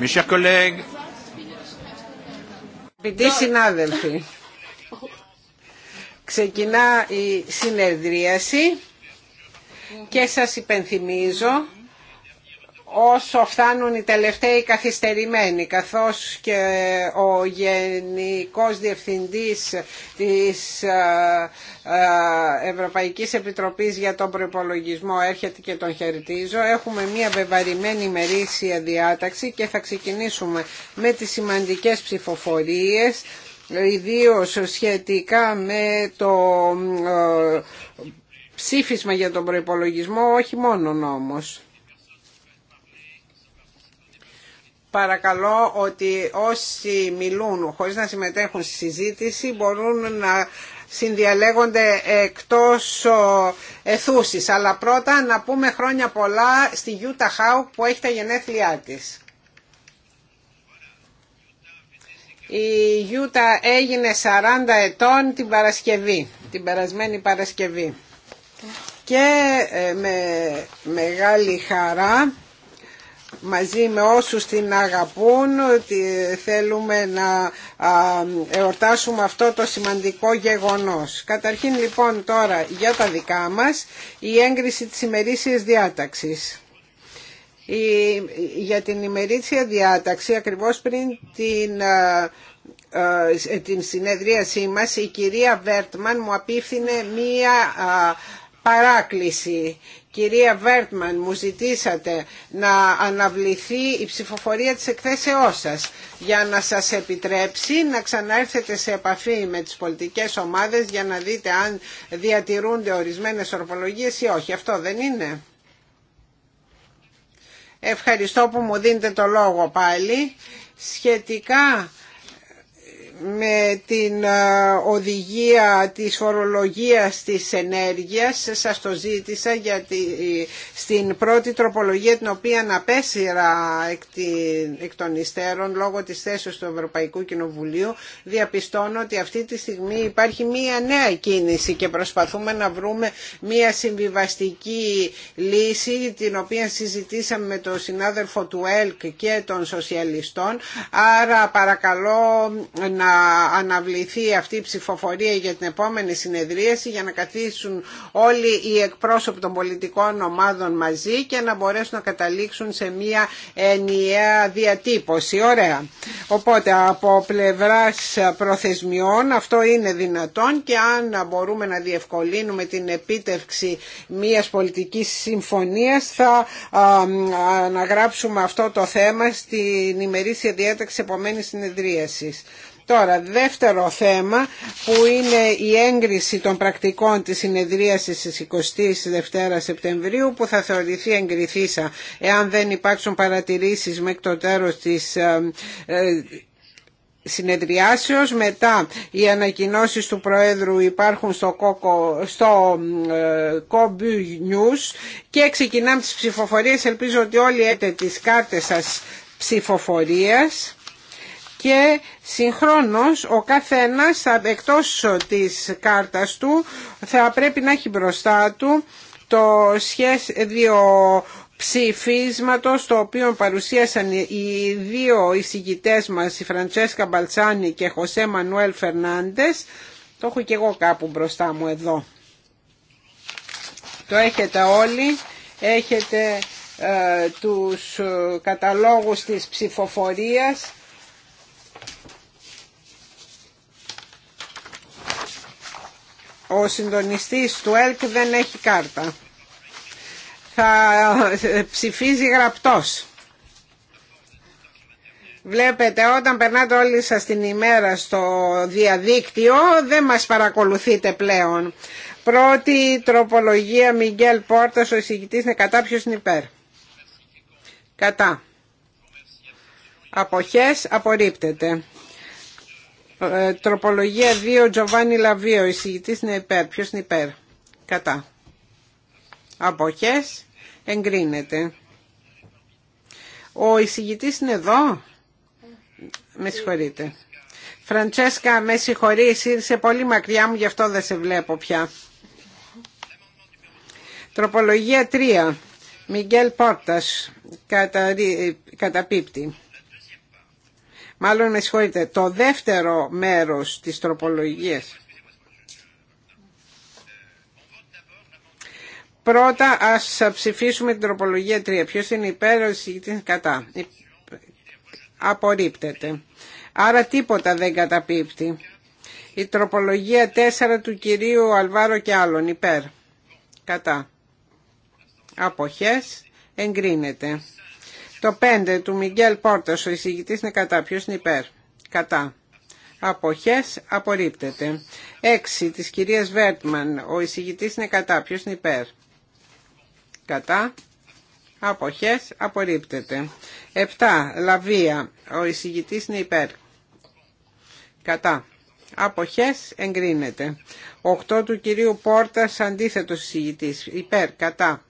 Mes συνάδελφοι, ξεκινά η συνεδρίαση και σας υπενθυμίζω όσο φτάνουν οι τελευταίοι καθυστερημένοι καθώς και ο Γενικός Διευθυντής της ε, ε, Ευρωπαϊκής Επιτροπής για τον Προπολογισμό έρχεται και τον χαιρετίζω. Έχουμε μια βεβαρημένη μερίσια διάταξη και θα ξεκινήσουμε με τις σημαντικές ψηφοφορίες ιδίως σχετικά με το ε, ψήφισμα για τον προϋπολογισμό, όχι μόνον νόμος. παρακαλώ ότι όσοι μιλούν χωρίς να συμμετέχουν στη συζήτηση μπορούν να συνδιαλέγονται εκτός εθούσης. Αλλά πρώτα να πούμε χρόνια πολλά στη Γιούτα Χάου που έχει τα γενέθλιά της. Η Γιούτα έγινε 40 ετών την Παρασκευή, την περασμένη Παρασκευή. Και ε, με μεγάλη χαρά μαζί με όσους την αγαπούν ότι θέλουμε να εορτάσουμε αυτό το σημαντικό γεγονός. Καταρχήν λοιπόν τώρα για τα δικά μας η έγκριση της ημερήσιας διάταξης. για την ημερήσια διάταξη ακριβώς πριν την ε, την συνεδρίασή μας η κυρία Βέρτμαν μου απίφθινε μία παράκληση. Κυρία Βέρτμαν, μου ζητήσατε να αναβληθεί η ψηφοφορία της εκθέσεώς σας για να σας επιτρέψει να ξαναέρθετε σε επαφή με τις πολιτικές ομάδες για να δείτε αν διατηρούνται ορισμένες ορπολογίες ή όχι. Αυτό δεν είναι. Ευχαριστώ που μου δίνετε το λόγο πάλι. Σχετικά με την οδηγία της φορολογίας της ενέργειας σας το ζήτησα γιατί ε, στην πρώτη τροπολογία την οποία αναπέσυρα εκ των υστέρων λόγω της θέσης του Ευρωπαϊκού Κοινοβουλίου διαπιστώνω ότι αυτή τη στιγμή υπάρχει μία νέα κίνηση και προσπαθούμε να βρούμε μία συμβιβαστική λύση την οποία συζητήσαμε με τον συνάδελφο του ΕΛΚ και των σοσιαλιστών άρα παρακαλώ να αναβληθεί αυτή η ψηφοφορία για την επόμενη συνεδρίαση για να καθίσουν όλοι οι εκπρόσωποι των πολιτικών ομάδων μαζί και να μπορέσουν να καταλήξουν σε μια ενιαία διατύπωση. Ωραία. Οπότε από πλευράς προθεσμιών αυτό είναι δυνατόν και αν μπορούμε να διευκολύνουμε την επίτευξη μιας πολιτικής συμφωνίας θα αναγράψουμε αυτό το θέμα στην ημερήσια διάταξη επόμενης συνεδρίασης. Τώρα, δεύτερο θέμα που είναι η έγκριση των πρακτικών της συνεδρίασης της 22ης Σεπτεμβρίου που θα θεωρηθεί εγκριθήσα εάν δεν υπάρξουν παρατηρήσεις μέχρι το τέλο της ε, ε, συνεδριάσεως μετά οι ανακοινώσεις του Προέδρου υπάρχουν στο, κόκο, στο ε, Κόμπι και ξεκινάμε τις ψηφοφορίες ελπίζω ότι όλοι έχετε τις κάρτες σας ψηφοφορίας και συγχρόνως ο καθένας εκτός της κάρτας του θα πρέπει να έχει μπροστά του το σχέδιο ψηφίσματος το οποίο παρουσίασαν οι δύο εισηγητές μας η Φραντσέσκα Μπαλτσάνη και Χωσέ Μανουέλ Φερνάντες το έχω και εγώ κάπου μπροστά μου εδώ το έχετε όλοι έχετε ε, τους ε, καταλόγους της ψηφοφορίας Ο συντονιστής του ΕΛΚ δεν έχει κάρτα. Θα ε, ψηφίζει γραπτός. Βλέπετε όταν περνάτε όλοι σας την ημέρα στο διαδίκτυο δεν μας παρακολουθείτε πλέον. Πρώτη τροπολογία Μιγγέλ Πόρτας, ο εισηγητής είναι κατά ποιος είναι υπέρ. Κατά. Αποχές απορρίπτεται. Ε, τροπολογία 2, Τζοβάνι Λαβίο, εισηγητής είναι υπέρ. Ποιος είναι υπέρ. Κατά. Αποχές. Εγκρίνεται. Ο εισηγητής είναι εδώ. Με συγχωρείτε. Φραντσέσκα, με συγχωρείς, ήρθε πολύ μακριά μου, γι' αυτό δεν σε βλέπω πια. Τροπολογία 3. Μιγγέλ Πόρτας, καταπίπτη μάλλον με συγχωρείτε, το δεύτερο μέρος της τροπολογίας. Πρώτα ας ψηφίσουμε την τροπολογία 3. Ποιος είναι υπέρ, ο την κατά. Απορρίπτεται. Άρα τίποτα δεν καταπίπτει. Η τροπολογία 4 του κυρίου Αλβάρο και άλλων υπέρ. Κατά. Αποχές εγκρίνεται. Το 5 του Μιγγέλ Πόρτα, ο εισηγητή είναι κατά. Ποιο είναι υπέρ. Κατά. Αποχέ, απορρίπτεται. 6 τη κυρία Βέρτμαν, ο εισηγητή είναι κατά. Ποιο είναι υπέρ. Κατά. Αποχέ, απορρίπτεται. 7. Λαβία. Ο εισηγητή είναι υπέρ. Κατά. Αποχέ, εγκρίνεται. 8 του κυρίου Πόρτα. Αντίθετο εισηγητή. Υπέρ. Κατά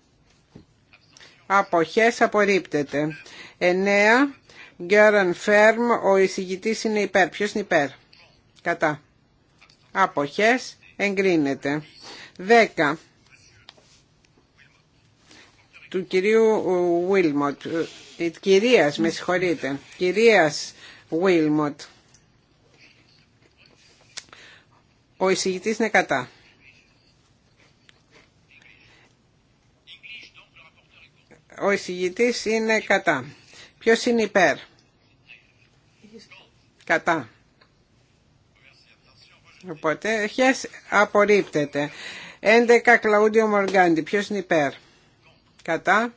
αποχές απορρίπτεται. 9. Γκέραν Φέρμ, ο εισηγητής είναι υπέρ. Ποιος είναι υπέρ. Κατά. Αποχές εγκρίνεται. 10. Του κυρίου Βίλμοτ. Ε, κυρίας, με συγχωρείτε. Κυρίας Βίλμοτ. Ο εισηγητής είναι κατά. Ο εισηγητής είναι κατά. Ποιος είναι υπέρ. Κατά. Οπότε, χες απορρίπτεται. 11 Κλαούντιο Μοργκάντι. Ποιος είναι υπέρ. Κατά.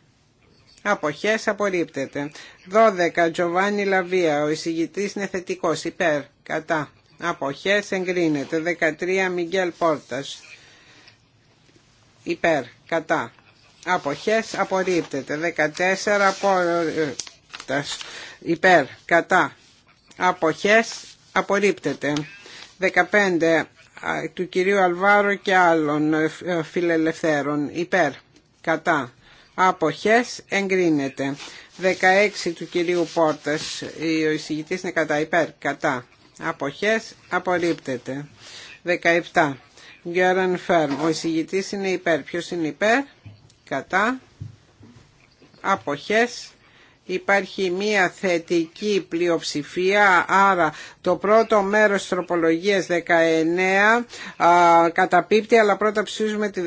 Αποχές απορρίπτεται. 12 Τζοβάνι Λαβία. Ο εισηγητής είναι θετικός. Υπέρ. Κατά. Αποχές εγκρίνεται. 13 Μιγγέλ Πόρτας. Υπέρ. Κατά αποχές απορρίπτεται 14 από υπέρ κατά αποχές απορρίπτεται 15 του κυρίου Αλβάρο και άλλων ε, ε, φιλελευθέρων υπέρ κατά αποχές εγκρίνεται 16 του κυρίου Πόρτας ο εισηγητής είναι κατά υπέρ κατά αποχές απορρίπτεται 17 Γκέραν Φέρμ ο εισηγητής είναι υπέρ Ποιο είναι υπέρ κατά αποχές υπάρχει μία θετική πλειοψηφία, άρα το πρώτο μέρος τροπολογίας 19 α, καταπίπτει, αλλά πρώτα ψηφίζουμε τη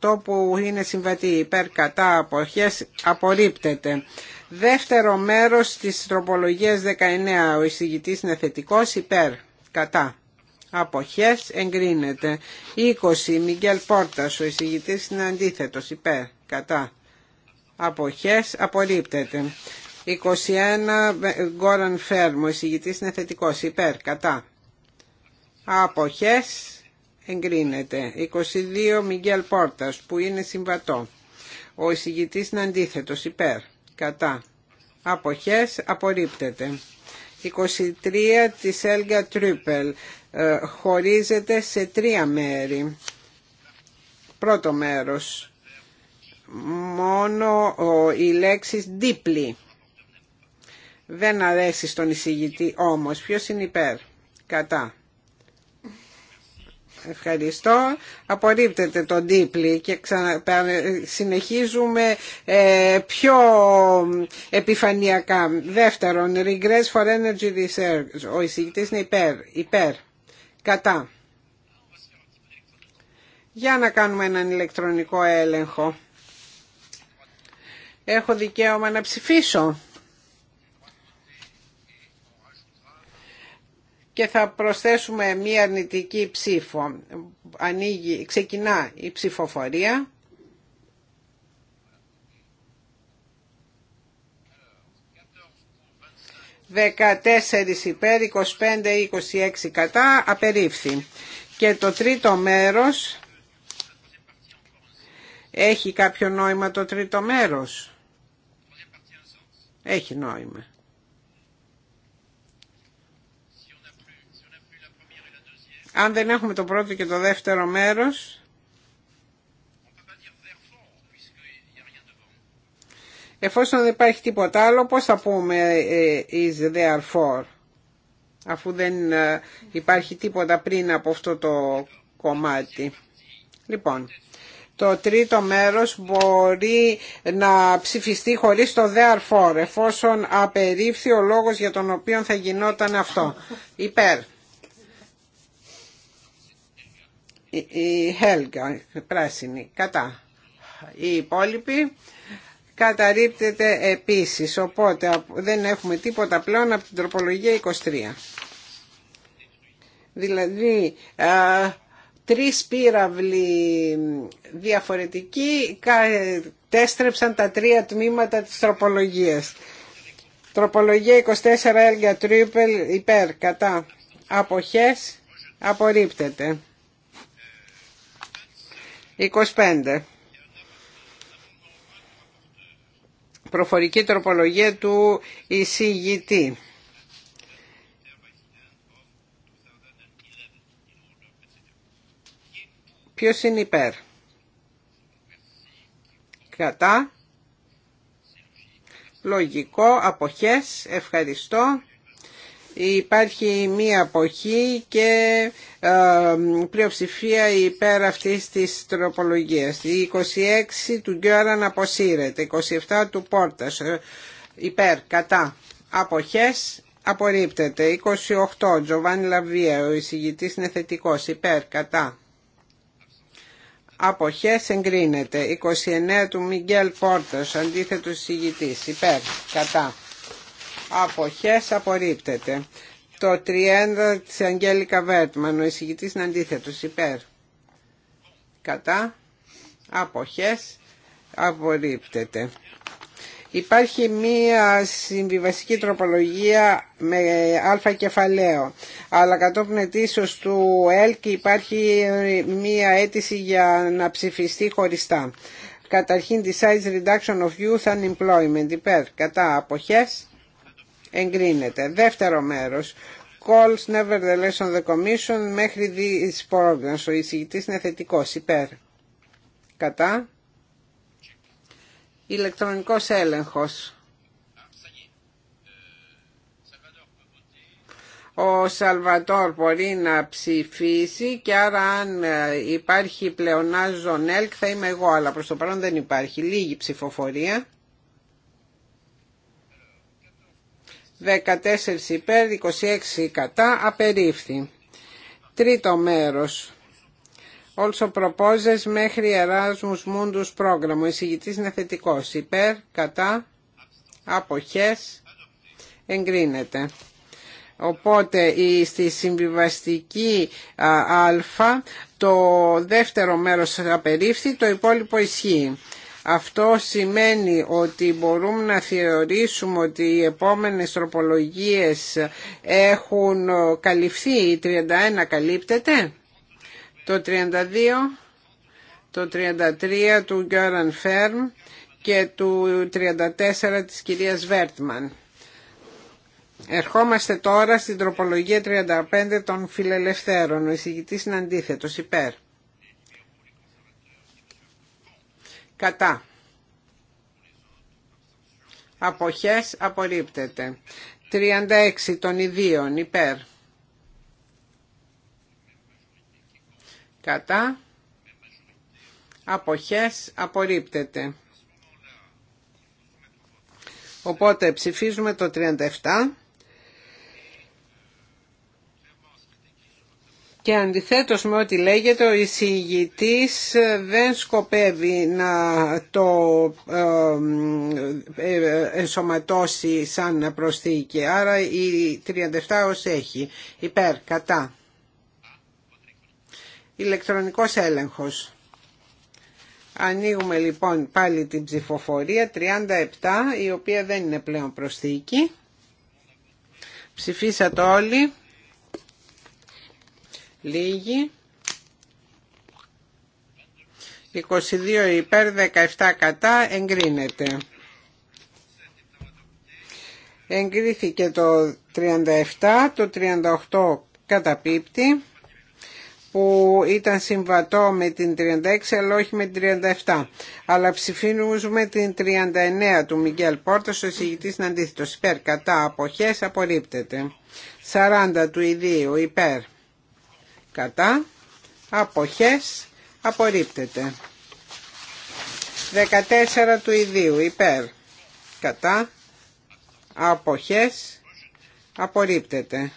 18 που είναι συμβατή υπέρ κατά αποχές, απορρίπτεται. Δεύτερο μέρος της τροπολογίας 19, ο εισηγητής είναι θετικός, υπέρ κατά αποχές εγκρίνεται. 20. Μιγγέλ Πόρτας, ο εισηγητής είναι αντίθετος, υπέρ, κατά, αποχές απορρίπτεται. 21. Γκόραν Φέρμ, ο εισηγητής είναι θετικός, υπέρ, κατά, αποχές εγκρίνεται. 22. Μιγγέλ Πόρτας, που είναι συμβατό. Ο εισηγητής είναι αντίθετος, υπέρ, κατά, αποχές απορρίπτεται. 23 της Έλγα Τρίπελ. Ε, χωρίζεται σε τρία μέρη. Πρώτο μέρος. Μόνο οι λέξεις δίπλη. Δεν αρέσει στον εισηγητή όμως. Ποιος είναι υπέρ. Κατά. Ευχαριστώ. Απορρίπτεται το ντύπλι και ξανα... συνεχίζουμε ε, πιο επιφανειακά. Δεύτερον, regress for energy research. Ο εισηγητής είναι υπέρ. υπέρ. Κατά. Για να κάνουμε έναν ηλεκτρονικό έλεγχο. Έχω δικαίωμα να ψηφίσω. και θα προσθέσουμε μία αρνητική ψήφο. Ανοίγει, ξεκινά η ψηφοφορία. Δεκατέσσερις υπέρ, 25, 26 κατά, απερίφθη. Και το τρίτο μέρος, έχει κάποιο νόημα το τρίτο μέρος. Έχει νόημα. Αν δεν έχουμε το πρώτο και το δεύτερο μέρος, εφόσον δεν υπάρχει τίποτα άλλο, πώς θα πούμε ε, is there for, αφού δεν ε, υπάρχει τίποτα πριν από αυτό το κομμάτι. Λοιπόν, το τρίτο μέρος μπορεί να ψηφιστεί χωρίς το for, εφόσον απερίφθη ο λόγος για τον οποίο θα γινόταν αυτό. Υπέρ. η Χέλγα, πράσινη, κατά. η υπόλοιποι καταρρύπτεται επίσης, οπότε δεν έχουμε τίποτα πλέον από την τροπολογία 23. Δηλαδή, α, τρεις πύραυλοι διαφορετικοί τέστρεψαν τα τρία τμήματα της τροπολογίας. Τροπολογία 24 έλγια τρίπελ υπέρ κατά αποχές απορρίπτεται. 25. Προφορική τροπολογία του εισηγητή. Ποιος είναι υπέρ. Κατά. Λογικό. Αποχές. Ευχαριστώ υπάρχει μία αποχή και ε, πλειοψηφία υπέρ αυτής της τροπολογίας. Η 26 του Γκέραν αποσύρεται, 27 του Πόρτας ε, υπέρ, κατά, αποχές απορρίπτεται. 28 Τζοβάνι Λαβία, ο εισηγητής είναι θετικός, υπέρ, κατά. Αποχές εγκρίνεται. 29 του Μιγγέλ Πόρτας, αντίθετος εισηγητής, υπέρ, κατά αποχές απορρίπτεται. Το τριέντα της Αγγέλικα Βέρτμαν, ο εισηγητής είναι αντίθετος, υπέρ. Κατά, αποχές, απορρίπτεται. Υπάρχει μία συμβιβασική τροπολογία με α κεφαλαίο, αλλά κατόπιν του ΕΛΚ υπάρχει μία αίτηση για να ψηφιστεί χωριστά. Καταρχήν, the size reduction of youth unemployment, υπέρ, κατά, αποχές, εγκρίνεται. Δεύτερο μέρος, calls nevertheless on the commission μέχρι this program. Ο εισηγητής είναι θετικός, υπέρ. Κατά. Ηλεκτρονικός έλεγχος. ο Σαλβατόρ μπορεί να ψηφίσει και άρα αν ε, υπάρχει πλεονάζον ΕΛΚ θα είμαι εγώ, αλλά προς το παρόν δεν υπάρχει. Λίγη ψηφοφορία. 14 υπέρ, 26 κατά, απερίφθη. Τρίτο μέρος. όλσο προπόζες μέχρι εράσμους μούντους πρόγραμμα. Ο εισηγητής είναι θετικός. Υπέρ, κατά, αποχές, εγκρίνεται. Οπότε στη συμβιβαστική α, το δεύτερο μέρος απερίφθη, το υπόλοιπο ισχύει. Αυτό σημαίνει ότι μπορούμε να θεωρήσουμε ότι οι επόμενες τροπολογίες έχουν καλυφθεί, η 31 καλύπτεται, το 32, το 33 του Γκέραν Φέρμ και του 34 της κυρίας Βέρτμαν. Ερχόμαστε τώρα στην τροπολογία 35 των φιλελευθέρων. Ο εισηγητής είναι αντίθετος, υπέρ. κατά αποχές απορρίπτεται 36 των ιδίων υπέρ κατά αποχές απορρίπτεται οπότε ψηφίζουμε το 37 και αντιθέτως με ό,τι λέγεται ο εισηγητής ε, δεν σκοπεύει να το ε, ε, ενσωματώσει σαν προσθήκη. Άρα η 37 ως έχει. Υπέρ, κατά. Ηλεκτρονικός έλεγχος. Ανοίγουμε λοιπόν πάλι την ψηφοφορία 37 η οποία δεν είναι πλέον προσθήκη. Ψηφίσατε όλοι. Λίγοι. 22 υπέρ, 17 κατά, εγκρίνεται. Εγκρίθηκε το 37, το 38 καταπίπτει, που ήταν συμβατό με την 36 αλλά όχι με την 37. Αλλά ψηφίνουμε την 39 του Μιγγέλ Πόρτα, ο συγητής είναι αντίθετος. Υπέρ, κατά, αποχές, απορρίπτεται. 40 του ιδίου, υπέρ κατά, αποχές, απορρίπτεται. 14 του ιδίου υπέρ, κατά, αποχές, απορρίπτεται.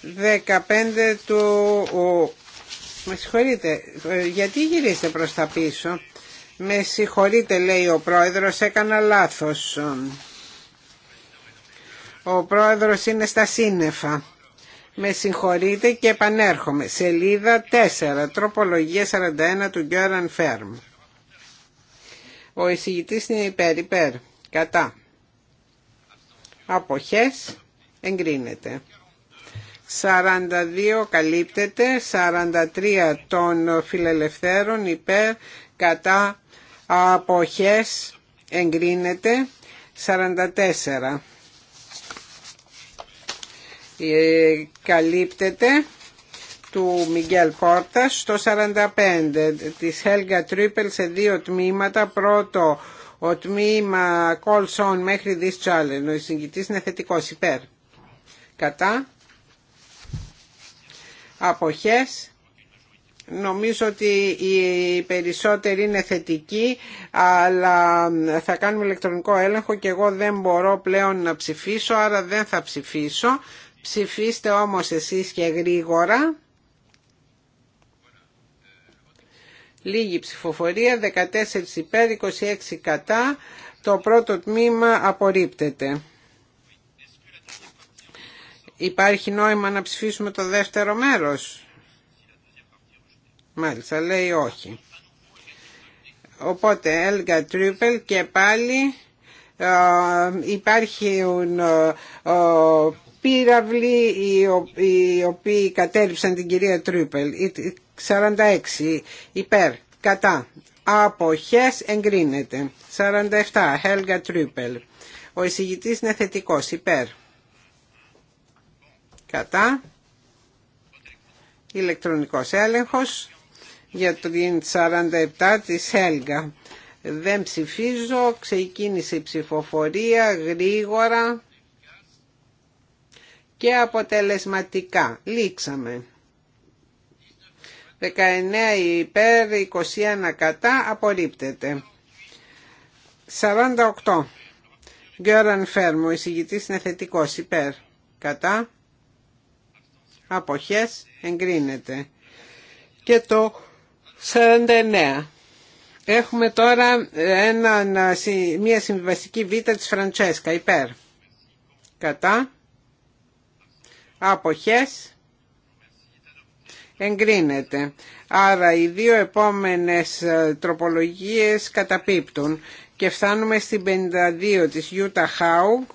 15 του... Με συγχωρείτε, γιατί γυρίστε προς τα πίσω. Με συγχωρείτε λέει ο πρόεδρος, έκανα λάθος. Ο πρόεδρος είναι στα σύννεφα. Με συγχωρείτε και επανέρχομαι. Σελίδα 4, τροπολογία 41 του Γκέραν Φέρμ. Ο εισηγητής είναι υπέρ, υπέρ, κατά. Αποχές, εγκρίνεται. 42 καλύπτεται, 43 των φιλελευθέρων υπέρ, κατά, αποχές, εγκρίνεται. 44 καλύπτεται του Μιγγέλ Πόρτα στο 45 της Helga Triple σε δύο τμήματα πρώτο ο τμήμα Call Zone μέχρι This Challenge ο εισηγητής είναι θετικός υπέρ κατά αποχές Νομίζω ότι οι περισσότεροι είναι θετικοί, αλλά θα κάνουμε ηλεκτρονικό έλεγχο και εγώ δεν μπορώ πλέον να ψηφίσω, άρα δεν θα ψηφίσω. Ψηφίστε όμως εσείς και γρήγορα. Λίγη ψηφοφορία, 14 υπέρ, 26 κατά. Το πρώτο τμήμα απορρίπτεται. Υπάρχει νόημα να ψηφίσουμε το δεύτερο μέρος. Μάλιστα, λέει όχι. Οπότε, Έλγα Τρίπελ και πάλι ε, υπάρχει υπάρχουν ε, ε, πύραυλοι οι οποίοι κατέληψαν την κυρία Τρίπελ. 46 υπέρ, κατά, αποχές εγκρίνεται. 47 Χέλγα Τρούπελ. Ο εισηγητής είναι θετικός, υπέρ. Κατά. Ηλεκτρονικός έλεγχος για την 47 της Χέλγα. Δεν ψηφίζω, ξεκίνησε η ψηφοφορία γρήγορα και αποτελεσματικά. Λήξαμε. 19 υπέρ, 21 κατά, απορρίπτεται. 48. Γκέραν Φέρμου, εισηγητή είναι θετικό. υπέρ, κατά, αποχές, εγκρίνεται. Και το 49. Έχουμε τώρα ε, μια συμβιβαστική β' της Φραντσέσκα, υπέρ, κατά, αποχές εγκρίνεται. Άρα οι δύο επόμενες ε, τροπολογίες καταπίπτουν και φτάνουμε στην 52 της Utah Haug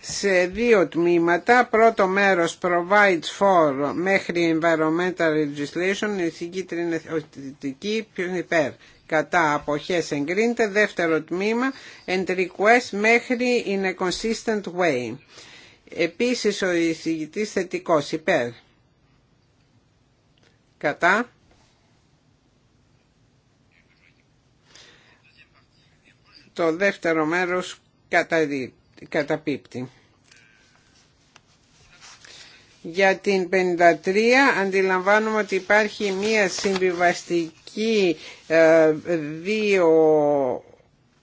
σε δύο τμήματα. Πρώτο μέρος provides for μέχρι environmental legislation, η συγκίτρια είναι είναι υπέρ. Κατά αποχές εγκρίνεται. Δεύτερο τμήμα, and request μέχρι in a consistent way. Επίσης ο εισηγητής θετικός υπέρ. Κατά. Το δεύτερο μέρος κατά καταπίπτει. Για την 53 αντιλαμβάνουμε ότι υπάρχει μία συμβιβαστική 2α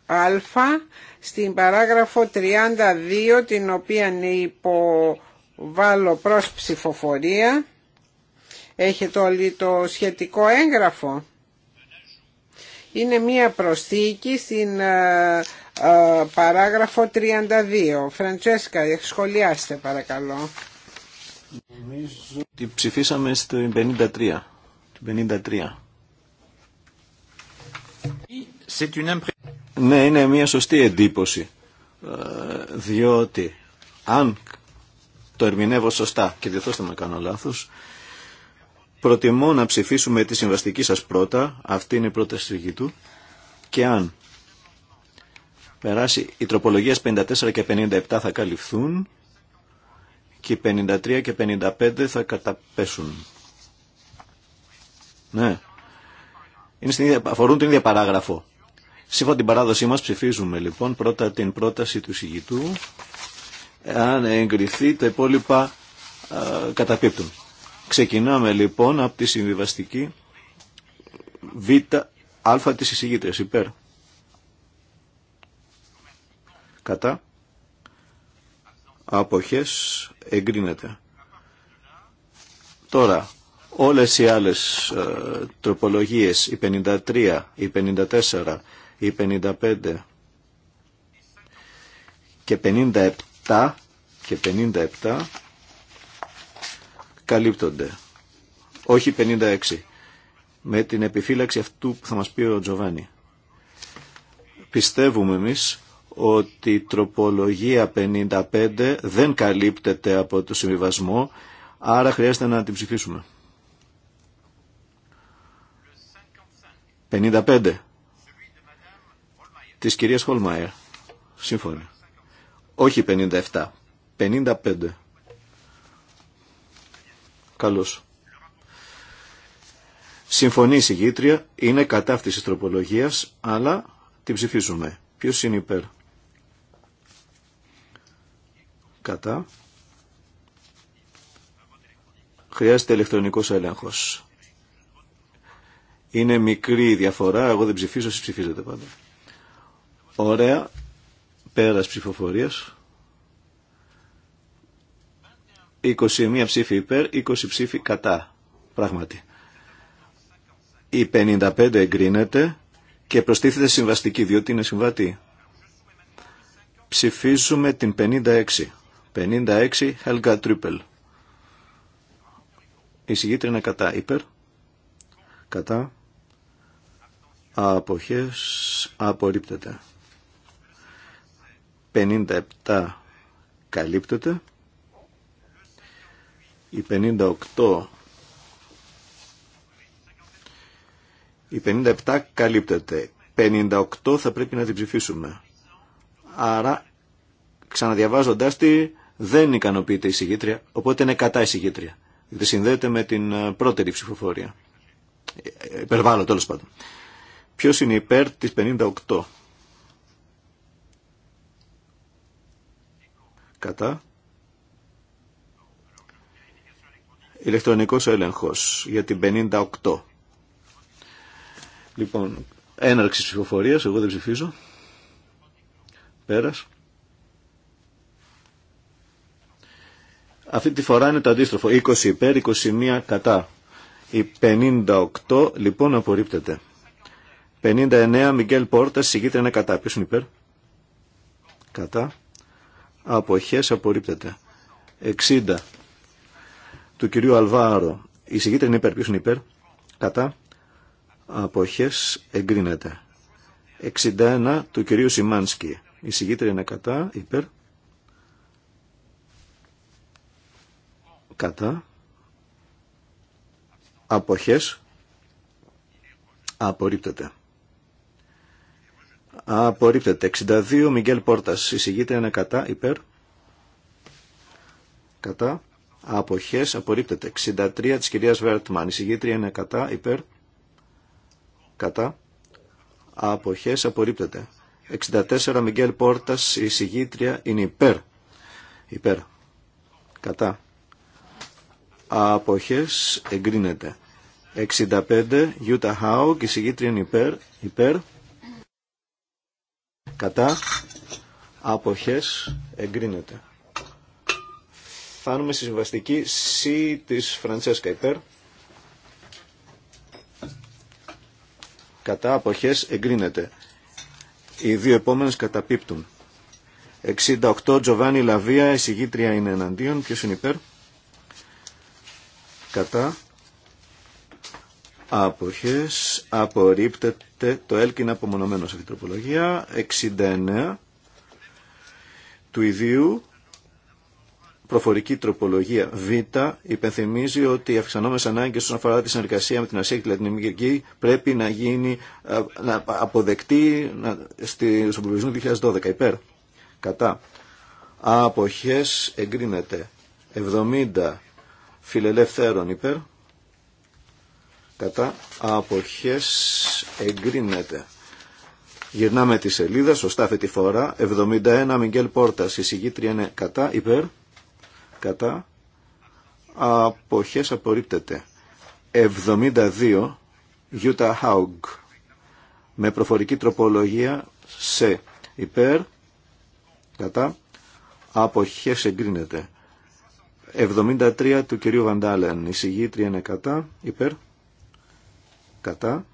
ε, στην παράγραφο 32 την οποία υποβάλλω προς ψηφοφορία. Έχετε όλοι το σχετικό έγγραφο. Είναι μία προσθήκη στην ε, ε, παράγραφο 32. Φραντσέσκα, σχολιάστε παρακαλώ. Νομίζω ψηφίσαμε στην 53. το 53. Ναι, είναι μια σωστή εντύπωση, ε, διότι αν το ερμηνεύω σωστά και διεθώστε με κάνω λάθος, προτιμώ να ψηφίσουμε τη συμβαστική σας πρώτα, αυτή είναι η στιγμή του, και αν περάσει οι τροπολογίες 54 και 57 θα καλυφθούν και 53 και 55 θα καταπέσουν. Ναι. Είναι στην ίδια, αφορούν την ίδια παράγραφο. Σύμφωνα την παράδοσή μας ψηφίζουμε λοιπόν πρώτα την πρόταση του συγητού. Αν εγκριθεί τα υπόλοιπα α, καταπίπτουν. Ξεκινάμε λοιπόν από τη συμβιβαστική β, α της υπέρ. Κατά. Αποχές εγκρίνεται. Τώρα, όλες οι άλλες α, τροπολογίες, η 53, η 54, ή 55 και 57 και 57 καλύπτονται. Όχι 56. Με την επιφύλαξη αυτού που θα μας πει ο Τζοβάνι. Πιστεύουμε εμείς ότι η τροπολογία 55 δεν καλύπτεται από το συμβιβασμό, άρα χρειάζεται να την ψηφίσουμε. 55 της κυρίας Χολμάιερ. Σύμφωνα. Όχι 57. 55. Καλώς. Συμφωνεί η συγγήτρια, είναι κατά αυτής της τροπολογίας, αλλά την ψηφίζουμε. Ποιος είναι υπέρ. Κατά. Χρειάζεται ηλεκτρονικός έλεγχος. Είναι μικρή η διαφορά, εγώ δεν ψηφίζω, εσείς ψηφίζετε πάντα. Ωραία. Πέρας ψηφοφορίας. 21 ψήφοι υπέρ, 20 ψήφοι κατά. Πράγματι. Η 55 εγκρίνεται και προστίθεται συμβαστική, διότι είναι συμβατή. Ψηφίζουμε την 56. 56 Helga Triple. Η συγγήτρια είναι κατά υπέρ. Κατά. Αποχές απορρίπτεται. 57 καλύπτεται. Η 58 η 57 καλύπτεται. 58 θα πρέπει να την ψηφίσουμε. Άρα ξαναδιαβάζοντάς τη δεν ικανοποιείται η συγκήτρια, οπότε είναι κατά η συγκήτρια. δεν συνδέεται με την ε, πρώτερη ψηφοφορία. Ε, ε, υπερβάλλω τέλος πάντων. Ποιος είναι υπέρ της 58. Κατά. Ηλεκτρονικός έλεγχος για την 58. Λοιπόν, έναρξη ψηφοφορία, εγώ δεν ψηφίζω. Πέρας. Αυτή τη φορά είναι το αντίστροφο. 20 υπέρ, 21 κατά. Η 58 λοιπόν απορρίπτεται. 59 Μιγγέλ Πόρτα, συγκίτρια είναι κατά. Ποιος είναι υπέρ. Κατά αποχές απορρίπτεται. 60 του κυρίου Αλβάρο, η συγκίτρια είναι υπέρ, υπέρ, κατά, αποχές εγκρίνεται. 61 του κυρίου Σιμάνσκι, η συγκίτρια είναι κατά, υπέρ, κατά, αποχές απορρίπτεται. Απορρίπτεται. 62 Μιγγέλ πόρτα, Εισηγείται είναι κατά. Υπέρ. Κατά. απόχέ, Απορρίπτεται. 63 τη κυρία Βέρτμαν. Εισηγείται είναι κατά. Υπέρ. Κατά. αποχέ, Απορρίπτεται. 64 Μιγγέλ πόρτα, Εισηγείται είναι υπέρ. Υπέρ. Κατά. Αποχές. Εγκρίνεται. 65 Γιούτα Η Εισηγείται είναι υπέρ. Υπέρ κατά αποχές εγκρίνεται. Φάνουμε στη συμβαστική C της Φραντσέσκα υπέρ. Κατά αποχές εγκρίνεται. Οι δύο επόμενες καταπίπτουν. 68 Τζοβάνι Λαβία, εισηγήτρια είναι εναντίον. Ποιος είναι υπέρ. Κατά Αποχές απορρίπτεται το έλκυνα απομονωμένο σε αυτή την τροπολογία. 69 του ιδίου προφορική τροπολογία Β υπενθυμίζει ότι οι αυξανόμενες ανάγκε όσον αφορά τη συνεργασία με την Ασία και τη Λατινική πρέπει να γίνει να αποδεκτή στον προβλησμό 2012. Υπέρ. Κατά. Αποχές. εγκρίνεται. 70 φιλελεύθερων υπέρ κατά αποχές εγκρίνεται. Γυρνάμε τη σελίδα, σωστά αυτή τη φορά, 71 Μιγγέλ Πόρτα, η είναι κατά, υπέρ, κατά, αποχές απορρίπτεται. 72 Γιούτα Χάουγκ, με προφορική τροπολογία σε υπέρ, κατά, αποχές εγκρίνεται. 73 του κυρίου Βαντάλεν, η είναι κατά, υπέρ, κατά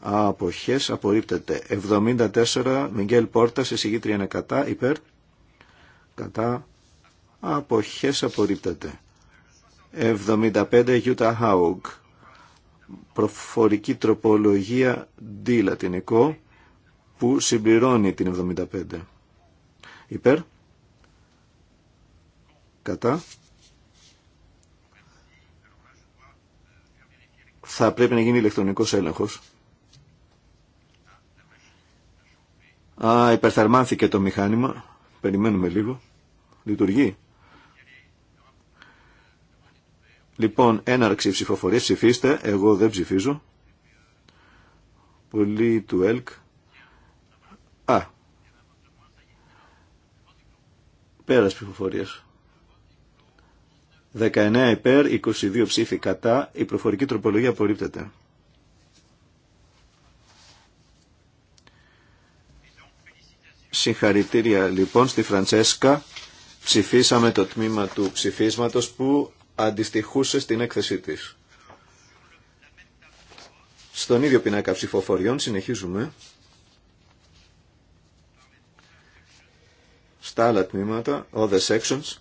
αποχές απορρίπτεται 74 Μιγγέλ Πόρτα σε είναι κατά υπέρ κατά αποχές απορρίπτεται 75 Γιούτα Χάουγκ προφορική τροπολογία D λατινικό που συμπληρώνει την 75 υπέρ κατά θα πρέπει να γίνει ηλεκτρονικός έλεγχος. Α, υπερθερμάνθηκε το μηχάνημα. Περιμένουμε λίγο. Λειτουργεί. Λοιπόν, έναρξη ψηφοφορία. Ψηφίστε. Εγώ δεν ψηφίζω. Πολύ του ΕΛΚ. Α. Πέρας ψηφοφορίας. 19 υπέρ, 22 ψήφοι κατά. Η προφορική τροπολογία απορρίπτεται. Συγχαρητήρια λοιπόν στη Φραντσέσκα. Ψηφίσαμε το τμήμα του ψηφίσματος που αντιστοιχούσε στην έκθεσή της. Στον ίδιο πινάκα ψηφοφοριών συνεχίζουμε. Στα άλλα τμήματα, other sections.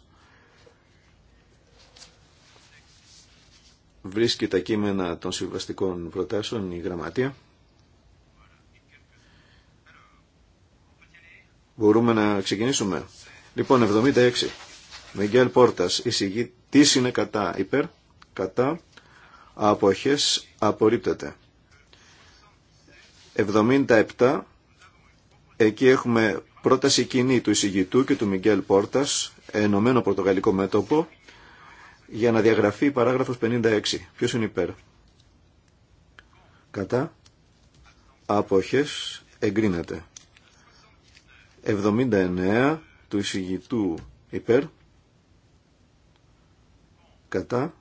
βρίσκει τα κείμενα των συμβαστικών προτάσεων η γραμματεία. Μπορούμε να ξεκινήσουμε. Λοιπόν, 76. Μιγγέλ Πόρτας, εισηγεί τι είναι κατά, υπέρ, κατά, αποχές, απορρίπτεται. 77. Εκεί έχουμε πρόταση κοινή του εισηγητού και του Μιγγέλ Πόρτας, ενωμένο πορτογαλικό μέτωπο, για να διαγραφεί παράγραφος 56. Ποιος είναι υπέρ. Κατά. Άποχες. Εγκρίνεται. 79 του εισηγητού υπέρ. Κατά.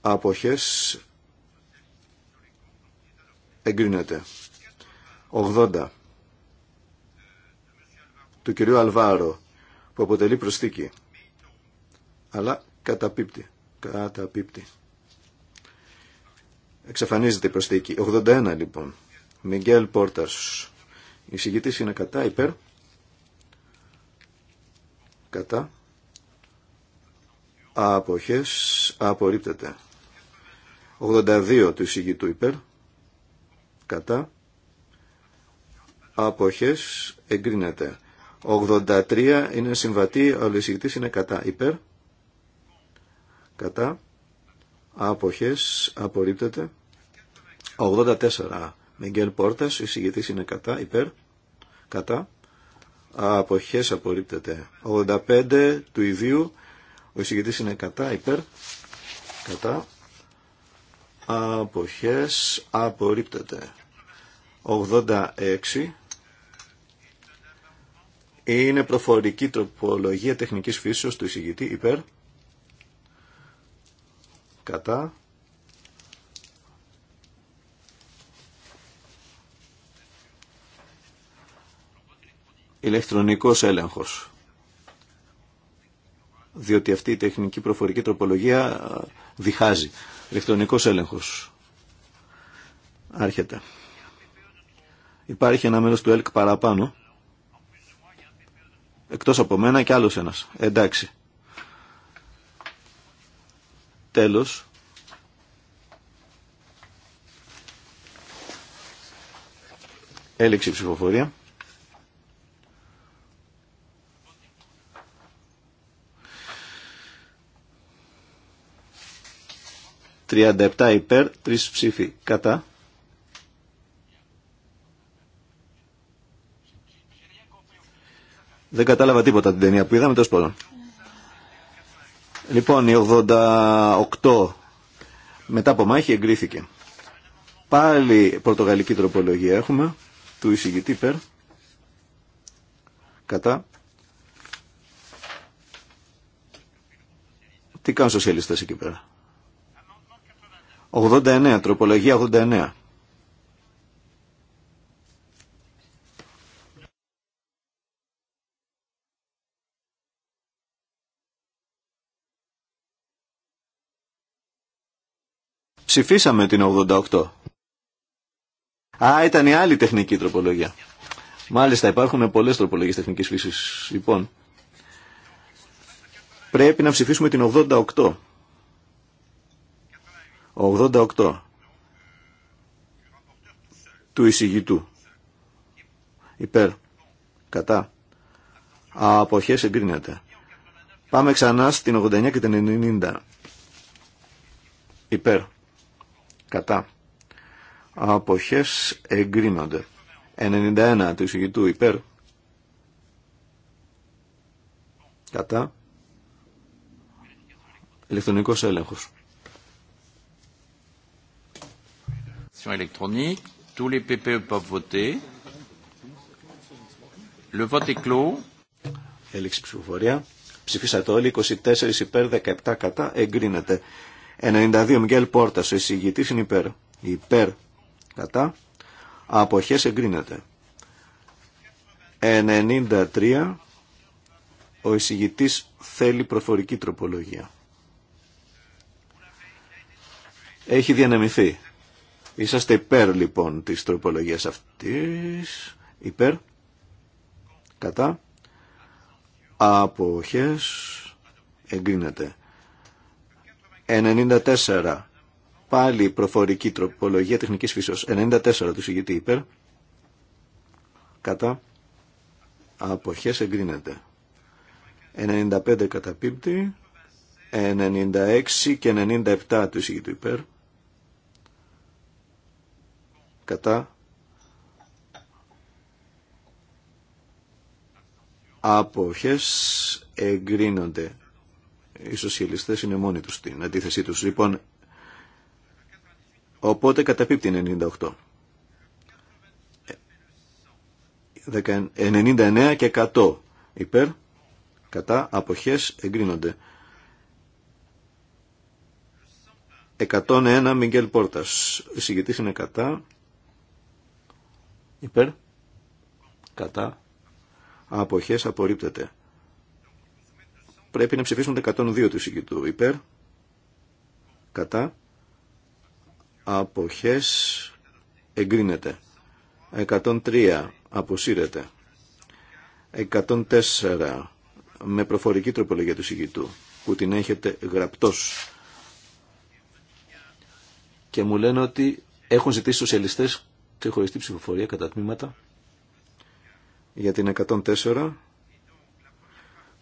Άποχες. Εγκρίνεται. 80 του κυρίου Αλβάρο που αποτελεί προστίκη αλλά καταπίπτει. Καταπίπτει. Εξαφανίζεται η προσθήκη. 81 λοιπόν. Μιγγέλ Πόρτας. Η συγκητή είναι κατά, υπέρ. Κατά. Αποχές. Απορρίπτεται. 82 του συγκητού υπέρ. Κατά. Αποχές. Εγκρίνεται. 83 είναι συμβατή, ο εισηγητής είναι κατά, υπέρ κατά άποχες απορρίπτεται 84 Μιγγέλ Πόρτας εισηγητής είναι κατά υπέρ κατά αποχές απορρίπτεται 85 του ιδίου ο εισηγητής είναι κατά υπέρ κατά αποχές απορρίπτεται 86 είναι προφορική τροπολογία τεχνικής φύσεως του εισηγητή υπέρ κατά ηλεκτρονικός έλεγχος διότι αυτή η τεχνική προφορική τροπολογία διχάζει ηλεκτρονικός έλεγχος άρχεται υπάρχει ένα μέλος του ΕΛΚ παραπάνω εκτός από μένα και άλλος ένας εντάξει Τέλος. Έληξη ψηφοφορία. 37 υπέρ, τρει ψήφοι κατά. Δεν κατάλαβα τίποτα την ταινία που είδαμε, τόσο πάνω. Λοιπόν, η 88 μετά από μάχη εγκρίθηκε. Πάλι πορτογαλική τροπολογία έχουμε του εισηγητή περ κατά τι κάνουν σοσιαλιστές εκεί πέρα 89 τροπολογία 89 Ψηφίσαμε την 88. Α, ήταν η άλλη τεχνική τροπολογία. Μάλιστα, υπάρχουν πολλές τροπολογίες τεχνικής φύσης. Λοιπόν, πρέπει να ψηφίσουμε την 88. 88 του εισηγητού. Υπέρ. Κατά. Αποχές εγκρίνεται. Πάμε ξανά στην 89 και την 90. Υπέρ κατά αποχές εγκρίνονται 91 του εισηγητού υπέρ κατά ηλεκτρονικός έλεγχος électronique. Tous les PPE e Le vote est clos. Έλεξη ψηφοφορία. Ψηφίσατε όλοι. 24 υπέρ, 17 κατά. Εγκρίνεται. 92 Μιγγέλ Πόρτα, ο εισηγητή είναι υπέρ. Υπέρ κατά. Αποχές εγκρίνεται. 93 ο εισηγητή θέλει προφορική τροπολογία. Έχει διανεμηθεί. Είσαστε υπέρ λοιπόν της τροπολογίας αυτής. Υπέρ. Κατά. Αποχές εγκρίνεται. 94. Πάλι προφορική τροπολογία τεχνικής φύσεως. 94 του συγγητή υπέρ. Κατά. Αποχές εγκρίνεται. 95 κατά πίπτη, 96 και 97 του συγγητή υπέρ. Κατά. Αποχές εγκρίνονται. Οι σοσιαλιστές είναι μόνοι τους στην αντίθεσή τους. Λοιπόν, οπότε καταπίπτει 98. 99 και 100 υπέρ, κατά, αποχές, εγκρίνονται. 101 Μιγγέλ Πόρτας. Ο είναι κατά. Υπέρ. Κατά. Αποχές απορρίπτεται. Πρέπει να ψηφίσουν το 102 του εισηγητού. Υπέρ. Κατά. Αποχές. Εγκρίνεται. 103. Αποσύρεται. 104. Με προφορική τροπολογία του εισηγητού που την έχετε γραπτός. Και μου λένε ότι έχουν ζητήσει σοσιαλιστές ξεχωριστή ψηφοφορία κατά τμήματα για την 104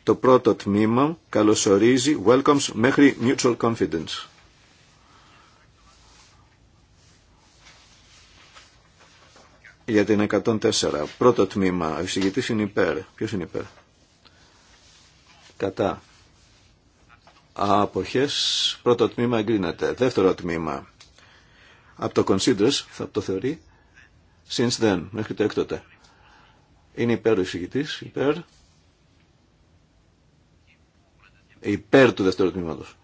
το πρώτο τμήμα καλωσορίζει welcomes μέχρι mutual confidence. Για την 104. Πρώτο τμήμα. Ο εισηγητής είναι υπέρ. Ποιος είναι υπέρ. Κατά. Αποχές. Πρώτο τμήμα εγκρίνεται. Δεύτερο τμήμα. Από το considers θα το θεωρεί. Since then. Μέχρι το έκτοτε. Είναι υπέρ ο εισηγητής. Υπέρ υπέρ του δεύτερου τμήματος.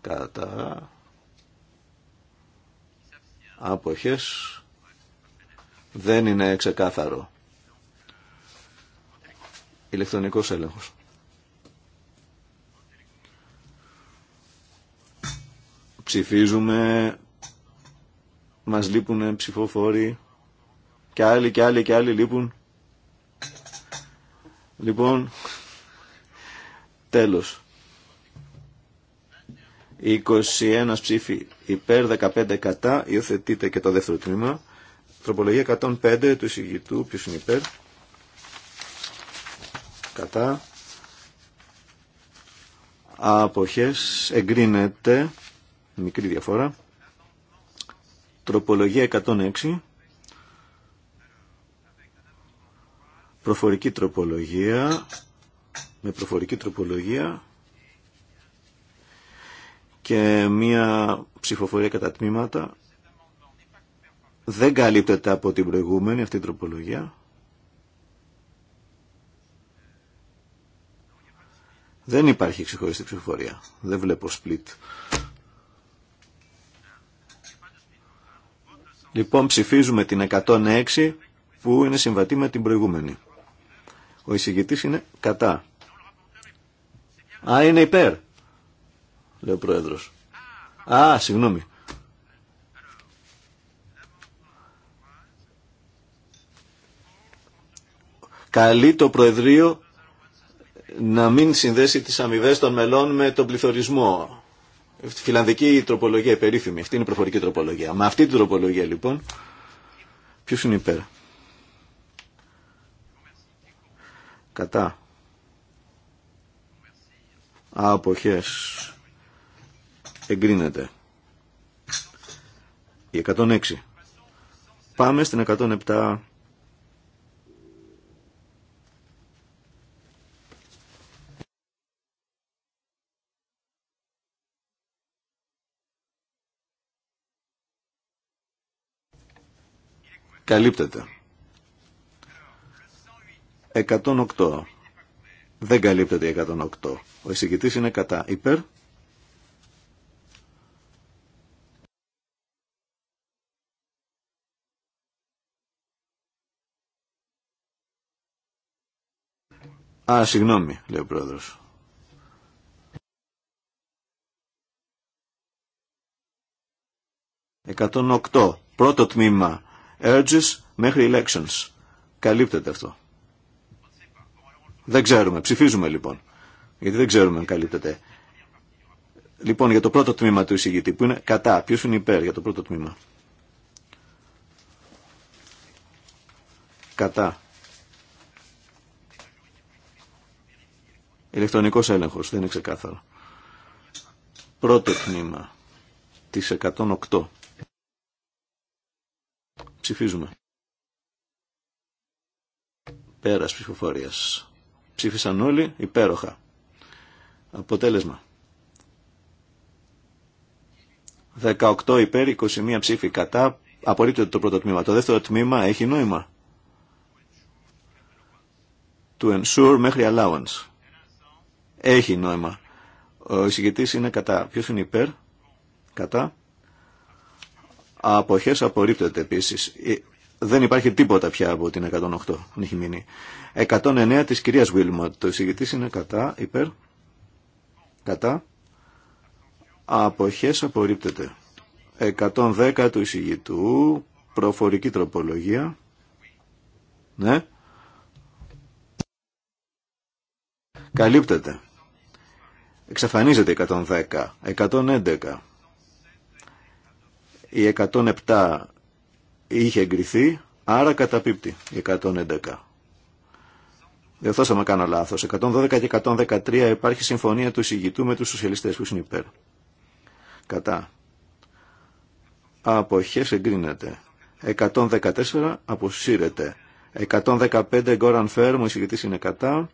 Κατά άποχες δεν είναι ξεκάθαρο. Ηλεκτρονικός έλεγχος. Ψηφίζουμε, μας λείπουν ψηφοφόροι και άλλοι και άλλοι και άλλοι λείπουν. Λοιπόν, Τέλος. 21 ψήφοι υπέρ, 15 κατά, υιοθετείται και το δεύτερο τμήμα. Τροπολογία 105 του εισηγητού, ποιος είναι υπέρ. Κατά. Αποχές, εγκρίνεται, μικρή διαφορά. Τροπολογία 106. Προφορική τροπολογία με προφορική τροπολογία και μία ψηφοφορία κατά τμήματα δεν καλύπτεται από την προηγούμενη αυτή η τροπολογία. Δεν υπάρχει ξεχωριστή ψηφοφορία. Δεν βλέπω split. Λοιπόν ψηφίζουμε την 106 που είναι συμβατή με την προηγούμενη. Ο εισηγητής είναι κατά. Α, είναι υπέρ, λέει ο πρόεδρος. Α, συγγνώμη. Καλεί το Προεδρείο να μην συνδέσει τις αμοιβέ των μελών με τον πληθωρισμό. Φιλανδική τροπολογία, περίφημη. Αυτή είναι η προφορική τροπολογία. Με αυτή την τροπολογία λοιπόν, ποιος είναι υπέρ. Κατά αποχές εγκρίνεται. Η 106. Πάμε στην 107. Καλύπτεται. 108. Δεν καλύπτεται η 108. Ο εισηγητής είναι κατά. Υπέρ. Α, συγγνώμη, λέει ο πρόεδρος. Εκατόν Πρώτο τμήμα. Urges μέχρι elections. Καλύπτεται αυτό. Δεν ξέρουμε. Ψηφίζουμε λοιπόν. Γιατί δεν ξέρουμε αν καλύπτεται. Λοιπόν, για το πρώτο τμήμα του εισηγητή που είναι κατά. Ποιο είναι υπέρ για το πρώτο τμήμα. Κατά. Ηλεκτρονικός έλεγχος, δεν είναι ξεκάθαρο. Πρώτο τμήμα τη 108. Ψηφίζουμε. Πέρας ψηφοφορίας. Ψήφισαν όλοι υπέροχα. Αποτέλεσμα. 18 υπέρ, 21 ψήφοι κατά. Απορρίπτεται το πρώτο τμήμα. Το δεύτερο τμήμα έχει νόημα. To ensure μέχρι allowance. Έχει νόημα. Ο εισηγητής είναι κατά. Ποιος είναι υπέρ. Κατά. Αποχές απορρίπτεται επίσης δεν υπάρχει τίποτα πια από την 108, έχει μείνει. 109 της κυρίας Βίλμοντ. Το εισηγητής είναι κατά, υπέρ, κατά. Αποχές απορρίπτεται. 110 του εισηγητού, προφορική τροπολογία. Ναι. Καλύπτεται. Εξαφανίζεται 110, 111. Η 107 είχε εγκριθεί, άρα καταπίπτει 111. Δεν φτάσαμε κάνω λάθος. 112 και 113 υπάρχει συμφωνία του εισηγητού με τους σοσιαλιστές που είναι υπέρ. Κατά. Αποχές εγκρίνεται. 114 αποσύρεται. 115 Γκόραν Φέρμ, ο εισηγητής είναι κατά.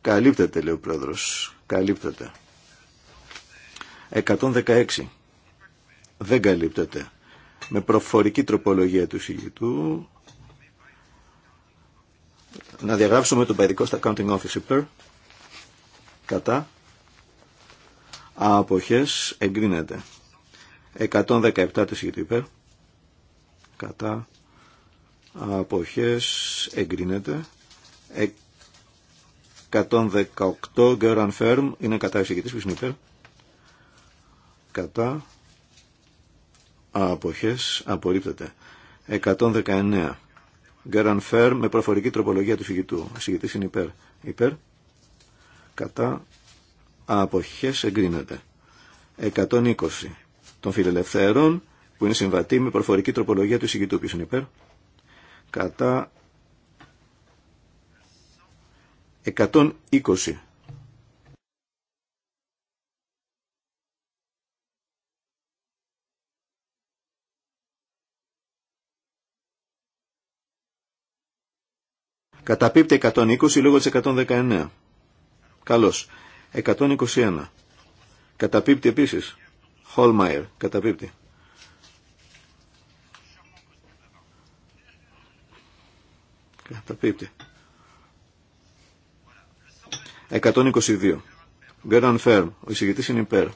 Καλύπτεται λέει ο πρόεδρος. Καλύπτεται. 116 δεν καλύπτεται. Με προφορική τροπολογία του συγγητού να διαγράψουμε τον παιδικό στα accounting Office υπέρ κατά αποχές εγκρίνεται. 117 του συγγητού υπέρ κατά αποχές εγκρίνεται. 118 Γκέραν firm είναι κατά εισηγητής που είναι υπέρ. Κατά αποχές απορρίπτεται. 119. Γκέραν Φέρ με προφορική τροπολογία του φυγητού. Ο είναι υπέρ. Υπέρ. Κατά αποχές εγκρίνεται. 120. Των φιλελευθέρων που είναι συμβατή με προφορική τροπολογία του συγητού. Ποιος είναι υπέρ. Κατά 120. Καταπίπτει 120 λόγω της 119. Καλώς. 121. Καταπίπτει επίσης. Χολμαϊρ. Καταπίπτει. Καταπίπτει. 122. Γκέραν Φέρμ. Ο εισηγητής είναι υπέρ.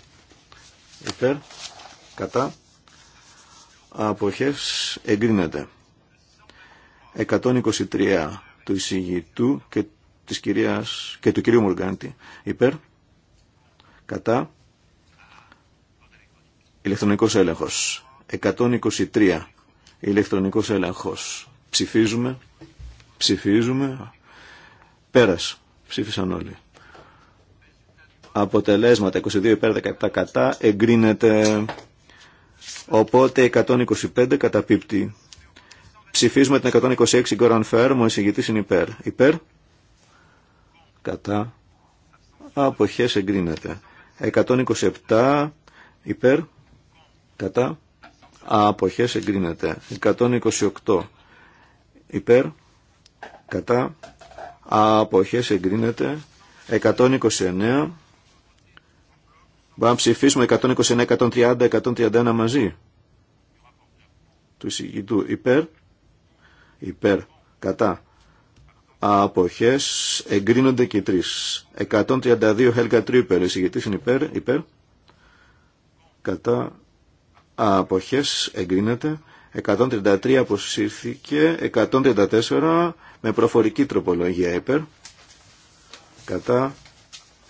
Υπέρ. Κατά. Αποχές εγκρίνεται. 123 του εισηγητού και, της κυρίας, και του κυρίου Μουργκάντη. Υπέρ, κατά, ηλεκτρονικός έλεγχος. 123, ηλεκτρονικός έλεγχος. Ψηφίζουμε, ψηφίζουμε, πέρας, ψήφισαν όλοι. Αποτελέσματα 22 υπέρ 17 κατά εγκρίνεται οπότε 125 καταπίπτει. Ψηφίζουμε την 126 Γκόραν Φέρμ, ο εισηγητή είναι υπέρ. Υπέρ, κατά, Αποχέ εγκρίνεται. 127 υπέρ, κατά, Αποχέ εγκρίνεται. 128 υπέρ, κατά, Αποχέ εγκρίνεται. 129 Μπορούμε να ψηφίσουμε 129, 130, 131 μαζί του εισηγητού υπέρ υπέρ κατά αποχές εγκρίνονται και τρεις 132 Helga εσύ γιατί είναι υπέρ, υπέρ κατά αποχές εγκρίνεται 133 αποσύρθηκε 134 με προφορική τροπολογία υπέρ κατά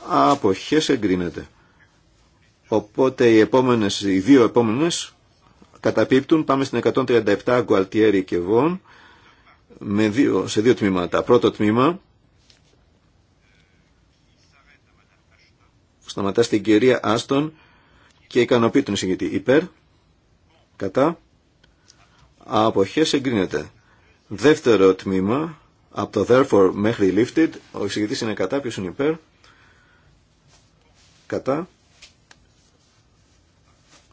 αποχές εγκρίνεται οπότε οι, επόμενες, οι δύο επόμενες καταπίπτουν πάμε στην 137 Γκουαλτιέρη και Βον με δύο, σε δύο τμήματα. Πρώτο τμήμα σταματά στην κυρία Άστον και ικανοποιεί τον εισηγητή. Υπέρ, κατά, αποχές εγκρίνεται. Δεύτερο τμήμα, από το therefore μέχρι lifted, ο εισηγητής είναι κατά, ποιος είναι υπέρ, κατά,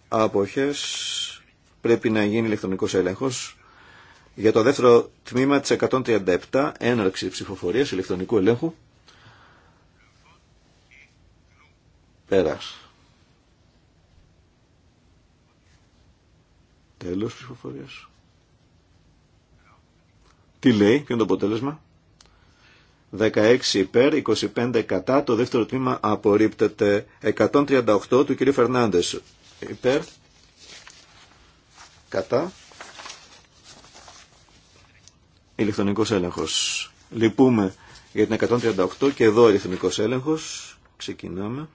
αποχές, πρέπει να γίνει ηλεκτρονικός έλεγχος, για το δεύτερο τμήμα της 137, έναρξη ψηφοφορίας ηλεκτρονικού ελέγχου. Πέρας. Τέλος ψηφοφορίας. Τι λέει, ποιο είναι το αποτέλεσμα. 16 υπέρ, 25 κατά, το δεύτερο τμήμα απορρίπτεται. 138 του κ. Φερνάντες υπέρ, κατά, ηλεκτρονικός έλεγχος. Λυπούμε για την 138 και εδώ ηλεκτρονικός έλεγχος. Ξεκινάμε.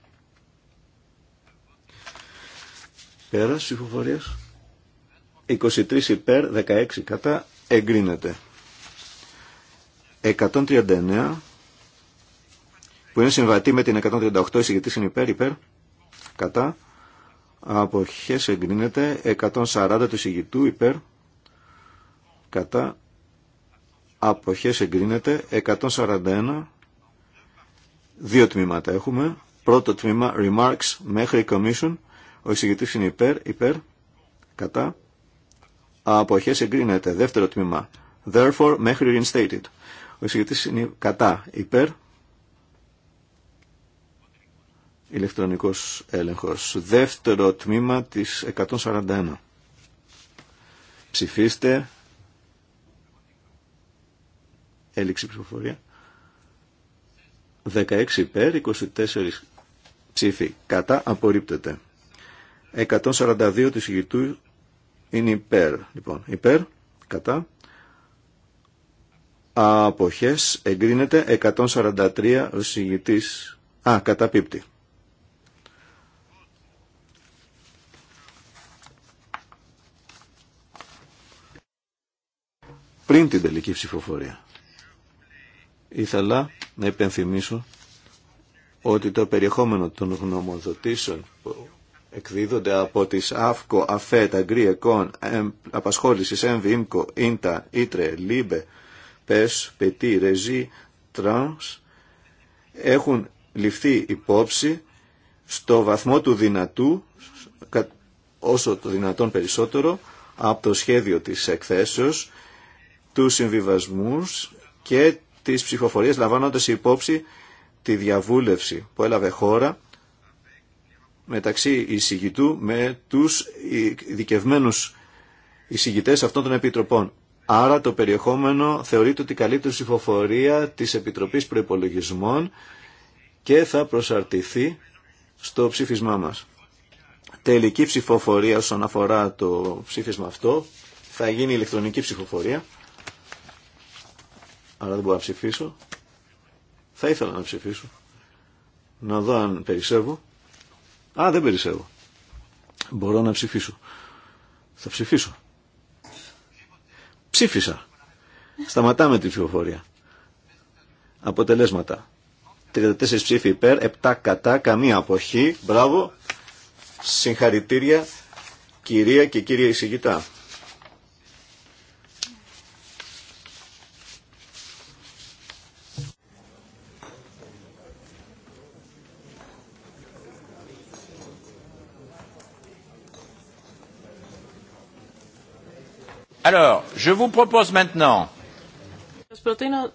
Πέρας ψηφοφορίας. 23 υπέρ, 16 κατά, εγκρίνεται. 139 που είναι συμβατή με την 138 εισηγητής είναι υπέρ, υπέρ, κατά. Αποχές εγκρίνεται 140 του εισηγητού υπέρ, κατά αποχές εγκρίνεται 141 δύο τμήματα έχουμε πρώτο τμήμα remarks μέχρι commission ο εισηγητής είναι υπέρ υπέρ κατά αποχές εγκρίνεται δεύτερο τμήμα therefore μέχρι reinstated ο εισηγητής είναι κατά υπέρ ηλεκτρονικός έλεγχος δεύτερο τμήμα της 141 ψηφίστε Έληξη ψηφοφορία. 16 υπέρ, 24 ψήφοι κατά, απορρίπτεται. 142 του ηγητού είναι υπέρ. Λοιπόν, υπέρ, κατά. Αποχές εγκρίνεται 143 ο συγητής. Α, καταπίπτει. Πριν την τελική ψηφοφορία. Ήθελα να υπενθυμίσω ότι το περιεχόμενο των γνωμοδοτήσεων που εκδίδονται από τις ΑΦΚΟ, ΑΦΕΤ, ΑΓΚΡΙ, ΕΚΟΝ, Απασχόλησης, ΕΜΒΙΜΚΟ, ΙΝΤΑ, ΙΤΡΕ, ΛΥΜΠΕ, ΠΕΣ, ΠΕΤΗ, ΡΕΖΙ, ΤΡΑΝΣ έχουν ληφθεί υπόψη στο βαθμό του δυνατού, όσο το δυνατόν περισσότερο, από το σχέδιο της εκθέσεως, του συμβιβασμούς και της ψηφοφορίας λαμβάνοντας υπόψη τη διαβούλευση που έλαβε χώρα μεταξύ εισηγητού με τους δικευμένους εισηγητές αυτών των επιτροπών. Άρα το περιεχόμενο θεωρείται ότι καλύπτει ψηφοφορία της Επιτροπής Προϋπολογισμών και θα προσαρτηθεί στο ψήφισμά μας. Τελική ψηφοφορία όσον αφορά το ψήφισμα αυτό θα γίνει ηλεκτρονική ψηφοφορία αλλά δεν μπορώ να ψηφίσω. Θα ήθελα να ψηφίσω. Να δω αν περισσεύω. Α, δεν περισσεύω. Μπορώ να ψηφίσω. Θα ψηφίσω. Ψήφισα. Σταματάμε την ψηφοφορία. Αποτελέσματα. 34 ψήφοι υπέρ, 7 κατά, καμία αποχή. Μπράβο. Συγχαρητήρια κυρία και κύριε εισηγητά.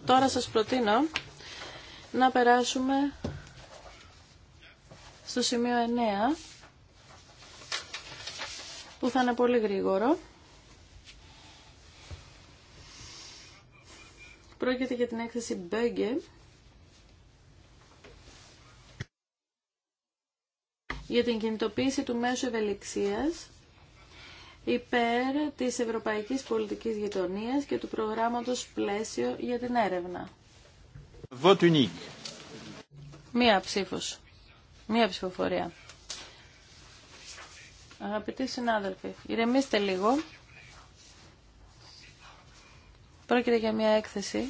τώρα σας προτείνω να περάσουμε στο σημείο 9 που θα είναι πολύ γρήγορο. Πρόκειται για την έκθεση Μπέγκε για την κινητοποίηση του μέσου ευελιξίας υπέρ της Ευρωπαϊκής Πολιτικής Γειτονίας και του προγράμματος πλαίσιο για την έρευνα. Μία ψήφος. Μία ψηφοφορία. Αγαπητοί συνάδελφοι, ηρεμήστε λίγο. Πρόκειται για μια έκθεση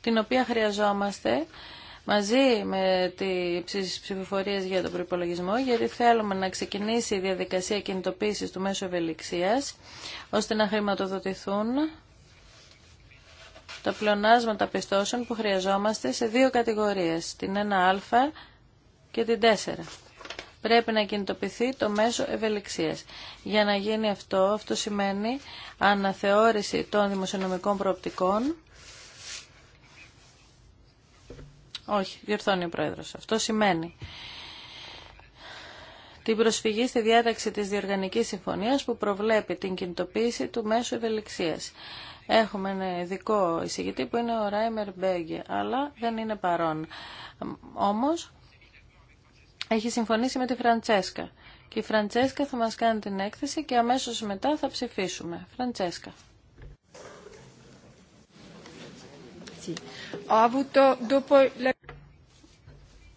την οποία χρειαζόμαστε μαζί με τις ψηφοφορίες για τον προπολογισμό, γιατί θέλουμε να ξεκινήσει η διαδικασία κινητοποίηση του μέσου ευελιξίας, ώστε να χρηματοδοτηθούν τα πλεονάσματα πιστώσεων που χρειαζόμαστε σε δύο κατηγορίες, την 1α και την 4 πρέπει να κινητοποιηθεί το μέσο ευελιξίας. Για να γίνει αυτό, αυτό σημαίνει αναθεώρηση των δημοσιονομικών προοπτικών, Όχι, διορθώνει ο πρόεδρο. Αυτό σημαίνει την προσφυγή στη διάταξη της Διοργανικής Συμφωνίας που προβλέπει την κινητοποίηση του μέσου ευελιξίας. Έχουμε ένα ειδικό εισηγητή που είναι ο Ράιμερ Μπέγγε, αλλά δεν είναι παρόν. Όμως, έχει συμφωνήσει με τη Φραντσέσκα. Και η Φραντσέσκα θα μας κάνει την έκθεση και αμέσως μετά θα ψηφίσουμε. Φραντσέσκα.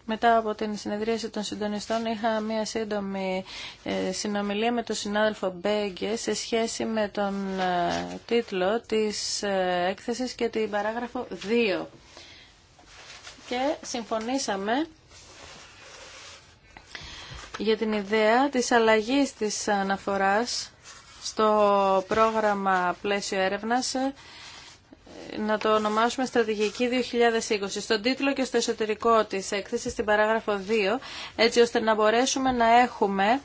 Μετά από την συνεδρίαση των συντονιστών είχα μία σύντομη ε, συνομιλία με τον συνάδελφο Μπέγκε σε σχέση με τον ε, τίτλο της ε, έκθεσης και την παράγραφο 2. Και συμφωνήσαμε για την ιδέα της αλλαγής της αναφοράς στο πρόγραμμα πλαίσιο έρευνας να το ονομάσουμε Στρατηγική 2020 στον τίτλο και στο εσωτερικό της έκθεσης στην παράγραφο 2 έτσι ώστε να μπορέσουμε να έχουμε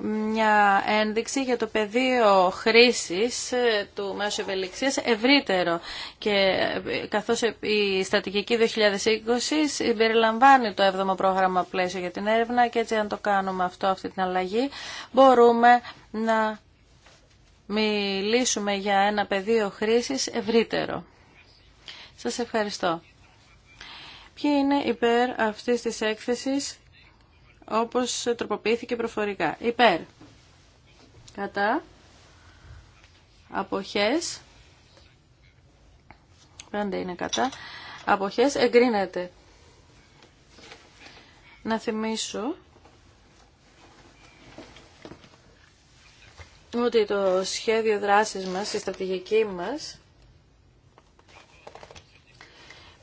μια ένδειξη για το πεδίο χρήσης ε, του μέσου ευελιξίας ευρύτερο και ε, καθώς ε, η στρατηγική 2020 περιλαμβάνει το 7ο πρόγραμμα πλαίσιο για την έρευνα και έτσι αν το κάνουμε αυτό αυτή την αλλαγή μπορούμε να μιλήσουμε για ένα πεδίο χρήσης ευρύτερο. Σας ευχαριστώ. Ποιοι είναι υπέρ αυτής της έκθεσης όπως τροποποιήθηκε προφορικά. Υπέρ. Κατά. Αποχές. Πάντα είναι κατά. Αποχές εγκρίνεται. Να θυμίσω ότι το σχέδιο δράσης μας, η στρατηγική μας,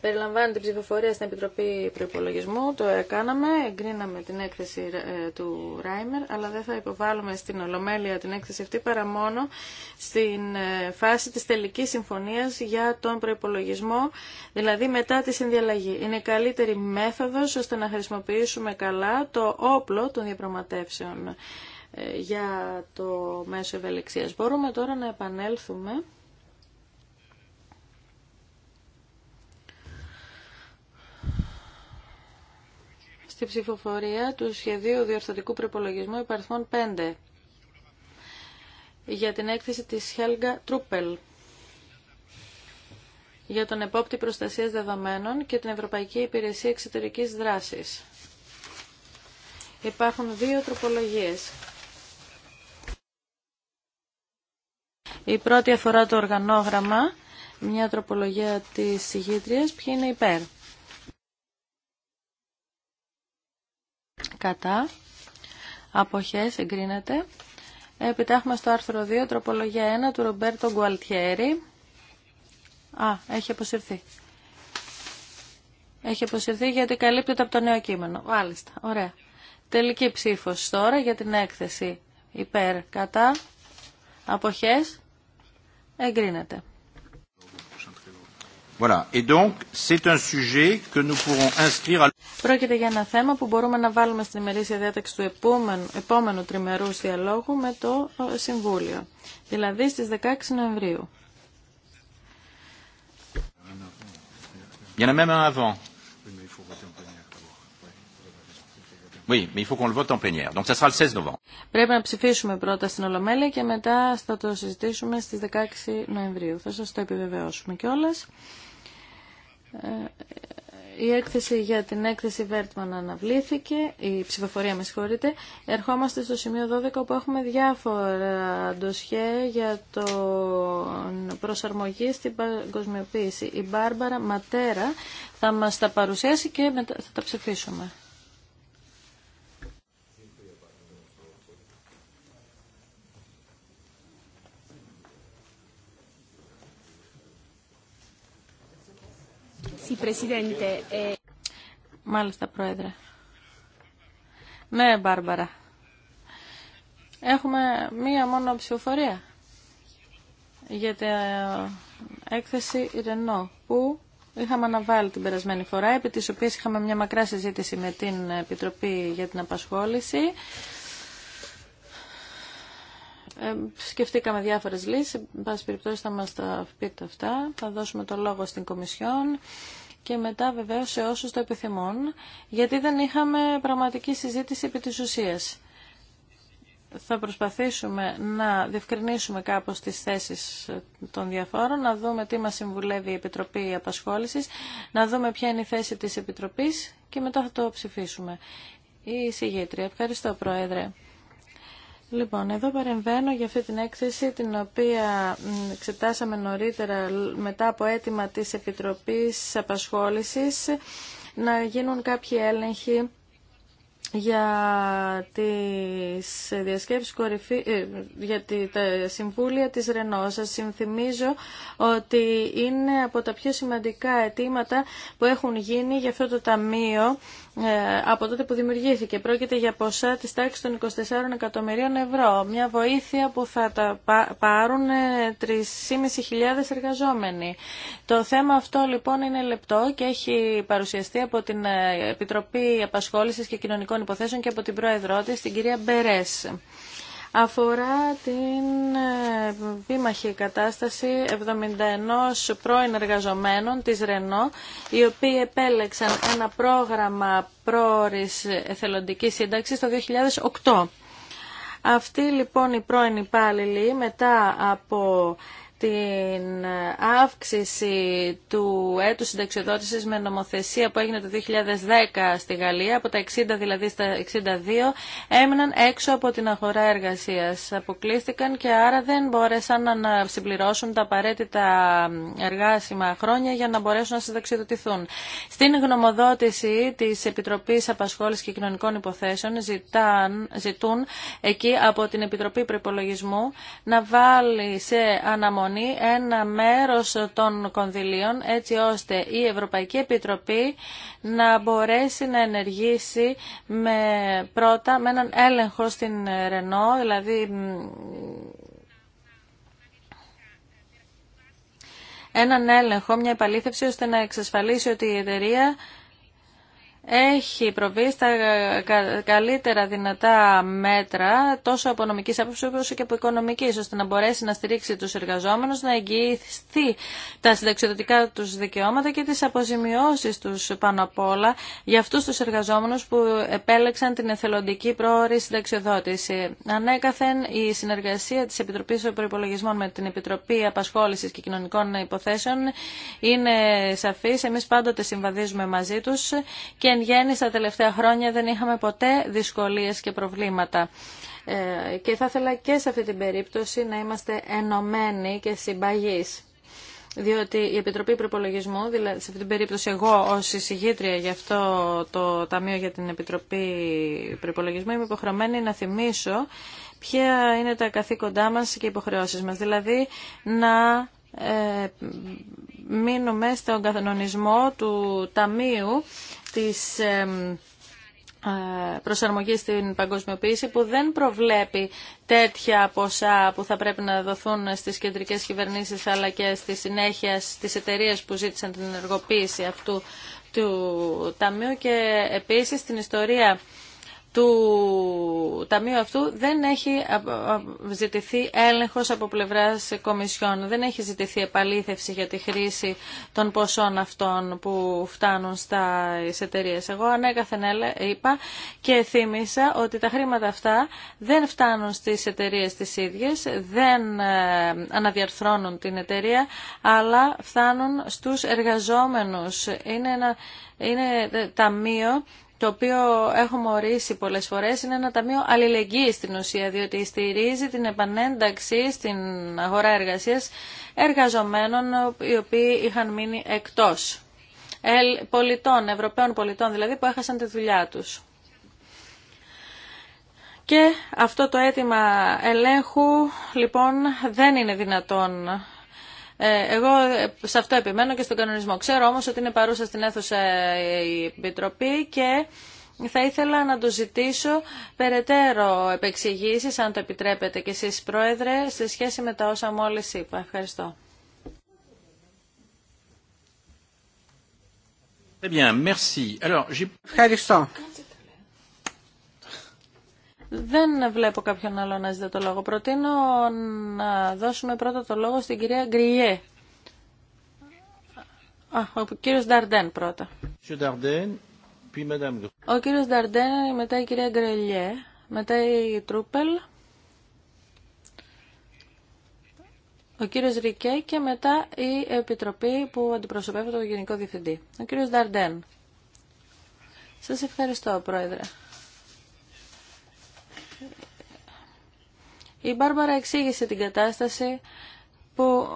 περιλαμβάνει την ψηφοφορία στην Επιτροπή Προπολογισμού. Το έκαναμε, εγκρίναμε την έκθεση ε, του Ράιμερ, αλλά δεν θα υποβάλουμε στην Ολομέλεια την έκθεση αυτή παρά μόνο στην ε, φάση της τελικής συμφωνίας για τον προπολογισμό, δηλαδή μετά τη συνδιαλλαγή. Είναι καλύτερη μέθοδος ώστε να χρησιμοποιήσουμε καλά το όπλο των διαπραγματεύσεων ε, για το μέσο ευελιξία. Μπορούμε τώρα να επανέλθουμε στη ψηφοφορία του σχεδίου διορθωτικού προπολογισμού υπαριθμών 5 για την έκθεση της Helga Τρούπελ για τον επόπτη προστασίας δεδομένων και την Ευρωπαϊκή Υπηρεσία Εξωτερικής Δράσης. Υπάρχουν δύο τροπολογίες. Η πρώτη αφορά το οργανόγραμμα, μια τροπολογία της συγχύτριας, ποιοι είναι υπέρ. κατά, αποχές, εγκρίνεται. Επιτάχουμε στο άρθρο 2, τροπολογία 1 του Ρομπέρτο Γκουαλτιέρη. Α, έχει αποσυρθεί. Έχει αποσυρθεί γιατί καλύπτεται από το νέο κείμενο. Μάλιστα, ωραία. Τελική ψήφος τώρα για την έκθεση υπέρ κατά αποχές εγκρίνεται. Πρόκειται για ένα θέμα που μπορούμε να βάλουμε στην ημερήσια διάταξη του επόμενου, επόμενου τριμερού διαλόγου με το ε, Συμβούλιο, δηλαδή στις 16 Νοεμβρίου. Πρέπει να ψηφίσουμε πρώτα στην Ολομέλεια και μετά θα το συζητήσουμε στις 16 Νοεμβρίου. Θα σας το επιβεβαιώσουμε κιόλας η έκθεση για την έκθεση Βέρτμαν αναβλήθηκε, η ψηφοφορία με συγχωρείτε. Ερχόμαστε στο σημείο 12 όπου έχουμε διάφορα ντοσιέ για το προσαρμογή στην παγκοσμιοποίηση. Η Μπάρμπαρα Ματέρα θα μας τα παρουσιάσει και θα τα ψηφίσουμε. Eh. Μάλιστα, Πρόεδρε. Ναι, Μπάρμπαρα. Έχουμε μία μόνο ψηφοφορία για την ε, έκθεση Ρενό, που είχαμε αναβάλει την περασμένη φορά, επί της οποίας είχαμε μια μακρά συζήτηση με την Επιτροπή για την Απασχόληση ε, σκεφτήκαμε διάφορες λύσεις, εν πάση περιπτώσει θα τα πείτε αυτά, θα δώσουμε το λόγο στην Κομισιόν και μετά βεβαίως σε όσους το επιθυμούν, γιατί δεν είχαμε πραγματική συζήτηση επί της ουσίας. Θα προσπαθήσουμε να διευκρινίσουμε κάπως τις θέσεις των διαφόρων, να δούμε τι μας συμβουλεύει η Επιτροπή Απασχόλησης, να δούμε ποια είναι η θέση της Επιτροπής και μετά θα το ψηφίσουμε. Η συγγήτρια. Ευχαριστώ, Πρόεδρε. Λοιπόν, εδώ παρεμβαίνω για αυτή την έκθεση την οποία εξετάσαμε νωρίτερα μετά από αίτημα της Επιτροπής Απασχόλησης να γίνουν κάποιοι έλεγχοι για τις διασκέψεις κορυφή, ε, για τα συμβούλια της Ρενό. Σας συνθυμίζω ότι είναι από τα πιο σημαντικά αιτήματα που έχουν γίνει για αυτό το ταμείο ε, από τότε που δημιουργήθηκε. Πρόκειται για ποσά της τάξης των 24 εκατομμυρίων ευρώ. Μια βοήθεια που θα τα πάρουν 3.500 ε, εργαζόμενοι. Το θέμα αυτό λοιπόν είναι λεπτό και έχει παρουσιαστεί από την ε, Επιτροπή Απασχόλησης και Κοινωνικών Υποθέσεων και από την Πρόεδρό της, την κυρία Μπερές αφορά την βήμαχη ε, κατάσταση 71 πρώην εργαζομένων της Ρενό, οι οποίοι επέλεξαν ένα πρόγραμμα πρόορης εθελοντικής σύνταξης το 2008. Αυτοί λοιπόν οι πρώην υπάλληλοι μετά από την αύξηση του έτους συνταξιοδότησης με νομοθεσία που έγινε το 2010 στη Γαλλία, από τα 60 δηλαδή στα 62, έμειναν έξω από την αγορά εργασίας. Αποκλείστηκαν και άρα δεν μπόρεσαν να συμπληρώσουν τα απαραίτητα εργάσιμα χρόνια για να μπορέσουν να συνταξιοδοτηθούν. Στην γνωμοδότηση της Επιτροπής Απασχόλησης και Κοινωνικών Υποθέσεων ζητάν, ζητούν εκεί από την Επιτροπή Προπολογισμού να βάλει σε αναμονή ένα μέρος των κονδυλίων έτσι ώστε η Ευρωπαϊκή Επιτροπή να μπορέσει να ενεργήσει με, πρώτα με έναν έλεγχο στην Ρενό, δηλαδή έναν έλεγχο, μια επαλήθευση ώστε να εξασφαλίσει ότι η εταιρεία έχει προβεί στα καλύτερα δυνατά μέτρα τόσο από νομική άποψη όσο και από οικονομική, ώστε να μπορέσει να στηρίξει του εργαζόμενου, να εγγυηθεί τα συνταξιδοτικά του δικαιώματα και τι αποζημιώσει του πάνω απ' όλα για αυτού του εργαζόμενου που επέλεξαν την εθελοντική πρόορη συνταξιοδότηση. Ανέκαθεν, η συνεργασία τη Επιτροπή Προπολογισμών με την Επιτροπή Απασχόληση και Κοινωνικών Υποθέσεων είναι σαφή. Εμεί πάντοτε συμβαδίζουμε μαζί του και εν γέννη στα τελευταία χρόνια δεν είχαμε ποτέ δυσκολίες και προβλήματα. Ε, και θα ήθελα και σε αυτή την περίπτωση να είμαστε ενωμένοι και συμπαγείς. Διότι η Επιτροπή Προπολογισμού, δηλαδή σε αυτή την περίπτωση εγώ ως εισηγήτρια για αυτό το Ταμείο για την Επιτροπή Προπολογισμού, είμαι υποχρεωμένη να θυμίσω ποια είναι τα καθήκοντά μας και οι υποχρεώσεις μας. Δηλαδή να ε, μείνουμε στον κανονισμό του Ταμείου της ε, προσαρμογή στην παγκοσμιοποίηση που δεν προβλέπει τέτοια ποσά που θα πρέπει να δοθούν στις κεντρικές κυβερνήσεις αλλά και στη συνέχεια στις εταιρείες που ζήτησαν την ενεργοποίηση αυτού του Ταμείου και επίσης στην ιστορία του ταμείου αυτού δεν έχει ζητηθεί έλεγχος από πλευράς κομισιών, δεν έχει ζητηθεί επαλήθευση για τη χρήση των ποσών αυτών που φτάνουν στα εταιρείε. Εγώ ανέκαθεν είπα και θύμισα ότι τα χρήματα αυτά δεν φτάνουν στις εταιρείε τις ίδιες, δεν ε, αναδιαρθρώνουν την εταιρεία, αλλά φτάνουν στους εργαζόμενους. Είναι ένα είναι ε, ταμείο το οποίο έχουμε ορίσει πολλές φορές, είναι ένα ταμείο αλληλεγγύης στην ουσία, διότι στηρίζει την επανένταξη στην αγορά εργασίας εργαζομένων οι οποίοι είχαν μείνει εκτός. Πολιτών, Ευρωπαίων πολιτών δηλαδή, που έχασαν τη δουλειά τους. Και αυτό το αίτημα ελέγχου, λοιπόν, δεν είναι δυνατόν ε, εγώ σε αυτό επιμένω και στον κανονισμό. Ξέρω όμως ότι είναι παρούσα στην αίθουσα η Επιτροπή και θα ήθελα να το ζητήσω περαιτέρω επεξηγήσεις, αν το επιτρέπετε και εσείς Πρόεδρε, σε σχέση με τα όσα μόλις είπα. Ευχαριστώ. Ευχαριστώ. Δεν βλέπω κάποιον άλλο να ζητά το λόγο. Προτείνω να δώσουμε πρώτα το λόγο στην κυρία Γκριέ. ο κύριος Νταρντέν πρώτα. Ο κύριος Νταρντέν, μετά η κυρία Γκριέ, μετά η Τρούπελ, ο κύριος Ρικέ και μετά η Επιτροπή που αντιπροσωπεύει το Γενικό Διευθυντή. Ο κύριος Νταρντέν. Σας ευχαριστώ, Πρόεδρε. Η Μπάρμπαρα εξήγησε την κατάσταση που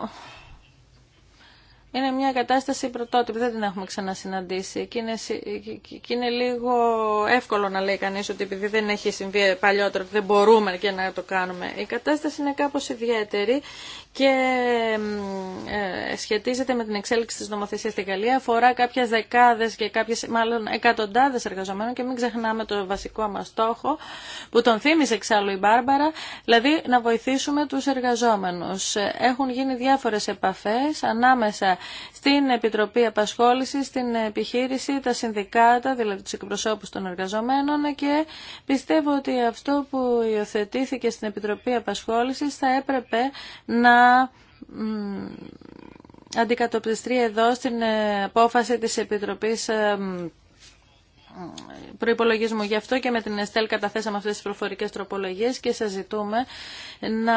είναι μια κατάσταση πρωτότυπη, δεν την έχουμε ξανασυναντήσει και είναι, λίγο εύκολο να λέει κανείς ότι επειδή δεν έχει συμβεί παλιότερα δεν μπορούμε και να το κάνουμε. Η κατάσταση είναι κάπως ιδιαίτερη και ε, σχετίζεται με την εξέλιξη της νομοθεσίας στην Γαλλία. Αφορά κάποιες δεκάδες και κάποιες μάλλον εκατοντάδες εργαζομένων και μην ξεχνάμε το βασικό μας στόχο που τον θύμισε εξάλλου η Μπάρμπαρα, δηλαδή να βοηθήσουμε τους εργαζόμενους. Έχουν γίνει διάφορες επαφές ανάμεσα στην Επιτροπή Απασχόλησης, στην επιχείρηση, τα συνδικάτα, δηλαδή τους εκπροσώπους των εργαζομένων και πιστεύω ότι αυτό που υιοθετήθηκε στην Επιτροπή Απασχόλησης θα έπρεπε να αντικατοπτριστεί εδώ στην ε, απόφαση της Επιτροπής ε, προϋπολογισμού. Γι' αυτό και με την Εστέλ καταθέσαμε αυτές τις προφορικές τροπολογίες και σας ζητούμε να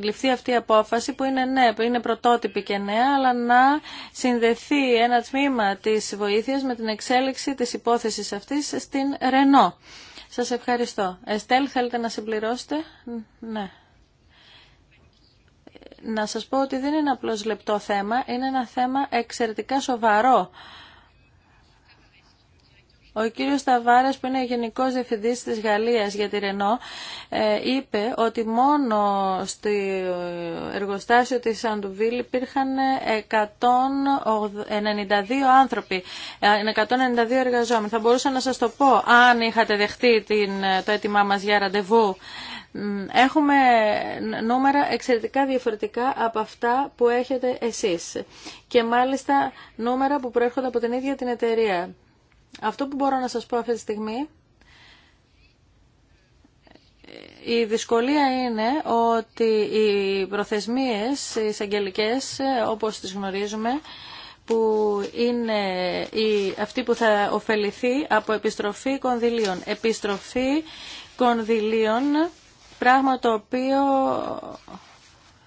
ληφθεί αυτή η απόφαση που είναι ναι, που είναι πρωτότυπη και νέα, αλλά να συνδεθεί ένα τμήμα της βοήθειας με την εξέλιξη της υπόθεσης αυτής στην Ρενό. Σας ευχαριστώ. Εστέλ, θέλετε να συμπληρώσετε. Ναι. Να σας πω ότι δεν είναι απλώς λεπτό θέμα, είναι ένα θέμα εξαιρετικά σοβαρό. Ο κύριο Σταβάρα, που είναι γενικός διευθυντή τη Γαλλίας για τη Ρενό ε, είπε ότι μόνο στο εργοστάσιο της Σαντουβίλ υπήρχαν 192 άνθρωποι, 192 ε, εργαζόμενοι. Θα μπορούσα να σας το πω αν είχατε δεχτεί την, το αίτημά μα για ραντεβού. Έχουμε νούμερα εξαιρετικά διαφορετικά από αυτά που έχετε εσείς και μάλιστα νούμερα που προέρχονται από την ίδια την εταιρεία. Αυτό που μπορώ να σας πω αυτή τη στιγμή η δυσκολία είναι ότι οι προθεσμίες εισαγγελικέ, όπως τις γνωρίζουμε, που είναι η, αυτή που θα ωφεληθεί από επιστροφή κονδυλίων. Επιστροφή κονδυλίων, πράγμα το οποίο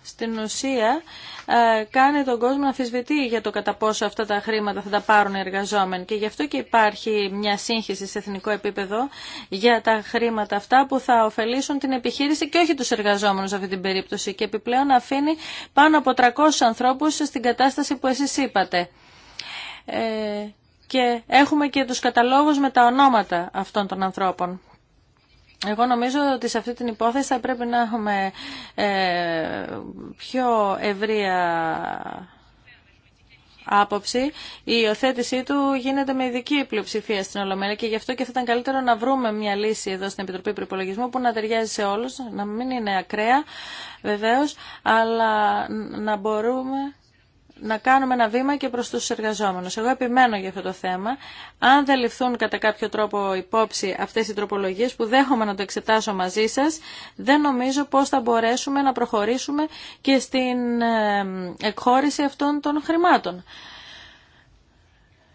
στην ουσία ε, κάνει τον κόσμο να αφισβητεί για το κατά πόσο αυτά τα χρήματα θα τα πάρουν οι εργαζόμενοι και γι' αυτό και υπάρχει μια σύγχυση σε εθνικό επίπεδο για τα χρήματα αυτά που θα ωφελήσουν την επιχείρηση και όχι τους εργαζόμενους σε αυτή την περίπτωση και επιπλέον αφήνει πάνω από 300 ανθρώπους στην κατάσταση που εσείς είπατε. Ε, και έχουμε και τους καταλόγους με τα ονόματα αυτών των ανθρώπων. Εγώ νομίζω ότι σε αυτή την υπόθεση θα πρέπει να έχουμε ε, πιο ευρεία άποψη. Η υιοθέτησή του γίνεται με ειδική πλειοψηφία στην Ολομέλεια και γι' αυτό και θα ήταν καλύτερο να βρούμε μια λύση εδώ στην Επιτροπή Προπολογισμού που να ταιριάζει σε όλους, να μην είναι ακραία βεβαίως, αλλά να μπορούμε να κάνουμε ένα βήμα και προς τους εργαζόμενους. Εγώ επιμένω για αυτό το θέμα. Αν δεν ληφθούν κατά κάποιο τρόπο υπόψη αυτές οι τροπολογίες που δέχομαι να το εξετάσω μαζί σας, δεν νομίζω πώς θα μπορέσουμε να προχωρήσουμε και στην ε, εκχώρηση αυτών των χρημάτων.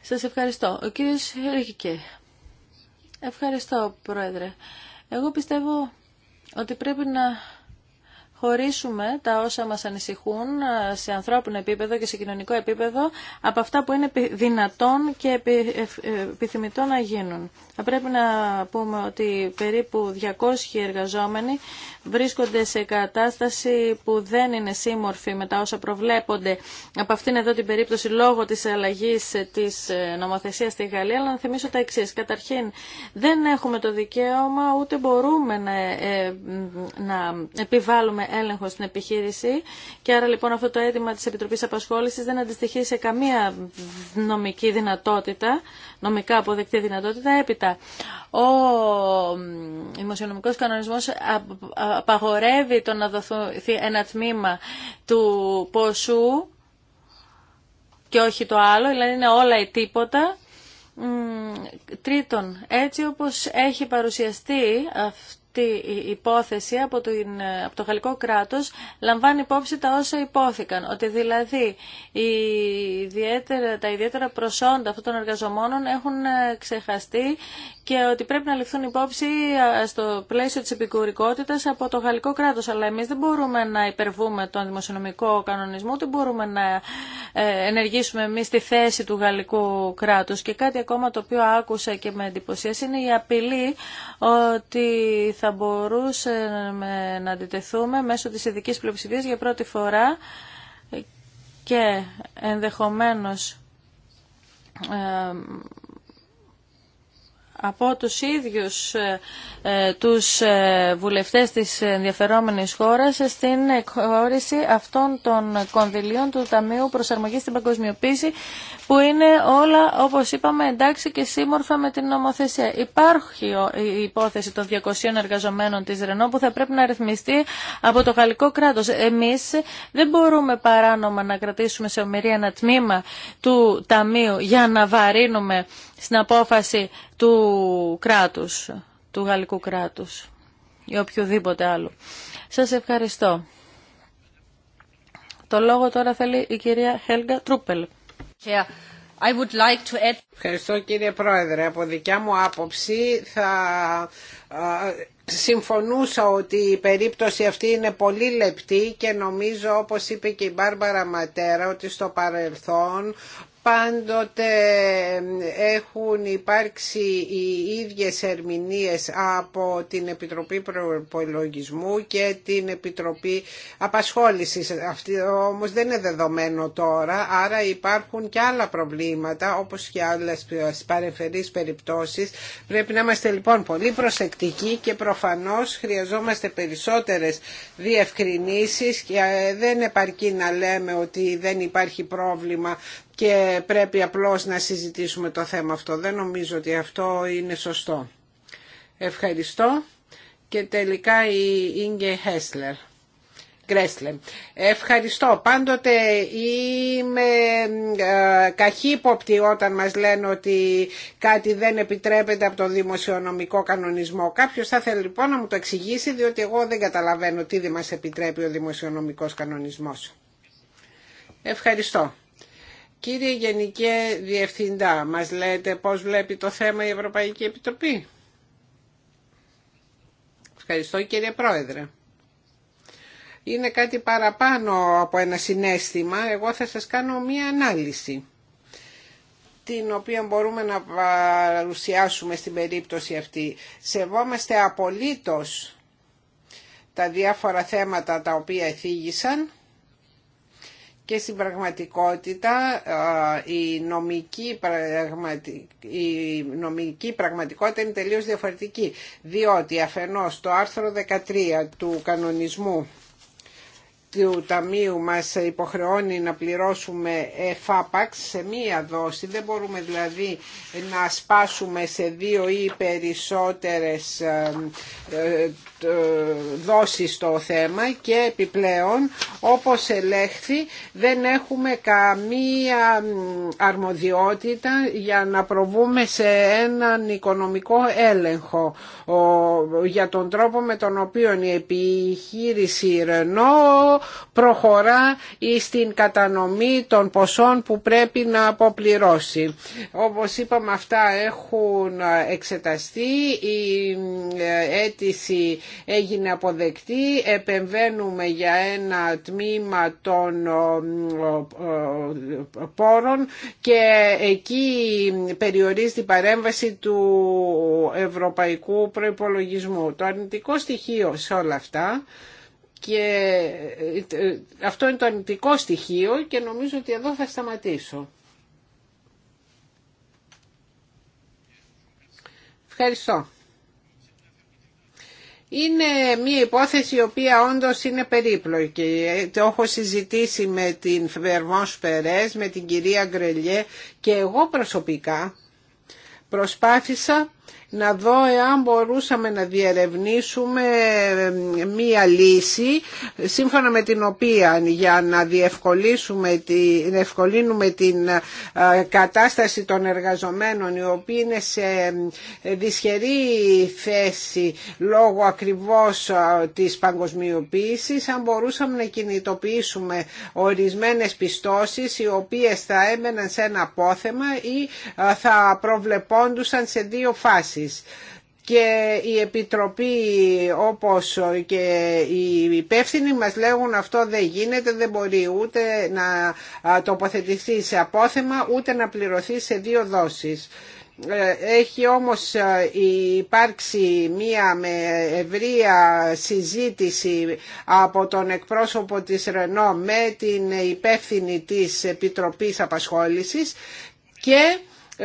Σας ευχαριστώ. Ο κύριος Ρίκικε. Ευχαριστώ, Πρόεδρε. Εγώ πιστεύω ότι πρέπει να χωρίσουμε τα όσα μας ανησυχούν ε, σε ανθρώπινο επίπεδο και σε κοινωνικό επίπεδο από αυτά που είναι δυνατόν και ε, επιθυμητό να γίνουν. Θα πρέπει να πούμε ότι περίπου 200 εργαζόμενοι βρίσκονται σε κατάσταση που δεν είναι σύμμορφη με τα όσα προβλέπονται από αυτήν εδώ την περίπτωση λόγω της αλλαγής της ε, νομοθεσίας στη Γαλλία, αλλά να θυμίσω τα εξή. Καταρχήν, δεν έχουμε το δικαίωμα ούτε μπορούμε να, να επιβάλλουμε έλεγχο στην επιχείρηση και άρα λοιπόν αυτό το αίτημα της Επιτροπής Απασχόλησης δεν αντιστοιχεί σε καμία νομική δυνατότητα, νομικά αποδεκτή δυνατότητα έπειτα. Ο δημοσιονομικό κανονισμός απαγορεύει το να δοθεί ένα τμήμα του ποσού και όχι το άλλο, δηλαδή είναι όλα ή τίποτα. Τρίτον, έτσι όπως έχει παρουσιαστεί αυτή η υπόθεση από, από το γαλλικό κράτος λαμβάνει υπόψη τα όσα υπόθηκαν. Ότι δηλαδή ιδιαίτερα, τα ιδιαίτερα προσόντα αυτών των εργαζομόνων έχουν ε, ξεχαστεί και ότι πρέπει να ληφθούν υπόψη στο πλαίσιο της επικουρικότητας από το γαλλικό κράτος. Αλλά εμείς δεν μπορούμε να υπερβούμε τον δημοσιονομικό κανονισμό, δεν μπορούμε να ε, ενεργήσουμε εμείς τη θέση του γαλλικού κράτους. Και κάτι ακόμα το οποίο άκουσα και με εντυπωσίασε είναι η απειλή ότι θα μπορούσαμε να αντιτεθούμε μέσω της ειδική πλειοψηφίας για πρώτη φορά και ενδεχομένως ε, από τους ίδιους ε, τους ε, βουλευτές της ενδιαφερόμενης χώρας στην εκχώρηση αυτών των κονδυλίων του Ταμείου Προσαρμογής στην Παγκοσμιοποίηση που είναι όλα, όπως είπαμε, εντάξει και σύμμορφα με την νομοθεσία. Υπάρχει η υπόθεση των 200 εργαζομένων της Ρενό που θα πρέπει να ρυθμιστεί από το γαλλικό κράτος. Εμείς δεν μπορούμε παράνομα να κρατήσουμε σε ομοιρία ένα τμήμα του Ταμείου για να βαρύνουμε στην απόφαση του κράτους, του γαλλικού κράτους ή οποιοδήποτε άλλο. Σας ευχαριστώ. Το λόγο τώρα θέλει η κυρία Χέλγα Τρούπελ. Ευχαριστώ κύριε Πρόεδρε. Από δικιά μου άποψη θα συμφωνούσα ότι η περίπτωση αυτή είναι πολύ λεπτή και νομίζω όπως είπε και η Μπάρμπαρα Ματέρα ότι στο παρελθόν πάντοτε έχουν υπάρξει οι ίδιες ερμηνείες από την Επιτροπή Προπολογισμού και την Επιτροπή Απασχόλησης. Αυτό όμως δεν είναι δεδομένο τώρα, άρα υπάρχουν και άλλα προβλήματα όπως και άλλες παρεφερείς περιπτώσεις. Πρέπει να είμαστε λοιπόν πολύ προσεκτικοί και προφανώς χρειαζόμαστε περισσότερες διευκρινήσεις και ε, δεν επαρκεί να λέμε ότι δεν υπάρχει πρόβλημα και πρέπει απλώς να συζητήσουμε το θέμα αυτό. Δεν νομίζω ότι αυτό είναι σωστό. Ευχαριστώ. Και τελικά η Ίνγκε Χέσλερ. Ευχαριστώ. Πάντοτε είμαι ε, καχύποπτη όταν μας λένε ότι κάτι δεν επιτρέπεται από το δημοσιονομικό κανονισμό. Κάποιος θα θέλει λοιπόν να μου το εξηγήσει διότι εγώ δεν καταλαβαίνω τι μας επιτρέπει ο δημοσιονομικός κανονισμός. Ευχαριστώ. Κύριε Γενικέ Διευθυντά, μας λέτε πώς βλέπει το θέμα η Ευρωπαϊκή Επιτροπή. Ευχαριστώ κύριε Πρόεδρε. Είναι κάτι παραπάνω από ένα συνέστημα. Εγώ θα σας κάνω μία ανάλυση την οποία μπορούμε να παρουσιάσουμε στην περίπτωση αυτή. Σεβόμαστε απολύτως τα διάφορα θέματα τα οποία εθίγησαν και στην πραγματικότητα ε, η νομική, η νομική πραγματικότητα είναι τελείως διαφορετική διότι αφενός το άρθρο 13 του κανονισμού του Ταμείου μας υποχρεώνει να πληρώσουμε εφάπαξ σε μία δόση. Δεν μπορούμε δηλαδή να σπάσουμε σε δύο ή περισσότερες ε, ε, ε, δώσει στο θέμα και επιπλέον όπως ελέγχθη δεν έχουμε καμία αρμοδιότητα για να προβούμε σε έναν οικονομικό έλεγχο για τον τρόπο με τον οποίο η επιχείρηση Ρενό προχωρά στην κατανομή των ποσών που πρέπει να αποπληρώσει. Όπως είπαμε αυτά έχουν εξεταστεί η ε, αίτηση έγινε αποδεκτή. Επεμβαίνουμε για ένα τμήμα των πόρων και εκεί περιορίζει την παρέμβαση του ευρωπαϊκού προϋπολογισμού. Το αρνητικό στοιχείο σε όλα αυτά και ε, αυτό είναι το αρνητικό στοιχείο και νομίζω ότι εδώ θα σταματήσω. Ευχαριστώ. Είναι μια υπόθεση η οποία όντως είναι περίπλοκη. Το έχω συζητήσει με την Φερμόν Σπερές, με την κυρία Γκρελιέ και εγώ προσωπικά προσπάθησα να δω εάν μπορούσαμε να διερευνήσουμε ε, μία λύση σύμφωνα με την οποία για να διευκολύνουμε την, ευκολύνουμε την ε, κατάσταση των εργαζομένων οι οποίοι είναι σε ε, δυσχερή θέση λόγω ακριβώς της παγκοσμιοποίησης αν μπορούσαμε να κινητοποιήσουμε ορισμένες πιστώσεις οι οποίες θα έμεναν σε ένα απόθεμα ή θα προβλεπόντουσαν σε δύο φάσεις και η Επιτροπή όπως και οι υπεύθυνοι μας λέγουν αυτό δεν γίνεται, δεν μπορεί ούτε να τοποθετηθεί σε απόθεμα ούτε να πληρωθεί σε δύο δόσεις. Έχει όμως υπάρξει μία με ευρεία συζήτηση από τον εκπρόσωπο της Ρενό με την υπεύθυνη της Επιτροπής Απασχόλησης και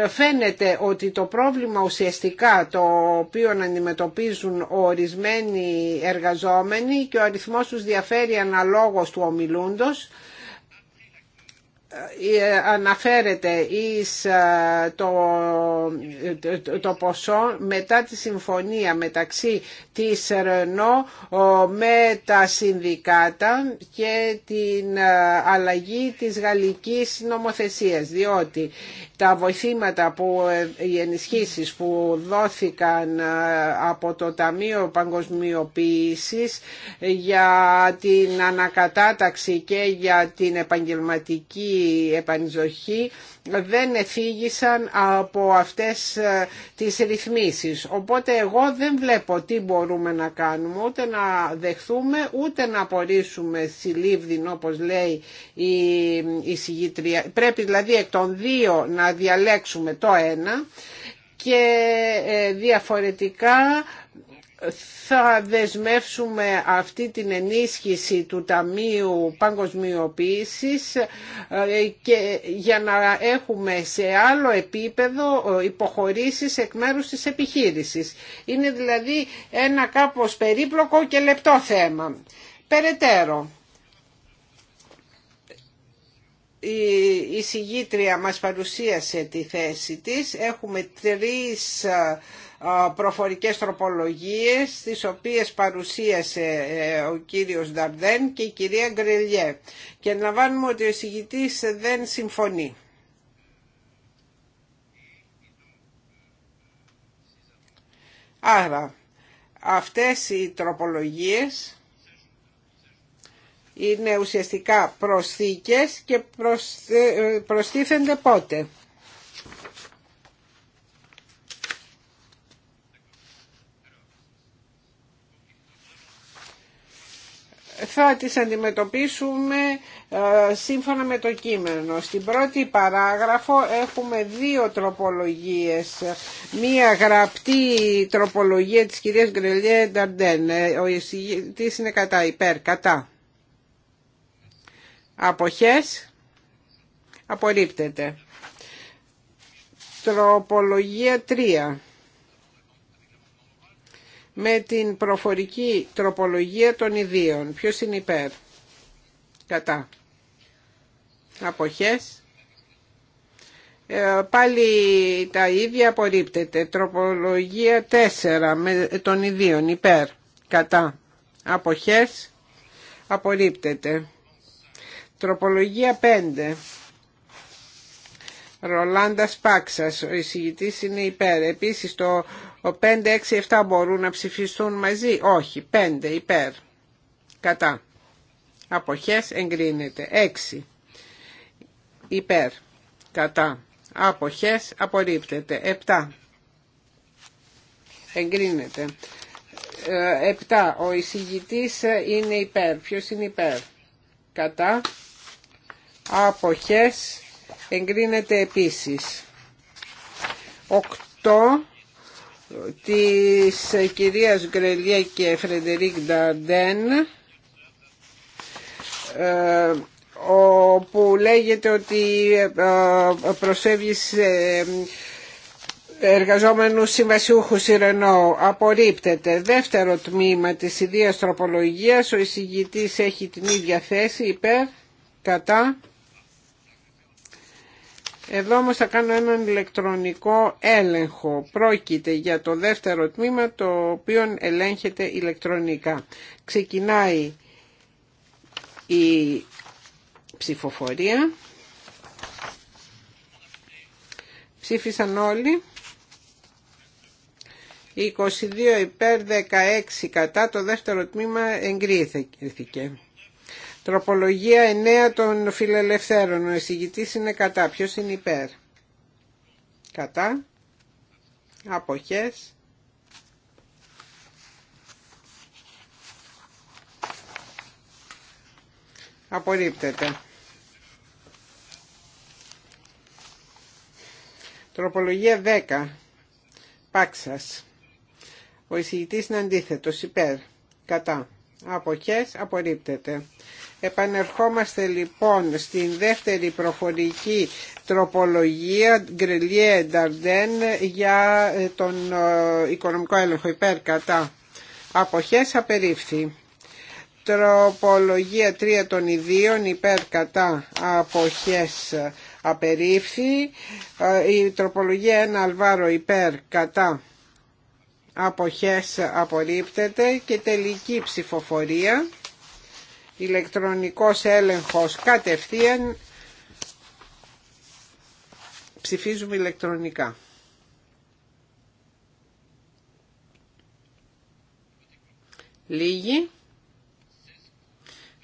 φαίνεται ότι το πρόβλημα ουσιαστικά το οποίο αντιμετωπίζουν ορισμένοι εργαζόμενοι και ο αριθμός τους διαφέρει αναλόγως του ομιλούντος ε, ε, αναφέρεται εις ε, το, το, ποσό μετά τη συμφωνία μεταξύ της Ρενό με τα συνδικάτα και την αλλαγή της γαλλικής νομοθεσίας διότι τα βοηθήματα που οι ενισχύσεις που δόθηκαν από το Ταμείο Παγκοσμιοποίησης για την ανακατάταξη και για την επαγγελματική η δεν εφήγησαν από αυτές ε, τις ρυθμίσεις. Οπότε εγώ δεν βλέπω τι μπορούμε να κάνουμε, ούτε να δεχθούμε, ούτε να απορρίσουμε συλλήβδιν όπως λέει η, η Πρέπει δηλαδή εκ των δύο να διαλέξουμε το ένα και ε, διαφορετικά θα δεσμεύσουμε αυτή την ενίσχυση του Ταμείου Παγκοσμιοποίησης ε, και για να έχουμε σε άλλο επίπεδο ε, υποχωρήσεις εκ μέρους της επιχείρησης. Είναι δηλαδή ένα κάπως περίπλοκο και λεπτό θέμα. Περαιτέρω, η συγγήτρια μας παρουσίασε τη θέση της. Έχουμε τρεις ε, προφορικές τροπολογίες τις οποίες παρουσίασε ε, ο κύριος Νταρδέν και η κυρία Γκρελιέ και αναλαμβάνουμε ότι ο εισηγητής δεν συμφωνεί. Άρα αυτές οι τροπολογίες είναι ουσιαστικά προσθήκες και προσθέ, ε, προστίθενται πότε. θα τις αντιμετωπίσουμε ε, σύμφωνα με το κείμενο. Στην πρώτη παράγραφο έχουμε δύο τροπολογίες. Μία γραπτή τροπολογία της κυρίας Γκρελιέ Νταρντέν. Ε, ο εισηγητής είναι κατά, υπέρ, κατά. Αποχές. Απορρίπτεται. Τροπολογία 3 με την προφορική τροπολογία των ιδίων. Ποιος είναι υπέρ. Κατά. Αποχές. Ε, πάλι τα ίδια απορρίπτεται. Τροπολογία 4 με, τον ιδίων υπέρ. Κατά. Αποχές. Απορρίπτεται. Τροπολογία 5. Ρολάντα Πάξα, ο εισηγητής είναι υπέρ. Επίσης το 5, 6, 7 μπορούν να ψηφιστούν μαζί. Όχι. 5 υπέρ. Κατά. Αποχές εγκρίνεται. 6 υπέρ. Κατά. Αποχές απορρίπτεται. 7 εγκρίνεται. 7. Ε, Ο εισηγητής είναι υπέρ. Ποιο είναι υπέρ. Κατά. Αποχές εγκρίνεται επίσης. 8 της κυρίας Γκρελιέ και Φρεντερίκ Νταρντέν ε, που λέγεται ότι ε, ε, προσέβησε εργαζόμενους συμβασιούχους η απορρίπτεται. Δεύτερο τμήμα της ιδίας τροπολογίας, ο εισηγητής έχει την ίδια θέση υπέρ, κατά, εδώ όμως θα κάνω έναν ηλεκτρονικό έλεγχο. Πρόκειται για το δεύτερο τμήμα το οποίο ελέγχεται ηλεκτρονικά. Ξεκινάει η ψηφοφορία. Ψήφισαν όλοι. 22 υπέρ 16 κατά το δεύτερο τμήμα εγκρίθηκε. Τροπολογία 9 των φιλελευθέρων. Ο εισηγητής είναι κατά. Ποιος είναι υπέρ. Κατά. Αποχές. Απορρίπτεται. Τροπολογία 10. Πάξας. Ο εισηγητής είναι αντίθετος. Υπέρ. Κατά. Αποχές. Απορρίπτεται. Επανερχόμαστε λοιπόν στην δεύτερη προφορική τροπολογία Γκρελιέ Νταρντέν για ε, τον ε, οικονομικό έλεγχο υπέρ κατά αποχές απερίφθη. Τροπολογία 3 των ιδίων υπέρ κατά αποχές απερίφθη. Ε, η τροπολογία 1 αλβάρο υπέρ κατά αποχές απορρίπτεται και τελική ψηφοφορία ηλεκτρονικός έλεγχος κατευθείαν ψηφίζουμε ηλεκτρονικά. Λίγοι.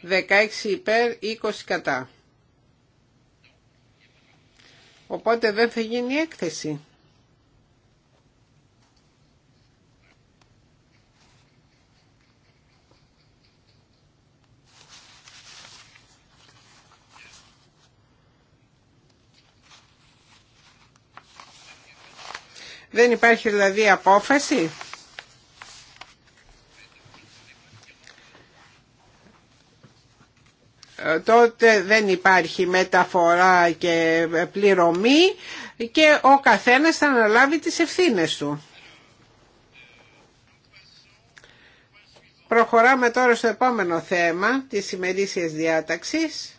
16 υπέρ, 20 κατά. Οπότε δεν θα γίνει έκθεση. Δεν υπάρχει δηλαδή απόφαση. Ε, τότε δεν υπάρχει μεταφορά και πληρωμή και ο καθένας θα αναλάβει τις ευθύνες του. Προχωράμε τώρα στο επόμενο θέμα της ημερήσιας διάταξης.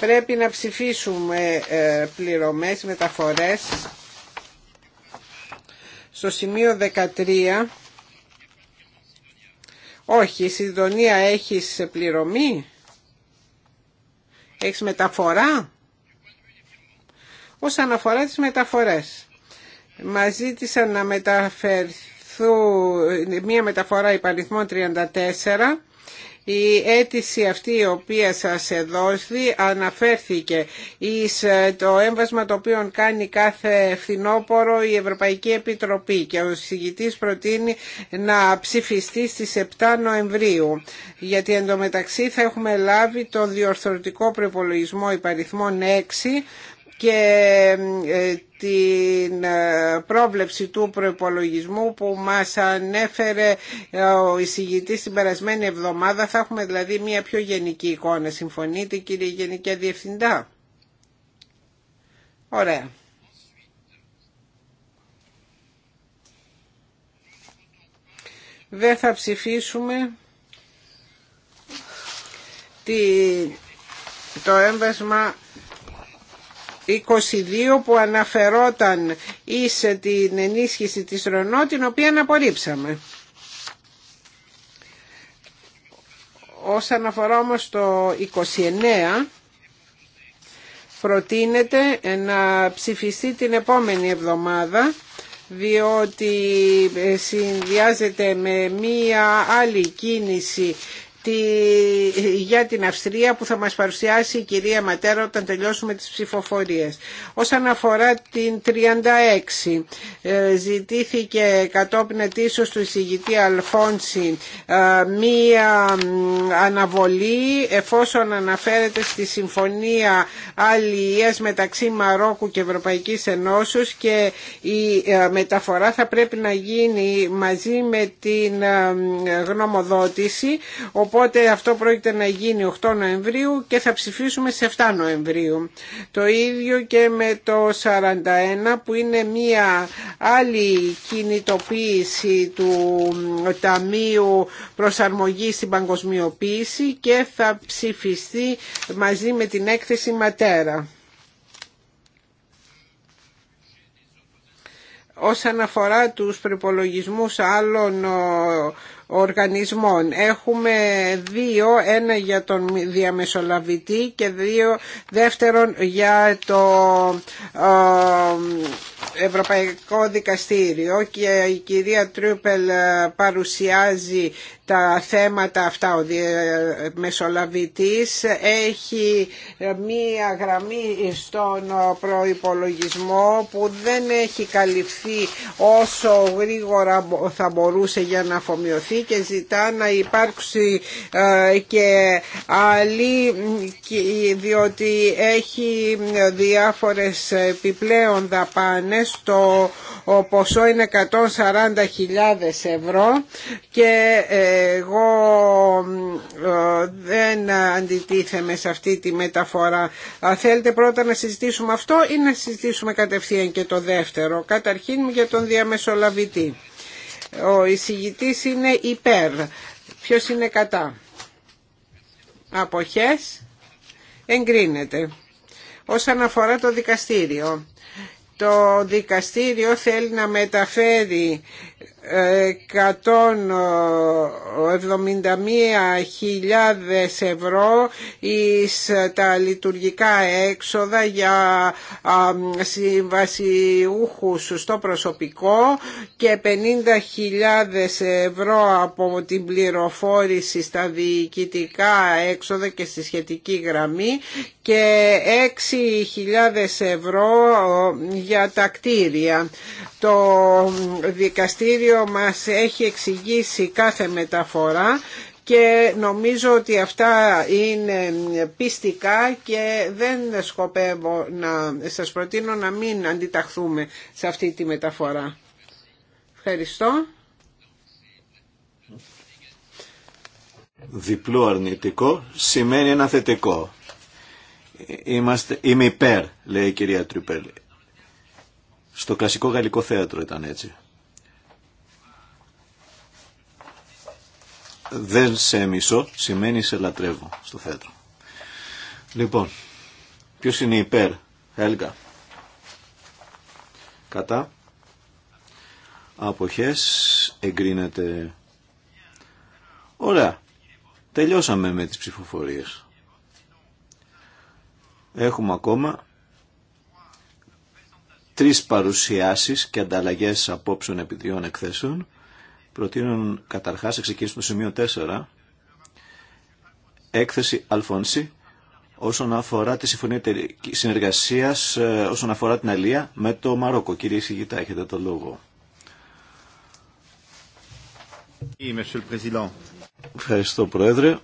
Πρέπει να ψηφίσουμε ε, πληρωμές, μεταφορές. Στο σημείο 13... Όχι, η συντονία έχεις πληρωμή, έχεις μεταφορά. Όσον αφορά τις μεταφορές, μας ζήτησαν να μεταφερθούν μία μεταφορά υπαριθμών 34 η αίτηση αυτή η οποία σας δώσει αναφέρθηκε εις ε, το έμβασμα το οποίο κάνει κάθε φθινόπορο η Ευρωπαϊκή Επιτροπή και ο συγητής προτείνει να ψηφιστεί στις 7 Νοεμβρίου γιατί εντωμεταξύ θα έχουμε λάβει το διορθωτικό προπολογισμό υπαριθμών 6 και ε, την ε, πρόβλεψη του προϋπολογισμού που μας ανέφερε ε, ο εισηγητής την περασμένη εβδομάδα. Θα έχουμε δηλαδή μια πιο γενική εικόνα. Συμφωνείτε κύριε Γενική Διευθυντά. Ωραία. Δεν θα ψηφίσουμε το έμβασμα 22 που αναφερόταν εις την ενίσχυση της Ρονό την οποία απορρίψαμε. Όσον αφορά όμως το 29 προτείνεται να ψηφιστεί την επόμενη εβδομάδα διότι ε, συνδυάζεται με μία άλλη κίνηση για την Αυστρία που θα μας παρουσιάσει η κυρία Ματέρα όταν τελειώσουμε τις ψηφοφορίες. Όσον αφορά την 36, ε, ζητήθηκε κατόπιν ετήσως του εισηγητή Αλφόνση ε, μία αναβολή εφόσον αναφέρεται στη Συμφωνία Αλληλείας μεταξύ Μαρόκου και Ευρωπαϊκής Ενώσεως και η ε, μεταφορά θα πρέπει να γίνει μαζί με την γνωμοδότηση, Οπότε αυτό πρόκειται να γίνει 8 Νοεμβρίου και θα ψηφίσουμε σε 7 Νοεμβρίου. Το ίδιο και με το 41 που είναι μια άλλη κινητοποίηση του Ταμείου Προσαρμογής στην Παγκοσμιοποίηση και θα ψηφιστεί μαζί με την έκθεση Ματέρα. Όσον αφορά τους προπολογισμού άλλων οργανισμών. Έχουμε δύο, ένα για τον διαμεσολαβητή και δύο δεύτερον για το ε, Ευρωπαϊκό Δικαστήριο και η κυρία Τρούπελ παρουσιάζει τα θέματα αυτά. Ο μεσολαβητής έχει μία γραμμή στον προϋπολογισμό που δεν έχει καλυφθεί όσο γρήγορα θα μπορούσε για να αφομοιωθεί και ζητά να υπάρξει ε, και άλλη διότι έχει διάφορες επιπλέον δαπάνες το ποσό είναι 140.000 ευρώ και ε, εγώ ε, δεν αντιτίθεμαι σε αυτή τη μεταφορά. Θέλετε πρώτα να συζητήσουμε αυτό ή να συζητήσουμε κατευθείαν και το δεύτερο. Καταρχήν για τον διαμεσολαβητή. Ο εισηγητής είναι υπέρ. Ποιος είναι κατά. Αποχές. Εγκρίνεται. Όσον αφορά το δικαστήριο. Το δικαστήριο θέλει να μεταφέρει 171.000 ευρώ εις τα λειτουργικά έξοδα για συμβασιούχους στο προσωπικό και 50.000 ευρώ από την πληροφόρηση στα διοικητικά έξοδα και στη σχετική γραμμή και 6.000 ευρώ για τα κτίρια. Το δικαστήριο μας έχει εξηγήσει κάθε μεταφορά και νομίζω ότι αυτά είναι πιστικά και δεν σκοπεύω να σας προτείνω να μην αντιταχθούμε σε αυτή τη μεταφορά. Ευχαριστώ. Διπλό αρνητικό σημαίνει ένα θετικό. Είμαστε, είμαι υπέρ, λέει η κυρία Τρυπέλη. Στο κλασικό γαλλικό θέατρο ήταν έτσι. Δεν σε μισώ, σημαίνει σε λατρεύω στο θέατρο. Λοιπόν, ποιο είναι υπέρ, Έλγα. Κατά. Αποχές εγκρίνεται. Ωραία. Τελειώσαμε με τις ψηφοφορίες. Έχουμε ακόμα τρεις παρουσιάσεις και ανταλλαγές απόψεων επί τριών εκθέσεων. Προτείνω καταρχάς να ξεκινήσουμε το σημείο 4, έκθεση Αλφόνση, όσον αφορά τη συμφωνία συνεργασίας, ε, όσον αφορά την Αλία με το Μαρόκο. Κύριε Σιγητά, έχετε το λόγο. Ευχαριστώ Πρόεδρε.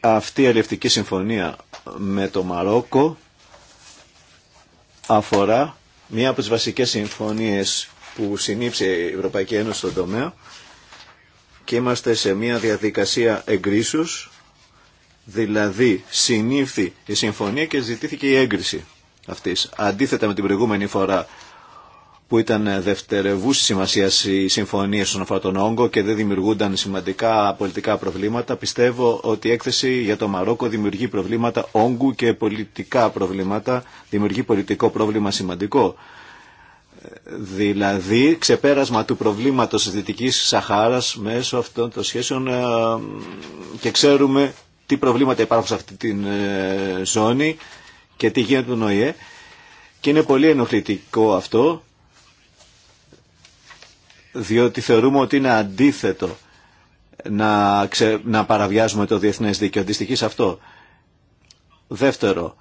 Αυτή η αλληλευτική συμφωνία με το Μαρόκο αφορά Μία από τις βασικές συμφωνίες που συνήψε η Ευρωπαϊκή Ένωση στον τομέα και είμαστε σε μια διαδικασία εγκρίσεως, δηλαδή συνήφθη η συμφωνία και ζητήθηκε η έγκριση αυτής. Αντίθετα με την προηγούμενη φορά που ήταν δευτερευούς σημασία οι συμφωνίε στον αφορά τον όγκο και δεν δημιουργούνταν σημαντικά πολιτικά προβλήματα. Πιστεύω ότι η έκθεση για το Μαρόκο δημιουργεί προβλήματα όγκου και πολιτικά προβλήματα, δημιουργεί πολιτικό πρόβλημα σημαντικό. Δηλαδή ξεπέρασμα του προβλήματος της Δυτικής Σαχάρας μέσω αυτών των σχέσεων ε, και ξέρουμε τι προβλήματα υπάρχουν σε αυτή τη ε, ζώνη και τι γίνεται τον ΟΗΕ. Και είναι πολύ ενοχλητικό αυτό διότι θεωρούμε ότι είναι αντίθετο να, να παραβιάζουμε το διεθνές δίκαιο. Αντιστοιχεί σε αυτό. Δεύτερο,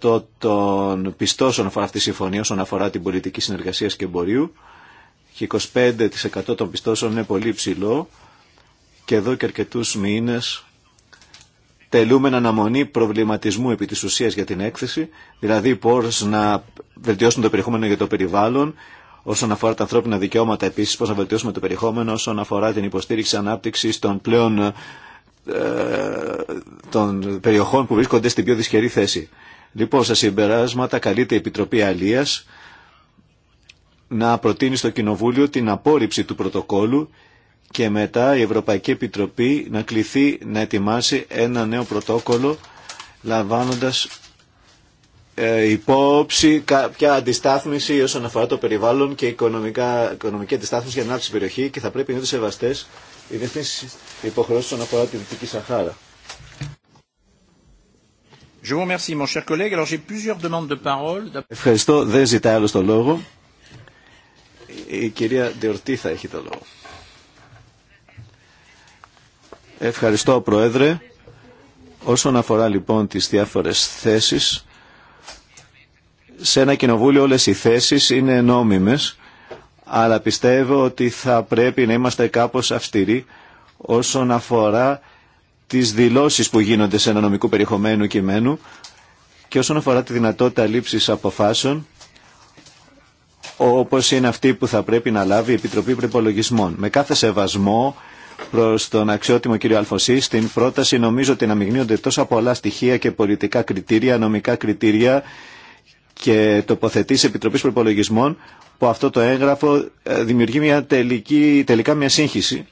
25% των πιστώσεων αφορά αυτή τη συμφωνία όσον αφορά την πολιτική συνεργασία και εμπορίου και 25% των πιστώσεων είναι πολύ ψηλό και εδώ και αρκετούς μήνες τελούμε αναμονή προβληματισμού επί της ουσίας για την έκθεση, δηλαδή πώς να βελτιώσουν το περιεχόμενο για το περιβάλλον, Όσον αφορά τα ανθρώπινα δικαιώματα επίση πώς να βελτιώσουμε το περιεχόμενο, όσον αφορά την υποστήριξη ανάπτυξη των πλέον ε, των περιοχών που βρίσκονται στην πιο δυσχερή θέση. Λοιπόν, στα συμπεράσματα καλείται η Επιτροπή Αλία να προτείνει στο Κοινοβούλιο την απόρριψη του πρωτοκόλου και μετά η Ευρωπαϊκή Επιτροπή να κληθεί να ετοιμάσει ένα νέο πρωτόκολλο λαμβάνοντας ε, υπόψη κάποια αντιστάθμιση όσον αφορά το περιβάλλον και οικονομικά, οικονομική αντιστάθμιση για την ανάπτυξη περιοχή και θα πρέπει να είναι σεβαστέ οι διεθνεί υποχρεώσει όσον αφορά τη Δυτική Σαχάρα. Ευχαριστώ. Δεν ζητάει άλλο το λόγο. Η κυρία Ντεορτή θα έχει το λόγο. Ευχαριστώ, Πρόεδρε. Όσον αφορά λοιπόν τις διάφορες θέσεις, σε ένα κοινοβούλιο όλες οι θέσεις είναι νόμιμες, αλλά πιστεύω ότι θα πρέπει να είμαστε κάπως αυστηροί όσον αφορά τις δηλώσεις που γίνονται σε ένα νομικό περιεχομένου κειμένου και όσον αφορά τη δυνατότητα λήψης αποφάσεων όπως είναι αυτή που θα πρέπει να λάβει η Επιτροπή Προπολογισμών. Με κάθε σεβασμό προς τον αξιότιμο κύριο Αλφωσή, στην πρόταση νομίζω ότι μειγνύονται τόσα πολλά στοιχεία και πολιτικά κριτήρια, νομικά κριτήρια και τοποθετήσει Επιτροπής Προπολογισμών που αυτό το έγγραφο ε, δημιουργεί μια τελική, τελικά μια σύγχυση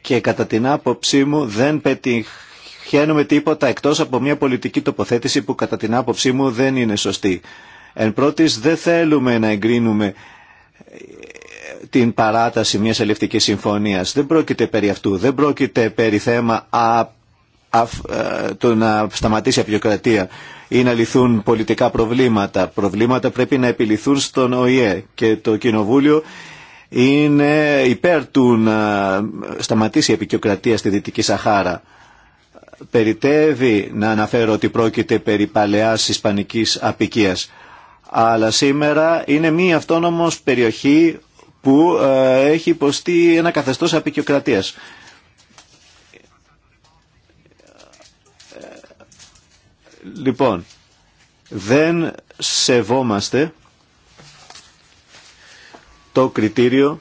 και κατά την άποψή μου δεν πετυχαίνουμε τίποτα εκτός από μια πολιτική τοποθέτηση που κατά την άποψή μου δεν είναι σωστή. Εν πρώτης δεν θέλουμε να εγκρίνουμε ε, την παράταση μιας ελευθερικής συμφωνίας. Δεν πρόκειται περί αυτού, δεν πρόκειται περί θέμα ε, το να σταματήσει η απεικιοκρατία ή να λυθούν πολιτικά προβλήματα. Προβλήματα πρέπει να επιληθούν στον ΟΗΕ και το Κοινοβούλιο είναι υπέρ του να σταματήσει η επικιοκρατία στη Δυτική Σαχάρα. Περιτεύει να αναφέρω ότι πρόκειται περί παλαιάς ισπανικής απικίας. Αλλά σήμερα είναι μία αυτόνομος περιοχή που ε, έχει υποστεί ένα καθεστώς απεικιοκρατίας. Λοιπόν, δεν σεβόμαστε το κριτήριο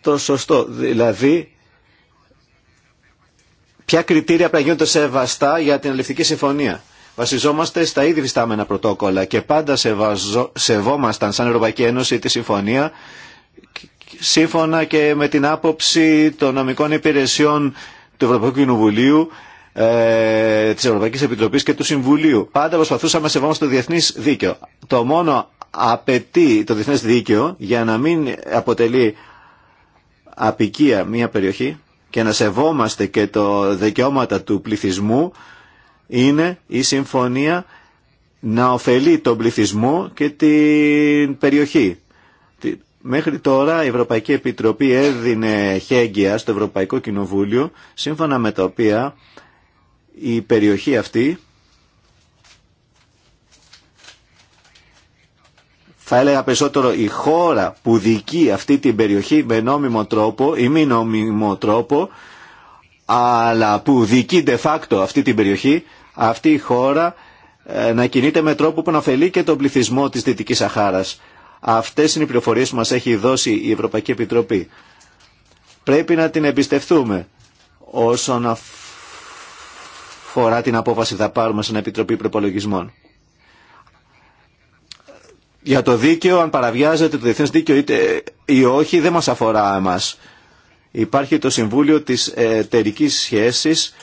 το σωστό. Δηλαδή, ποια κριτήρια πρέπει να γίνονται σεβαστά για την αληθική συμφωνία. Βασιζόμαστε στα ήδη βιστάμενα πρωτόκολλα και πάντα σεβαζο, σεβόμασταν σαν Ευρωπαϊκή Ένωση τη συμφωνία σύμφωνα και με την άποψη των νομικών υπηρεσιών του Ευρωπαϊκού Κοινοβουλίου, ε, της Ευρωπαϊκής Επιτροπής και του Συμβουλίου. Πάντα προσπαθούσαμε να σεβόμαστε το διεθνέ δίκαιο. Το μόνο απαιτεί το διεθνέ δίκαιο για να μην αποτελεί απικία μια περιοχή και να σεβόμαστε και το δικαιώματα του πληθυσμού είναι η συμφωνία να ωφελεί τον πληθυσμό και την περιοχή Μέχρι τώρα η Ευρωπαϊκή Επιτροπή έδινε χέγγια στο Ευρωπαϊκό Κοινοβούλιο, σύμφωνα με τα οποία η περιοχή αυτή θα έλεγα περισσότερο η χώρα που δικεί αυτή την περιοχή με νόμιμο τρόπο ή μη νόμιμο τρόπο αλλά που δικεί de facto αυτή την περιοχή, αυτή η χώρα ε, να κινείται με τρόπο που να ωφελεί και τον πληθυσμό της Δυτικής Σαχάρας. Αυτές είναι οι πληροφορίες που μας έχει δώσει η Ευρωπαϊκή Επιτροπή. Πρέπει να την εμπιστευτούμε όσον αφορά την απόφαση θα πάρουμε στην Επιτροπή Προπολογισμών. Για το δίκαιο, αν παραβιάζεται το διεθνές δίκαιο είτε ή όχι, δεν μας αφορά εμάς. Υπάρχει το Συμβούλιο της εταιρική Σχέσης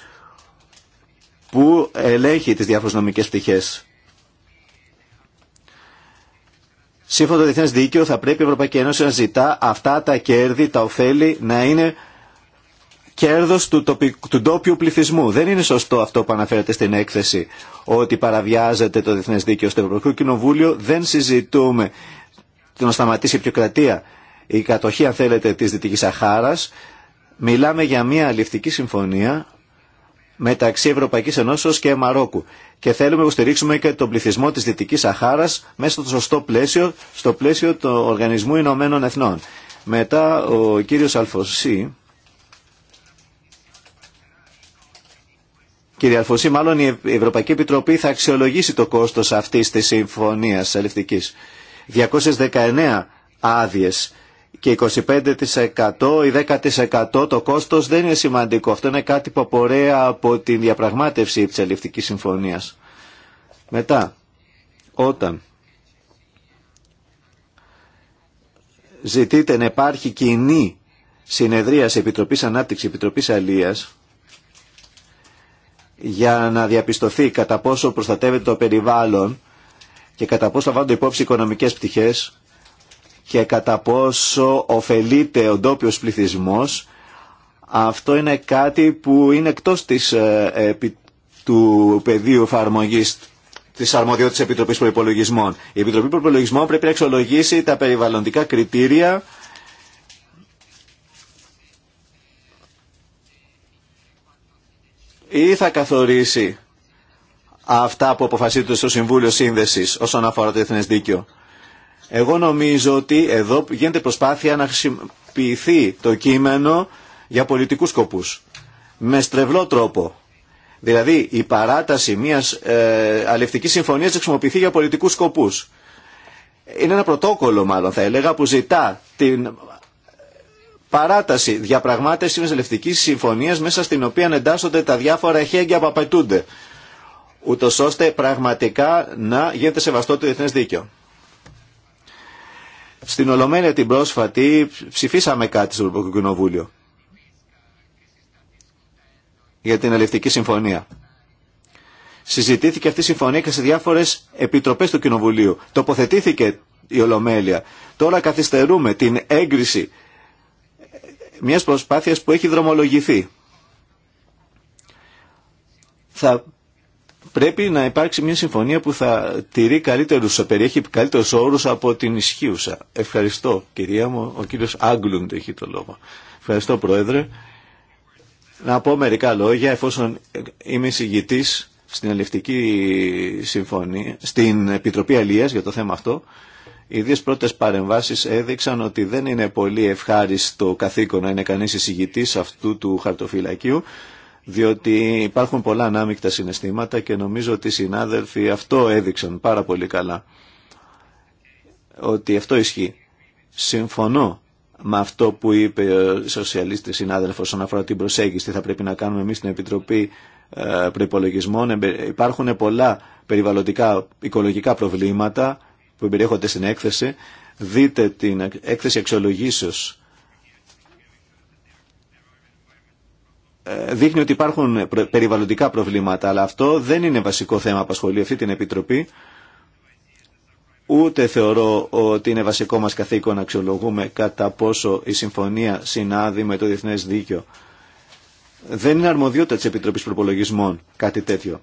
που ελέγχει τις διάφορες νομικές πτυχές. Σύμφωνα με το διεθνές δίκαιο θα πρέπει η Ευρωπαϊκή Ένωση να ζητά αυτά τα κέρδη, τα ωφέλη να είναι κέρδος του, του ντόπιου πληθυσμού. Δεν είναι σωστό αυτό που αναφέρεται στην έκθεση ότι παραβιάζεται το διεθνές δίκαιο στο Ευρωπαϊκό Κοινοβούλιο. Δεν συζητούμε να σταματήσει η πιοκρατία η κατοχή αν θέλετε της Δυτικής Σαχάρα, Μιλάμε για μια αληφτική συμφωνία μεταξύ Ευρωπαϊκής Ενώσεω και Μαρόκου. Και θέλουμε να υποστηρίξουμε και τον πληθυσμό της Δυτικής Σαχάρα μέσα στο σωστό πλαίσιο, στο πλαίσιο του Οργανισμού Ηνωμένων Εθνών. Μετά ο κύριος Αλφωσή, Κύριε Αλφωσή, μάλλον η Ευρωπαϊκή Επιτροπή θα αξιολογήσει το κόστος αυτής της συμφωνίας αλληλευτικής. 219 άδειε και 25% ή 10% το κόστος δεν είναι σημαντικό. Αυτό είναι κάτι που απορρέα από την διαπραγμάτευση της αλληλευτικής συμφωνίας. Μετά, όταν ζητείτε να υπάρχει κοινή συνεδρία σε Επιτροπής Ανάπτυξης, Επιτροπής Αλίας, για να διαπιστωθεί κατά πόσο προστατεύεται το περιβάλλον και κατά πόσο λαμβάνονται υπόψη οικονομικές πτυχές, και κατά πόσο ωφελείται ο ντόπιο πληθυσμό. Αυτό είναι κάτι που είναι εκτός της, ε, του πεδίου εφαρμογή τη αρμοδιότητα τη Επιτροπή Προπολογισμών. Η Επιτροπή Προπολογισμών πρέπει να εξολογήσει τα περιβαλλοντικά κριτήρια ή θα καθορίσει αυτά που αποφασίζονται στο Συμβούλιο Σύνδεσης όσον αφορά το Εθνές Δίκαιο. Εγώ νομίζω ότι εδώ γίνεται προσπάθεια να χρησιμοποιηθεί το κείμενο για πολιτικούς σκοπούς. Με στρεβλό τρόπο. Δηλαδή η παράταση μιας ε, αλευτικής συμφωνίας χρησιμοποιηθεί για πολιτικούς σκοπούς. Είναι ένα πρωτόκολλο μάλλον θα έλεγα που ζητά την παράταση διαπραγμάτευση μιας αλευτικής συμφωνίας μέσα στην οποία εντάσσονται τα διάφορα εχέγγυα που απαιτούνται ούτω ώστε πραγματικά να γίνεται σεβαστό το διεθνές δίκαιο. Στην Ολομέλεια την πρόσφατη ψηφίσαμε κάτι στο Ευρωπαϊκό Κοινοβούλιο για την Αλληλευτική Συμφωνία. Συζητήθηκε αυτή η συμφωνία και σε διάφορε επιτροπέ του Κοινοβουλίου. Τοποθετήθηκε η Ολομέλεια. Τώρα καθυστερούμε την έγκριση μιας προσπάθειας που έχει δρομολογηθεί. Θα πρέπει να υπάρξει μια συμφωνία που θα τηρεί καλύτερου, θα περιέχει καλύτερου όρου από την ισχύουσα. Ευχαριστώ κυρία μου, ο κύριος Άγγλουντ έχει το λόγο. Ευχαριστώ Πρόεδρε. Να πω μερικά λόγια εφόσον είμαι εισηγητή στην Αλληλευτική Συμφωνία, στην Επιτροπή Αλίας για το θέμα αυτό. Οι δύο πρώτες παρεμβάσεις έδειξαν ότι δεν είναι πολύ ευχάριστο καθήκον να είναι κανείς εισηγητής αυτού του χαρτοφυλακίου διότι υπάρχουν πολλά ανάμεικτα συναισθήματα και νομίζω ότι οι συνάδελφοι αυτό έδειξαν πάρα πολύ καλά, ότι αυτό ισχύει. Συμφωνώ με αυτό που είπε ο σοσιαλίστης συνάδελφος όσον αφορά την προσέγγιση, θα πρέπει να κάνουμε εμείς στην Επιτροπή ε, προπολογισμών. Υπάρχουν πολλά περιβαλλοντικά, οικολογικά προβλήματα που περιέχονται στην έκθεση. Δείτε την έκθεση αξιολογήσεως Ε, δείχνει ότι υπάρχουν περιβαλλοντικά προβλήματα, αλλά αυτό δεν είναι βασικό θέμα που απασχολεί αυτή την Επιτροπή. Ούτε θεωρώ ότι είναι βασικό μας καθήκον να αξιολογούμε κατά πόσο η συμφωνία συνάδει με το διεθνές δίκαιο. Δεν είναι αρμοδιότητα της Επιτροπής Προπολογισμών κάτι τέτοιο.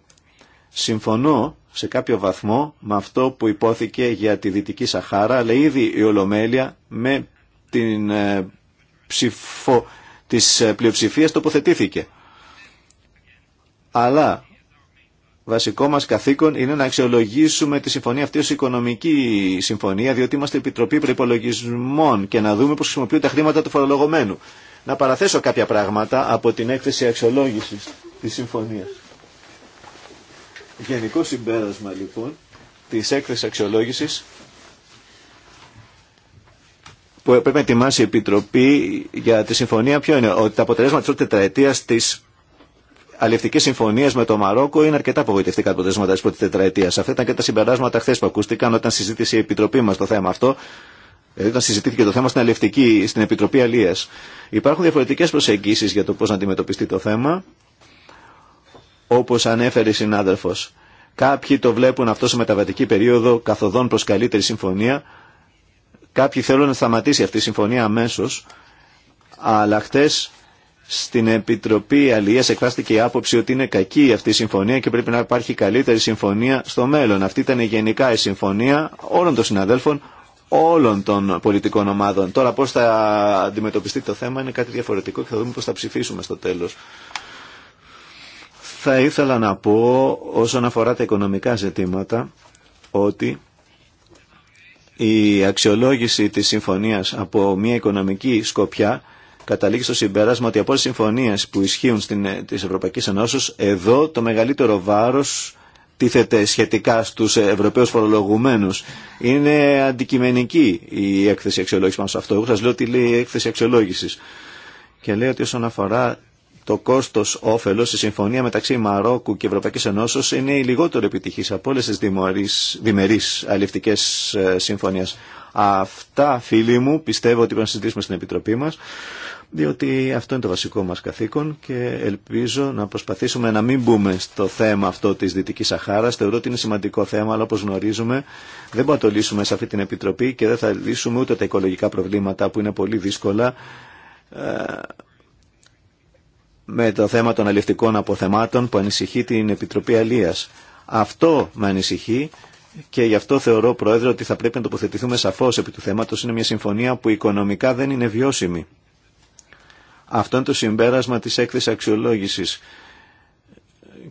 Συμφωνώ σε κάποιο βαθμό με αυτό που υπόθηκε για τη Δυτική Σαχάρα, αλλά ήδη η Ολομέλεια με την ε, ψηφο της ε, πλειοψηφίας τοποθετήθηκε. Αλλά βασικό μας καθήκον είναι να αξιολογήσουμε τη συμφωνία αυτή ως οικονομική συμφωνία, διότι είμαστε Επιτροπή Προϋπολογισμών και να δούμε πώς χρησιμοποιούν τα χρήματα του φορολογωμένου. Να παραθέσω κάποια πράγματα από την έκθεση αξιολόγησης της συμφωνίας. Γενικό συμπέρασμα λοιπόν της έκθεσης αξιολόγησης που πρέπει να ετοιμάσει η Επιτροπή για τη συμφωνία ποιο είναι, ότι τα αποτελέσματα τη τετραετία τη αλληλευτική συμφωνία με το Μαρόκο είναι αρκετά απογοητευτικά τα αποτελέσματα τη πρώτη τετραετία. Αυτά ήταν και τα συμπεράσματα χθε που ακούστηκαν όταν συζήτησε η Επιτροπή μα το θέμα αυτό. Δηλαδή, όταν συζητήθηκε το θέμα στην, αλληλευτική, στην Επιτροπή Αλία. Υπάρχουν διαφορετικέ προσεγγίσεις για το πώ να αντιμετωπιστεί το θέμα, όπω ανέφερε η συνάδελφο. Κάποιοι το βλέπουν αυτό σε μεταβατική περίοδο καθοδόν προ καλύτερη συμφωνία, Κάποιοι θέλουν να σταματήσει αυτή η συμφωνία αμέσω, αλλά χτε στην Επιτροπή Αλληλεία εκφράστηκε η άποψη ότι είναι κακή αυτή η συμφωνία και πρέπει να υπάρχει καλύτερη συμφωνία στο μέλλον. Αυτή ήταν γενικά η συμφωνία όλων των συναδέλφων, όλων των πολιτικών ομάδων. Τώρα πώ θα αντιμετωπιστεί το θέμα είναι κάτι διαφορετικό και θα δούμε πώ θα ψηφίσουμε στο τέλο. Θα ήθελα να πω όσον αφορά τα οικονομικά ζητήματα ότι η αξιολόγηση της συμφωνίας από μια οικονομική σκοπιά καταλήγει στο συμπέρασμα ότι από όλες τις συμφωνίες που ισχύουν στην, ε, της Ευρωπαϊκής Ενώσεως εδώ το μεγαλύτερο βάρος τίθεται σχετικά στους Ευρωπαίους φορολογουμένους. Είναι αντικειμενική η έκθεση αξιολόγησης πάνω σε αυτό. Εγώ σας λέω τι λέει η έκθεση αξιολόγησης. Και λέει ότι όσον αφορά το κόστος όφελος στη συμφωνία μεταξύ Μαρόκου και Ευρωπαϊκής Ενώσεως είναι η λιγότερη επιτυχής από όλες τις διμερείς, διμερείς αλληλευτικές ε, συμφωνίες. Αυτά φίλοι μου πιστεύω ότι πρέπει να συζητήσουμε στην Επιτροπή μας διότι αυτό είναι το βασικό μας καθήκον και ελπίζω να προσπαθήσουμε να μην μπούμε στο θέμα αυτό της Δυτικής Σαχάρας. Θεωρώ ότι είναι σημαντικό θέμα, αλλά όπως γνωρίζουμε δεν μπορούμε να το λύσουμε σε αυτή την Επιτροπή και δεν θα λύσουμε ούτε τα οικολογικά προβλήματα που είναι πολύ δύσκολα ε, με το θέμα των αλληλευτικών αποθεμάτων που ανησυχεί την Επιτροπή Αλίας. Αυτό με ανησυχεί και γι' αυτό θεωρώ, Πρόεδρε, ότι θα πρέπει να τοποθετηθούμε σαφώ επί του θέματο. Είναι μια συμφωνία που οικονομικά δεν είναι βιώσιμη. Αυτό είναι το συμπέρασμα τη έκθεση αξιολόγηση.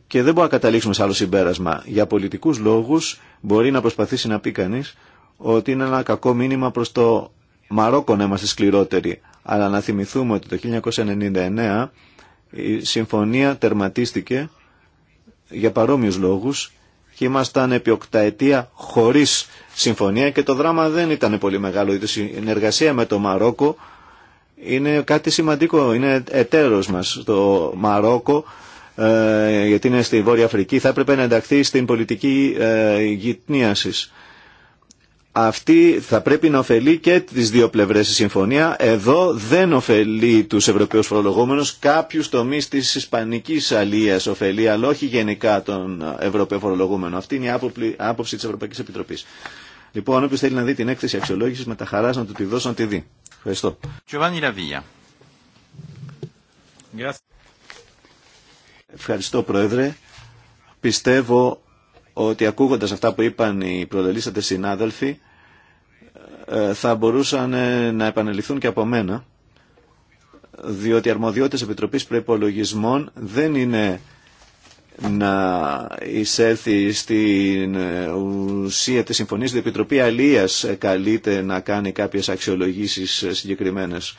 Και δεν μπορούμε να καταλήξουμε σε άλλο συμπέρασμα. Για πολιτικού λόγου μπορεί να προσπαθήσει να πει κανεί ότι είναι ένα κακό μήνυμα προ το Μαρόκο να είμαστε σκληρότεροι. Αλλά να θυμηθούμε ότι το 1999 η συμφωνία τερματίστηκε για παρόμοιους λόγους και ήμασταν επί οκταετία χωρίς συμφωνία και το δράμα δεν ήταν πολύ μεγάλο. Η συνεργασία με το Μαρόκο είναι κάτι σημαντικό, είναι εταίρος μας το Μαρόκο ε, γιατί είναι στη Βόρεια Αφρική, θα έπρεπε να ενταχθεί στην πολιτική ε, γυτνίασης αυτή θα πρέπει να ωφελεί και τις δύο πλευρές η συμφωνία. Εδώ δεν ωφελεί τους Ευρωπαίους φορολογούμενους κάποιους τομείς της Ισπανικής αλίας ωφελεί, αλλά όχι γενικά τον Ευρωπαίο φορολογούμενο. Αυτή είναι η άποψη της Ευρωπαϊκής Επιτροπής. Λοιπόν, όποιος θέλει να δει την έκθεση αξιολόγησης, με τα χαρά να του τη δώσω να τη δει. Ευχαριστώ. Ευχαριστώ, Πρόεδρε. Πιστεύω ότι ακούγοντας αυτά που είπαν οι προτελήσατες συνάδελφοι ε, θα μπορούσαν ε, να επανελειφθούν και από μένα διότι αρμοδιότητες Επιτροπής Προϋπολογισμών δεν είναι να εισέλθει στην ε, ουσία της συμφωνίας. Η Επιτροπή Αλίας καλείται να κάνει κάποιες αξιολογήσεις συγκεκριμένες.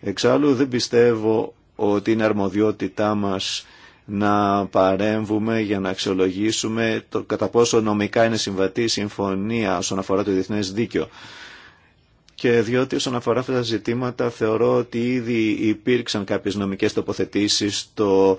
Εξάλλου δεν πιστεύω ότι είναι αρμοδιότητά μας να παρέμβουμε για να αξιολογήσουμε το κατά πόσο νομικά είναι συμβατή η συμφωνία όσον αφορά το διεθνές δίκαιο. Και διότι όσον αφορά αυτά τα ζητήματα θεωρώ ότι ήδη υπήρξαν κάποιες νομικές τοποθετήσεις. Το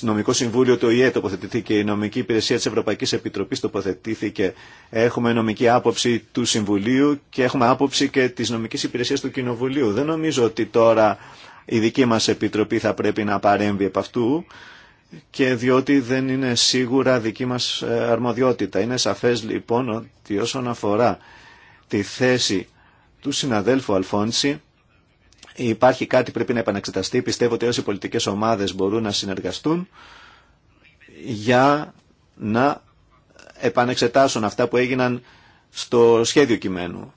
νομικό συμβούλιο του ΙΕ τοποθετήθηκε, η νομική υπηρεσία της Ευρωπαϊκής Επιτροπής τοποθετήθηκε. Έχουμε νομική άποψη του Συμβουλίου και έχουμε άποψη και της νομικής υπηρεσίας του Κοινοβουλίου. Δεν νομίζω ότι τώρα η δική μας Επιτροπή θα πρέπει να παρέμβει επ' αυτού και διότι δεν είναι σίγουρα δική μας ε, αρμοδιότητα. Είναι σαφές λοιπόν ότι όσον αφορά τη θέση του συναδέλφου Αλφόνση υπάρχει κάτι πρέπει να επαναξεταστεί. Πιστεύω ότι όσοι πολιτικές ομάδες μπορούν να συνεργαστούν για να επανεξετάσουν αυτά που έγιναν στο σχέδιο κειμένου.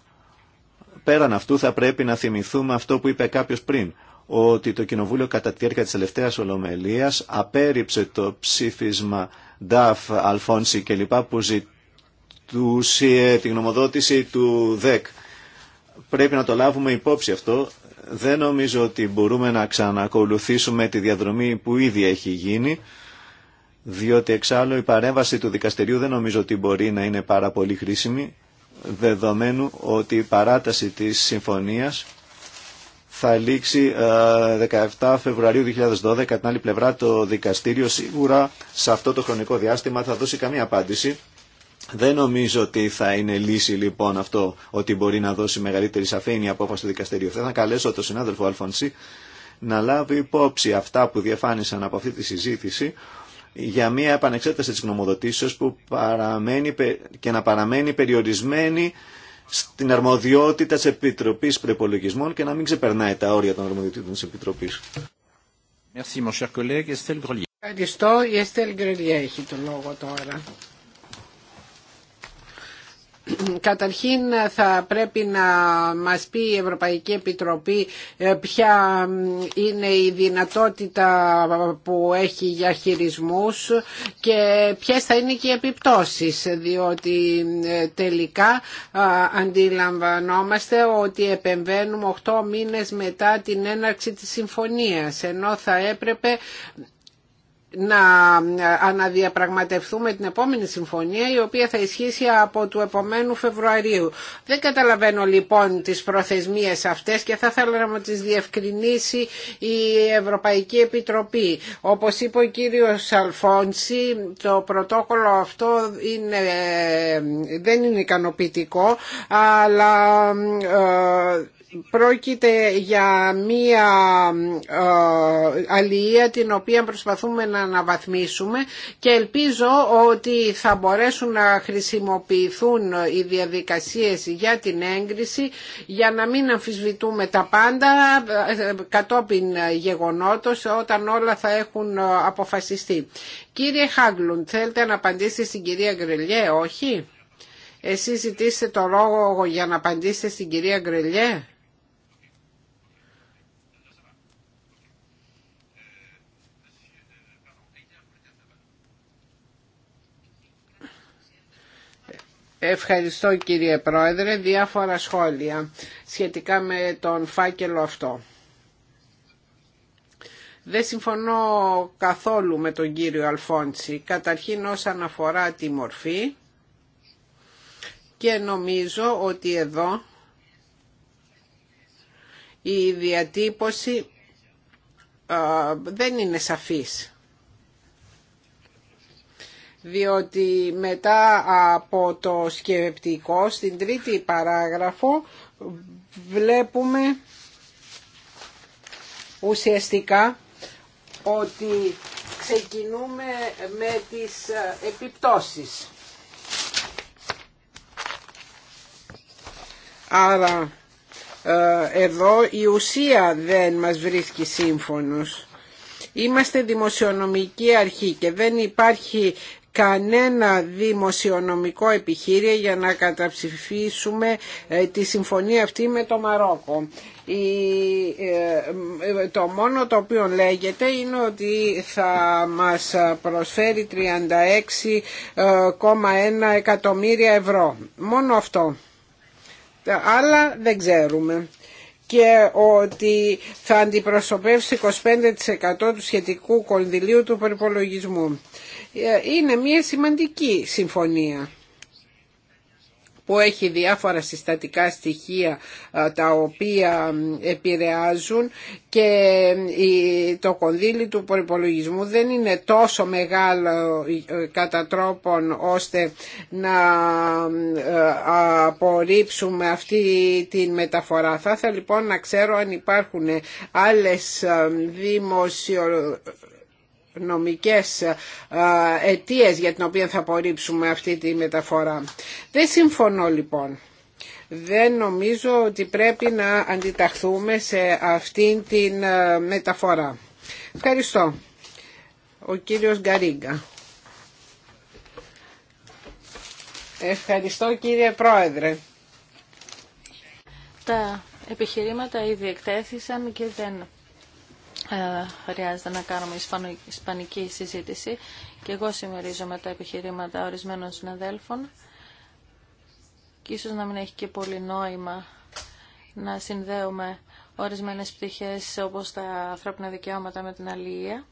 Πέραν αυτού θα πρέπει να θυμηθούμε αυτό που είπε κάποιος πριν, ότι το Κοινοβούλιο κατά τη διάρκεια της τελευταίας ολομελίας απέρριψε το ψήφισμα Νταφ, Αλφόνση κλπ. που ζητούσε τη γνωμοδότηση του ΔΕΚ. Πρέπει να το λάβουμε υπόψη αυτό. Δεν νομίζω ότι μπορούμε να ξανακολουθήσουμε τη διαδρομή που ήδη έχει γίνει, διότι εξάλλου η παρέμβαση του δικαστηρίου δεν νομίζω ότι μπορεί να είναι πάρα πολύ χρήσιμη, δεδομένου ότι η παράταση της συμφωνίας θα λήξει 17 ε, Φεβρουαρίου 2012. Κατά την άλλη πλευρά το δικαστήριο σίγουρα σε αυτό το χρονικό διάστημα θα δώσει καμία απάντηση. Δεν νομίζω ότι θα είναι λύση λοιπόν αυτό ότι μπορεί να δώσει μεγαλύτερη σαφήνεια απόφαση του δικαστηρίου. Θα καλέσω τον συνάδελφο Αλφονσή να λάβει υπόψη αυτά που διαφάνησαν από αυτή τη συζήτηση για μια επανεξέταση της γνωμοδοτήσεως που παραμένει και να παραμένει περιορισμένη στην αρμοδιότητα τη Επιτροπή Προπολογισμών και να μην ξεπερνάει τα όρια των αρμοδιοτήτων τη Επιτροπή. Ευχαριστώ. Η Εστέλ Γκρελιέ έχει το λόγο τώρα. Καταρχήν θα πρέπει να μας πει η Ευρωπαϊκή Επιτροπή ε, ποια είναι η δυνατότητα που έχει για χειρισμούς και ποιες θα είναι και οι επιπτώσεις διότι ε, τελικά αντιλαμβανόμαστε ότι επεμβαίνουμε 8 μήνες μετά την έναρξη της συμφωνίας ενώ θα έπρεπε να αναδιαπραγματευτούμε την επόμενη συμφωνία η οποία θα ισχύσει από του επομένου Φεβρουαρίου. Δεν καταλαβαίνω λοιπόν τις προθεσμίες αυτές και θα ήθελα να μου τις διευκρινίσει η Ευρωπαϊκή Επιτροπή. Όπως είπε ο κύριος Αλφόνση το πρωτόκολλο αυτό είναι, δεν είναι ικανοποιητικό αλλά ε, πρόκειται για μία ε, αλληλεία την οποία προσπαθούμε να αναβαθμίσουμε και ελπίζω ότι θα μπορέσουν να χρησιμοποιηθούν οι διαδικασίες για την έγκριση για να μην αμφισβητούμε τα πάντα ε, ε, κατόπιν γεγονότος όταν όλα θα έχουν αποφασιστεί. Κύριε Χάγκλουν, θέλετε να απαντήσετε στην κυρία Γκρελιέ, όχι? Εσείς ζητήσετε το λόγο για να απαντήσετε στην κυρία Γκρελιέ. Ευχαριστώ κύριε Πρόεδρε. Διάφορα σχόλια σχετικά με τον φάκελο αυτό. Δεν συμφωνώ καθόλου με τον κύριο Αλφόντσι. Καταρχήν όσον αφορά τη μορφή και νομίζω ότι εδώ η διατύπωση δεν είναι σαφής διότι μετά από το σκεπτικό στην τρίτη παράγραφο βλέπουμε ουσιαστικά ότι ξεκινούμε με τις ε, επιπτώσεις. Άρα ε, εδώ η ουσία δεν μας βρίσκει σύμφωνος. Είμαστε δημοσιονομική αρχή και δεν υπάρχει κανένα δημοσιονομικό επιχείρημα για να καταψηφίσουμε ε, τη συμφωνία αυτή με το Μαρόκο. Ε, το μόνο το οποίο λέγεται είναι ότι θα μας προσφέρει 36,1 εκατομμύρια ευρώ. Μόνο αυτό. Τα άλλα δεν ξέρουμε και ότι θα αντιπροσωπεύσει 25% του σχετικού κονδυλίου του προπολογισμού είναι μια σημαντική συμφωνία που έχει διάφορα συστατικά στοιχεία τα οποία επηρεάζουν και το κονδύλι του προπολογισμού δεν είναι τόσο μεγάλο ε, κατά τρόπον ώστε να ε, απορρίψουμε αυτή τη μεταφορά. Θα ήθελα λοιπόν να ξέρω αν υπάρχουν άλλες ε, δημοσιο νομικές ε, αιτίες για την οποία θα απορρίψουμε αυτή τη μεταφορά. Δεν συμφωνώ λοιπόν. Δεν νομίζω ότι πρέπει να αντιταχθούμε σε αυτή τη ε, μεταφορά. Ευχαριστώ. Ο κύριος Γκαρίγκα. Ευχαριστώ κύριε Πρόεδρε. Τα επιχειρήματα ήδη εκτέθησαν και δεν ε, χρειάζεται να κάνουμε ισπανική συζήτηση και εγώ συμμερίζομαι τα επιχειρήματα ορισμένων συναδέλφων και ίσως να μην έχει και πολύ νόημα να συνδέουμε ορισμένες πτυχές όπως τα ανθρώπινα δικαιώματα με την αλληλεία.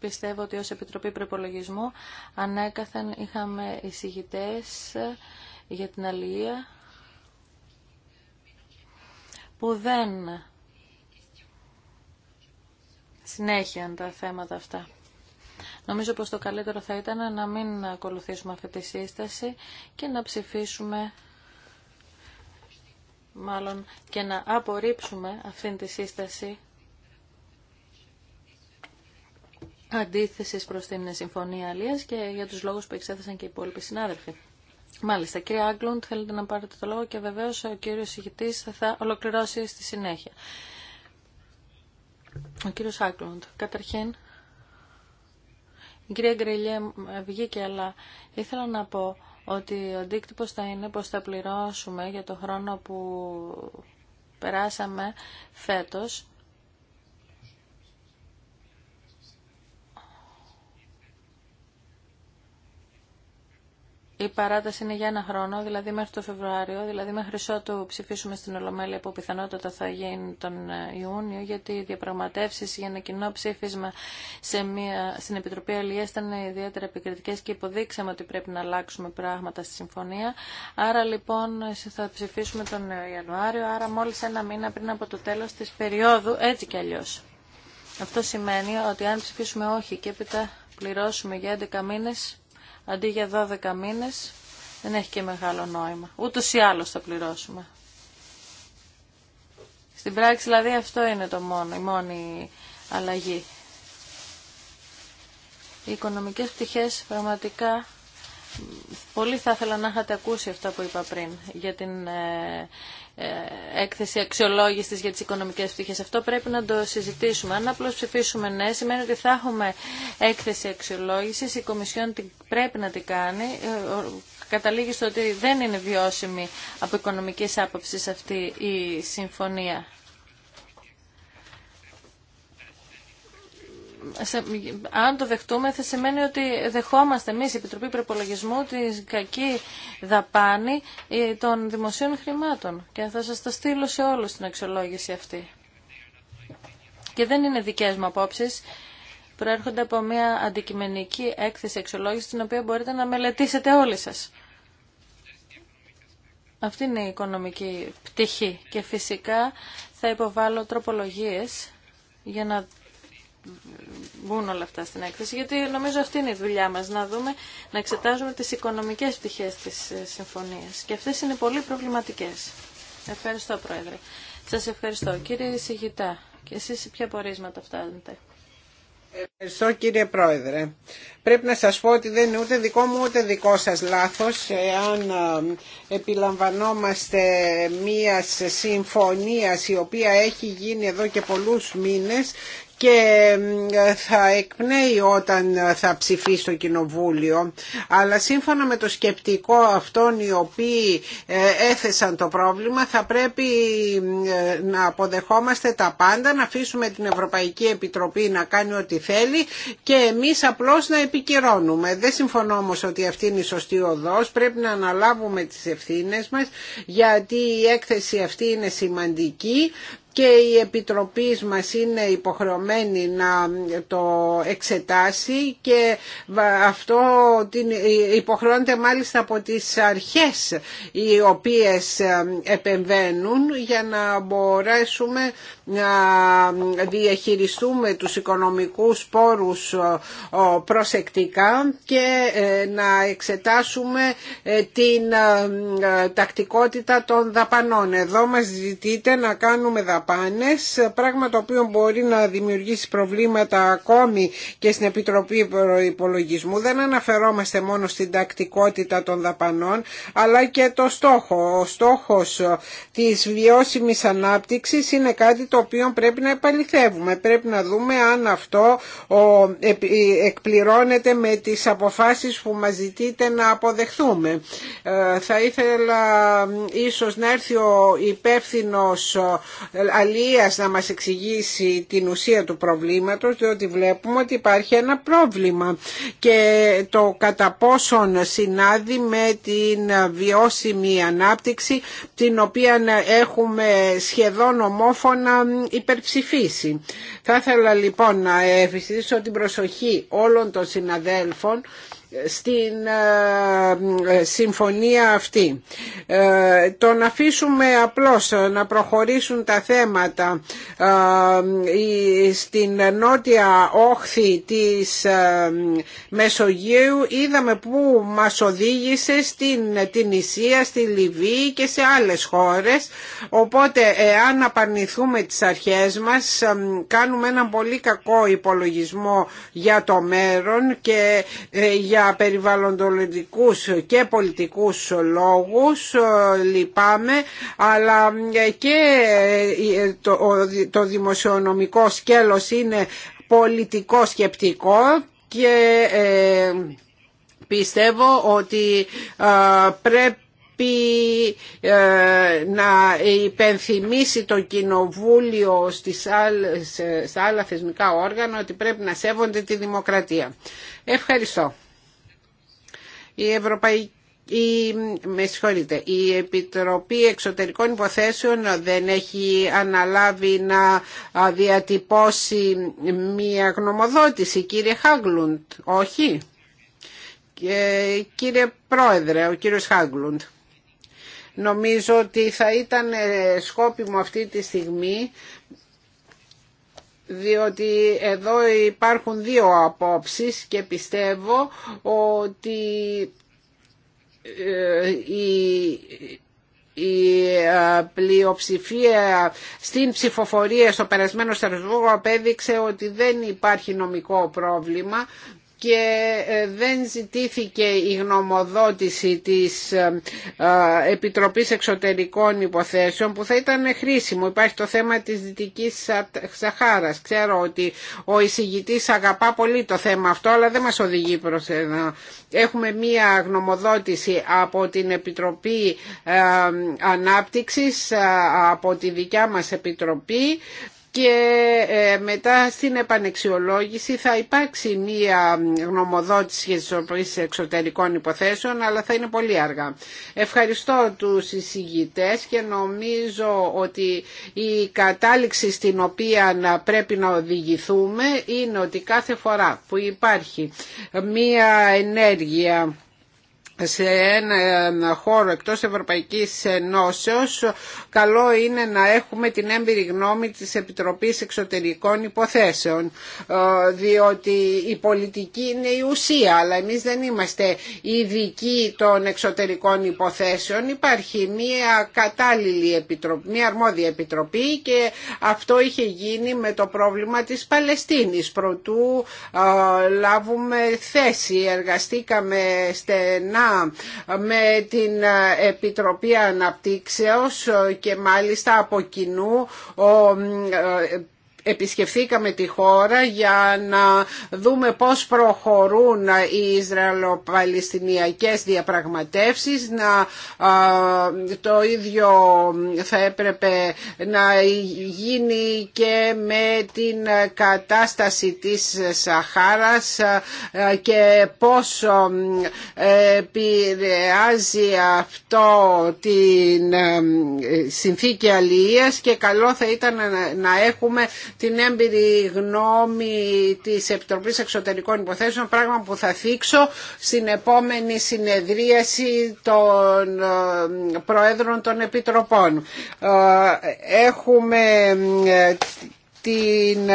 Πιστεύω ότι ως Επιτροπή Προπολογισμού ανέκαθεν είχαμε εισηγητές για την αλληλεία που δεν συνέχεια τα θέματα αυτά. Νομίζω πως το καλύτερο θα ήταν να μην ακολουθήσουμε αυτή τη σύσταση και να ψηφίσουμε μάλλον και να απορρίψουμε αυτήν τη σύσταση αντίθεσης προς την Συμφωνία Αλίας και για τους λόγους που εξέθεσαν και οι υπόλοιποι συνάδελφοι. Μάλιστα, κύριε Άγκλουντ, θέλετε να πάρετε το λόγο και βεβαίως ο κύριος ηγητής θα ολοκληρώσει στη συνέχεια. Ο κύριο Άκλοντ, καταρχήν, η κυρία Γκριλιέ βγήκε, αλλά ήθελα να πω ότι ο αντίκτυπο θα είναι πως θα πληρώσουμε για το χρόνο που περάσαμε φέτος η παράταση είναι για ένα χρόνο, δηλαδή μέχρι το Φεβρουάριο, δηλαδή μέχρι ότου ψηφίσουμε στην Ολομέλεια που πιθανότατα θα γίνει τον ε, Ιούνιο, γιατί οι διαπραγματεύσεις για ένα κοινό ψήφισμα σε μια, στην Επιτροπή Αλλιές ήταν ιδιαίτερα επικριτικές και υποδείξαμε ότι πρέπει να αλλάξουμε πράγματα στη συμφωνία. Άρα λοιπόν θα ψηφίσουμε τον ε, Ιανουάριο, άρα μόλις ένα μήνα πριν από το τέλος της περίοδου, έτσι κι αλλιώς. Αυτό σημαίνει ότι αν ψηφίσουμε όχι και έπειτα πληρώσουμε για 11 μήνες αντί για 12 μήνες δεν έχει και μεγάλο νόημα. Ούτως ή άλλως θα πληρώσουμε. Στην πράξη δηλαδή αυτό είναι το μόνο, η μόνη αλλαγή. Οι οικονομικές πτυχές πραγματικά πολύ θα ήθελα να είχατε ακούσει αυτά που είπα πριν για την ε, ε, έκθεση αξιολόγηση για τι οικονομικέ πτυχέ. Αυτό πρέπει να το συζητήσουμε. Αν απλώ ψηφίσουμε ναι, σημαίνει ότι θα έχουμε έκθεση αξιολόγηση. Η Κομισιόν πρέπει να την κάνει. Ε, καταλήγει στο ότι δεν είναι βιώσιμη από οικονομική άποψη αυτή η συμφωνία. αν το δεχτούμε θα σημαίνει ότι δεχόμαστε εμεί η Επιτροπή Προπολογισμού τη κακή δαπάνη ε, των δημοσίων χρημάτων και θα σα τα στείλω σε όλου την αξιολόγηση αυτή. Και δεν είναι δικέ μου απόψει. προέρχονται από μια αντικειμενική έκθεση αξιολόγηση την οποία μπορείτε να μελετήσετε όλοι σας. Αυτή είναι η οικονομική πτυχή και φυσικά θα υποβάλω τροπολογίες για να μπουν όλα αυτά στην έκθεση, γιατί νομίζω αυτή είναι η δουλειά μας, να δούμε, να εξετάζουμε τις οικονομικές πτυχές της ε, συμφωνίας. Και αυτές είναι πολύ προβληματικές. Ευχαριστώ, Πρόεδρε. Σας ευχαριστώ. Κύριε Σιγητά, και εσείς ποια πορίσματα φτάνετε. Ευχαριστώ κύριε Πρόεδρε. Πρέπει να σας πω ότι δεν είναι ούτε δικό μου ούτε δικό σας λάθος εάν ε, επιλαμβανόμαστε μία συμφωνία η οποία έχει γίνει εδώ και πολλούς μήνες και ε, θα εκπνέει όταν ε, θα ψηφίσει το Κοινοβούλιο αλλά σύμφωνα με το σκεπτικό αυτών οι οποίοι ε, έθεσαν το πρόβλημα θα πρέπει να αποδεχόμαστε τα πάντα να αφήσουμε την Ευρωπαϊκή Επιτροπή να κάνει ό,τι θέλει και εμείς απλώς να επικυρώνουμε. Δεν συμφωνώ όμως ότι αυτή είναι η σωστή οδός. Πρέπει να αναλάβουμε τις ευθύνες μας γιατί η έκθεση αυτή είναι σημαντική και η Επιτροπή μας είναι υποχρεωμένη να το εξετάσει και αυτό την υποχρεώνεται μάλιστα από τις αρχές οι οποίες ε, επεμβαίνουν για να μπορέσουμε να διαχειριστούμε τους οικονομικούς πόρους ε, προσεκτικά και ε, να εξετάσουμε την τακτικότητα των δαπανών. Εδώ μας ζητείτε να κάνουμε δαπανών δαπάνες, πράγμα το οποίο μπορεί να δημιουργήσει προβλήματα ακόμη και στην Επιτροπή Υπολογισμού. Δεν αναφερόμαστε μόνο στην τακτικότητα των δαπανών, αλλά και το στόχο. Ο στόχος της βιώσιμης ανάπτυξης είναι κάτι το οποίο πρέπει να επαληθεύουμε. Πρέπει να δούμε αν αυτό εκπληρώνεται με τις αποφάσεις που μας ζητείτε να αποδεχθούμε. Ε, θα ήθελα ίσως να έρθει ο υπεύθυνο αλίας να μας εξηγήσει την ουσία του προβλήματος διότι βλέπουμε ότι υπάρχει ένα πρόβλημα και το κατά πόσον συνάδει με την βιώσιμη ανάπτυξη την οποία έχουμε σχεδόν ομόφωνα υπερψηφίσει. Θα ήθελα λοιπόν να ευχηθήσω την προσοχή όλων των συναδέλφων στην ε, ε, συμφωνία αυτή. Ε, το να αφήσουμε απλώς να προχωρήσουν τα θέματα στην νότια όχθη της Μεσογείου είδαμε που μας οδήγησε στην την Ισία, στη Λιβύη και σε άλλες χώρες οπότε εάν απαρνηθούμε τις αρχές μας κάνουμε έναν πολύ κακό υπολογισμό για το μέρον και για για περιβαλλοντολογικούς και πολιτικούς λόγους ε, λυπάμαι αλλά ε, και ε, το δημοσιονομικό σκέλος είναι πολιτικό σκεπτικό και πιστεύω ότι πρέπει να υπενθυμίσει το κοινοβούλιο στις στα άλλα θεσμικά όργανα ότι πρέπει να σέβονται τη δημοκρατία. Ευχαριστώ. Η Ευρωπαϊκή η, με η Επιτροπή Εξωτερικών Υποθέσεων δεν έχει αναλάβει να διατυπώσει μία γνωμοδότηση, κύριε Χάγκλουντ, όχι. Και, κύριε Πρόεδρε, ο κύριος Χάγκλουντ. Νομίζω ότι θα ήταν σκόπιμο αυτή τη στιγμή διότι εδώ υπάρχουν δύο απόψεις και πιστεύω ότι ε, η η ε, πλειοψηφία στην ψηφοφορία στο περασμένο Στρασβούργο απέδειξε ότι δεν υπάρχει νομικό πρόβλημα και ε, δεν ζητήθηκε η γνωμοδότηση της ε, ε, Επιτροπής Εξωτερικών Υποθέσεων που θα ήταν χρήσιμο. Υπάρχει το θέμα της Δυτικής Σαχάρας. Ξέρω ότι ο εισηγητής αγαπά πολύ το θέμα αυτό αλλά δεν μας οδηγεί προς ένα. Έχουμε μία γνωμοδότηση από την Επιτροπή Ανάπτυξης, από τη δικιά μας Επιτροπή και ε, μετά στην επανεξιολόγηση θα υπάρξει μία γνωμοδότηση για τις εξωτερικών υποθέσεων αλλά θα είναι πολύ αργά. Ευχαριστώ τους εισηγητές και νομίζω ότι η κατάληξη στην οποία να πρέπει να οδηγηθούμε είναι ότι κάθε φορά που υπάρχει μία ενέργεια σε ένα χώρο εκτός Ευρωπαϊκής Ενώσεως καλό είναι να έχουμε την έμπειρη γνώμη της Επιτροπής Εξωτερικών Υποθέσεων ε, διότι η πολιτική είναι η ουσία αλλά εμείς δεν είμαστε ειδικοί των εξωτερικών υποθέσεων υπάρχει μια κατάλληλη επιτροπή, μια αρμόδια επιτροπή και αυτό είχε γίνει με το πρόβλημα της Παλαιστίνης προτού ε, λάβουμε θέση εργαστήκαμε στενά με την ε, Επιτροπή Αναπτύξεως και μάλιστα από κοινού ε, επισκεφθήκαμε τη χώρα για να δούμε πώς προχωρούν οι Ισραηλοπαλαιστινιακές διαπραγματεύσεις να το ίδιο θα έπρεπε να γίνει και με την κατάσταση της Σαχάρας και πόσο επηρεάζει αυτό την ε, συνθήκη αλληλείας και καλό θα ήταν να έχουμε την έμπειρη γνώμη της Επιτροπής Εξωτερικών Υποθέσεων, πράγμα που θα θίξω στην επόμενη συνεδρίαση των ε, Προέδρων των Επιτροπών. Ε, έχουμε ε, την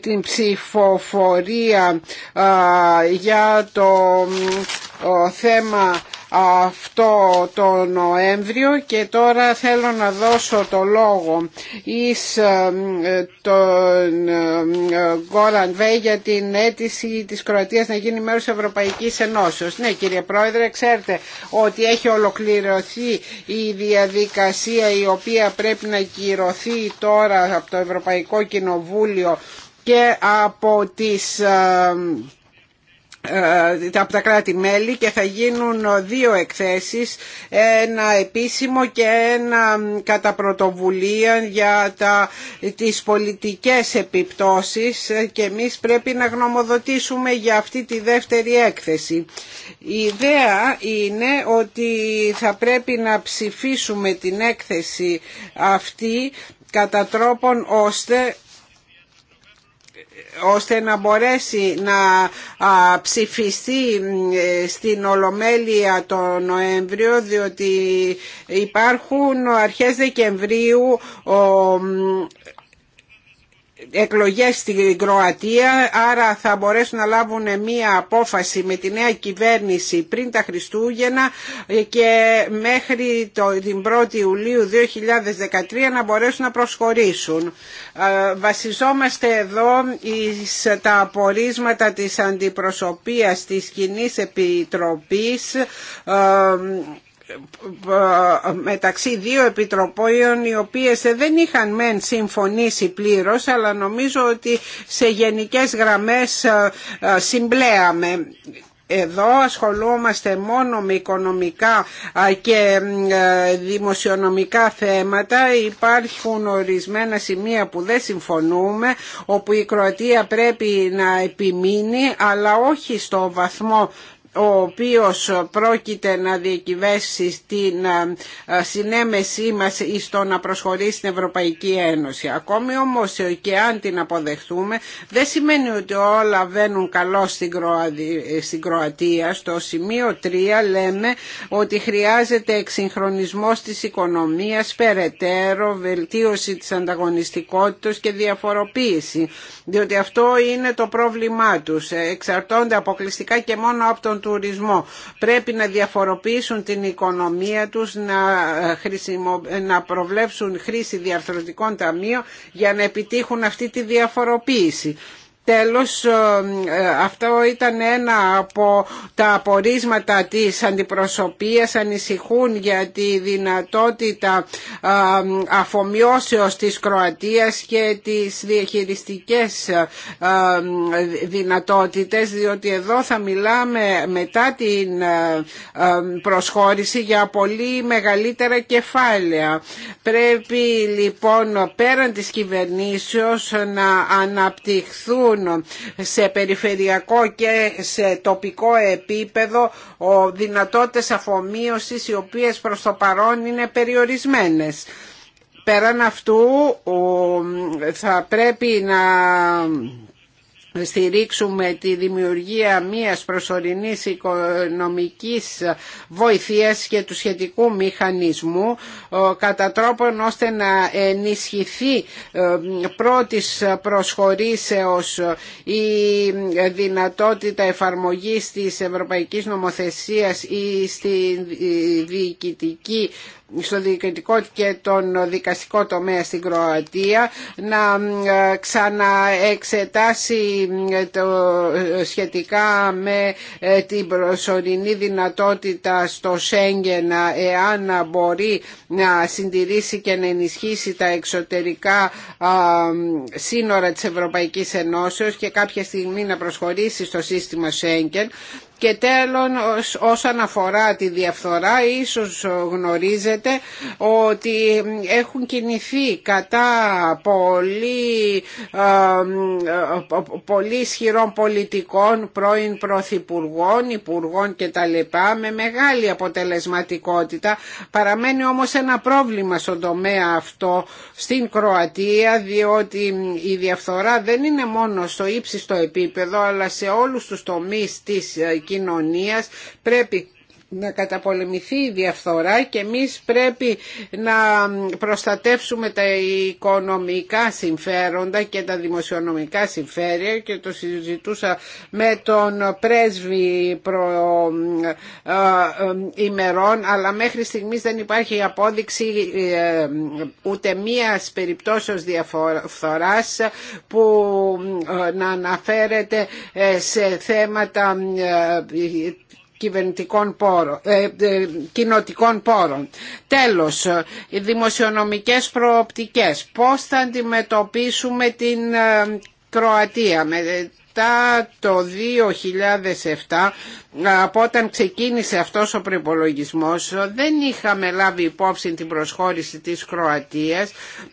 την ψηφοφορία για το θέμα αυτό το Νοέμβριο και τώρα θέλω να δώσω το λόγο εις ε, τον ε, Γκόραν Βέ για την αίτηση της Κροατίας να γίνει μέρος Ευρωπαϊκής Ενώσεως. Ναι κύριε Πρόεδρε, ξέρετε ότι έχει ολοκληρωθεί η διαδικασία η οποία πρέπει να κυρωθεί τώρα από το Ευρωπαϊκό Κοινοβούλιο και από τις ε, ε, από τα κράτη-μέλη και θα γίνουν δύο εκθέσεις, ένα επίσημο και ένα κατά πρωτοβουλία για τα, τις πολιτικές επιπτώσεις και εμείς πρέπει να γνωμοδοτήσουμε για αυτή τη δεύτερη έκθεση. Η ιδέα είναι ότι θα πρέπει να ψηφίσουμε την έκθεση αυτή κατά τρόπον ώστε ώστε να μπορέσει να ψηφιστεί ε, στην Ολομέλεια το Νοέμβριο διότι υπάρχουν αρχές Δεκεμβρίου εκλογές στην Κροατία άρα θα μπορέσουν να λάβουν μία απόφαση με τη νέα κυβέρνηση πριν τα Χριστούγεννα και μέχρι το, την 1η Ιουλίου 2013 να μπορέσουν να προσχωρήσουν. Ε, βασιζόμαστε εδώ τα απορίσματα της αντιπροσωπείας της κοινή Επιτροπής ε, μεταξύ δύο επιτροπών οι οποίες δεν είχαν μεν συμφωνήσει πλήρως αλλά νομίζω ότι σε γενικές γραμμές ε, ε, συμπλέαμε εδώ ασχολούμαστε μόνο με οικονομικά ε, και δημοσιονομικά θέματα. Υπάρχουν ορισμένα σημεία που δεν συμφωνούμε, όπου η Κροατία πρέπει να επιμείνει, αλλά όχι στο βαθμό ο οποίος πρόκειται να διακυβεύσει την ε, συνέμεσή μας στο να προσχωρήσει στην Ευρωπαϊκή Ένωση. Ακόμη όμως ε, και αν την αποδεχτούμε... δεν σημαίνει ότι όλα βαίνουν καλό στην, ε, στην Κροατία. Στο σημείο 3 λέμε ότι χρειάζεται εξυγχρονισμός της οικονομίας, περαιτέρω, βελτίωση της ανταγωνιστικότητας και διαφοροποίηση. Διότι αυτό είναι το πρόβλημά τους. Εξαρτώνται αποκλειστικά και μόνο από τον τουρισμό. Πρέπει να διαφοροποιήσουν την οικονομία τους, να, ε, χρησιμο... Ε, να προβλέψουν χρήση διαρθρωτικών ταμείων για να επιτύχουν αυτή τη διαφοροποίηση. Τέλος, ε, ε, αυτό ήταν ένα από τα απορίσματα της αντιπροσωπείας. Ανησυχούν για τη δυνατότητα ε, αφομοιώσεως της Κροατίας και τις διαχειριστικές δυνατότητες, διότι εδώ θα μιλάμε μετά την προσχώρηση για πολύ μεγαλύτερα κεφάλαια. Πρέπει λοιπόν πέραν της κυβερνήσεως να αναπτυχθούν Λοιπόν, σε περιφερειακό και σε τοπικό επίπεδο ο δυνατότητες αφομοίωσης οι οποίες προς το παρόν είναι περιορισμένες. Πέραν αυτού θα πρέπει να στηρίξουμε τη δημιουργία μιας προσωρινής οικονομικής βοηθείας και του σχετικού μηχανισμού κατά τρόπον ώστε να ενισχυθεί ε, πρώτης προσχωρήσεως η δυνατότητα εφαρμογής της Ευρωπαϊκής Νομοθεσίας ή στη διοικητική στο διοικητικό και τον δικαστικό τομέα στην Κροατία να ε, ξαναεξετάσει ε, το ε, σχετικά με την προσωρινή δυνατότητα στο Σέγγεν εάν μπορεί να συντηρήσει και να ενισχύσει τα εξωτερικά σύνορα της Ευρωπαϊκής Ενώσεως και κάποια στιγμή να προσχωρήσει στο σύστημα Σέγγεν και τέλος όσον αφορά τη διαφθορά ίσως γνωρίζετε ότι έχουν κινηθεί κατά πολύ, ε, ε, πολύ ισχυρών πολιτικών, πρώην πρωθυπουργών, υπουργών κτλ. με μεγάλη αποτελεσματικότητα. Παραμένει όμως ένα πρόβλημα στον τομέα αυτό στην Κροατία διότι η διαφθορά δεν είναι μόνο στο ύψιστο επίπεδο αλλά σε όλους τους τομείς της ε, κοινωνίας πρέπει να καταπολεμηθεί η διαφθορά και εμείς πρέπει να προστατεύσουμε τα οικονομικά συμφέροντα και τα δημοσιονομικά συμφέρεια και το συζητούσα με τον πρέσβη προ ε, ε, ημερών αλλά μέχρι στιγμής δεν υπάρχει απόδειξη ε, ούτε μία περιπτώσεως διαφθοράς που να αναφέρεται σε θέματα κυβερνητικών πόρων, ε, ε, κοινοτικών πόρων. Τέλος, ε, οι δημοσιονομικές προοπτικές. Πώς θα αντιμετωπίσουμε την ε, Κροατία μετά το 2007 από όταν ξεκίνησε αυτός ο προπολογισμός δεν είχαμε λάβει υπόψη την προσχώρηση της Κροατίας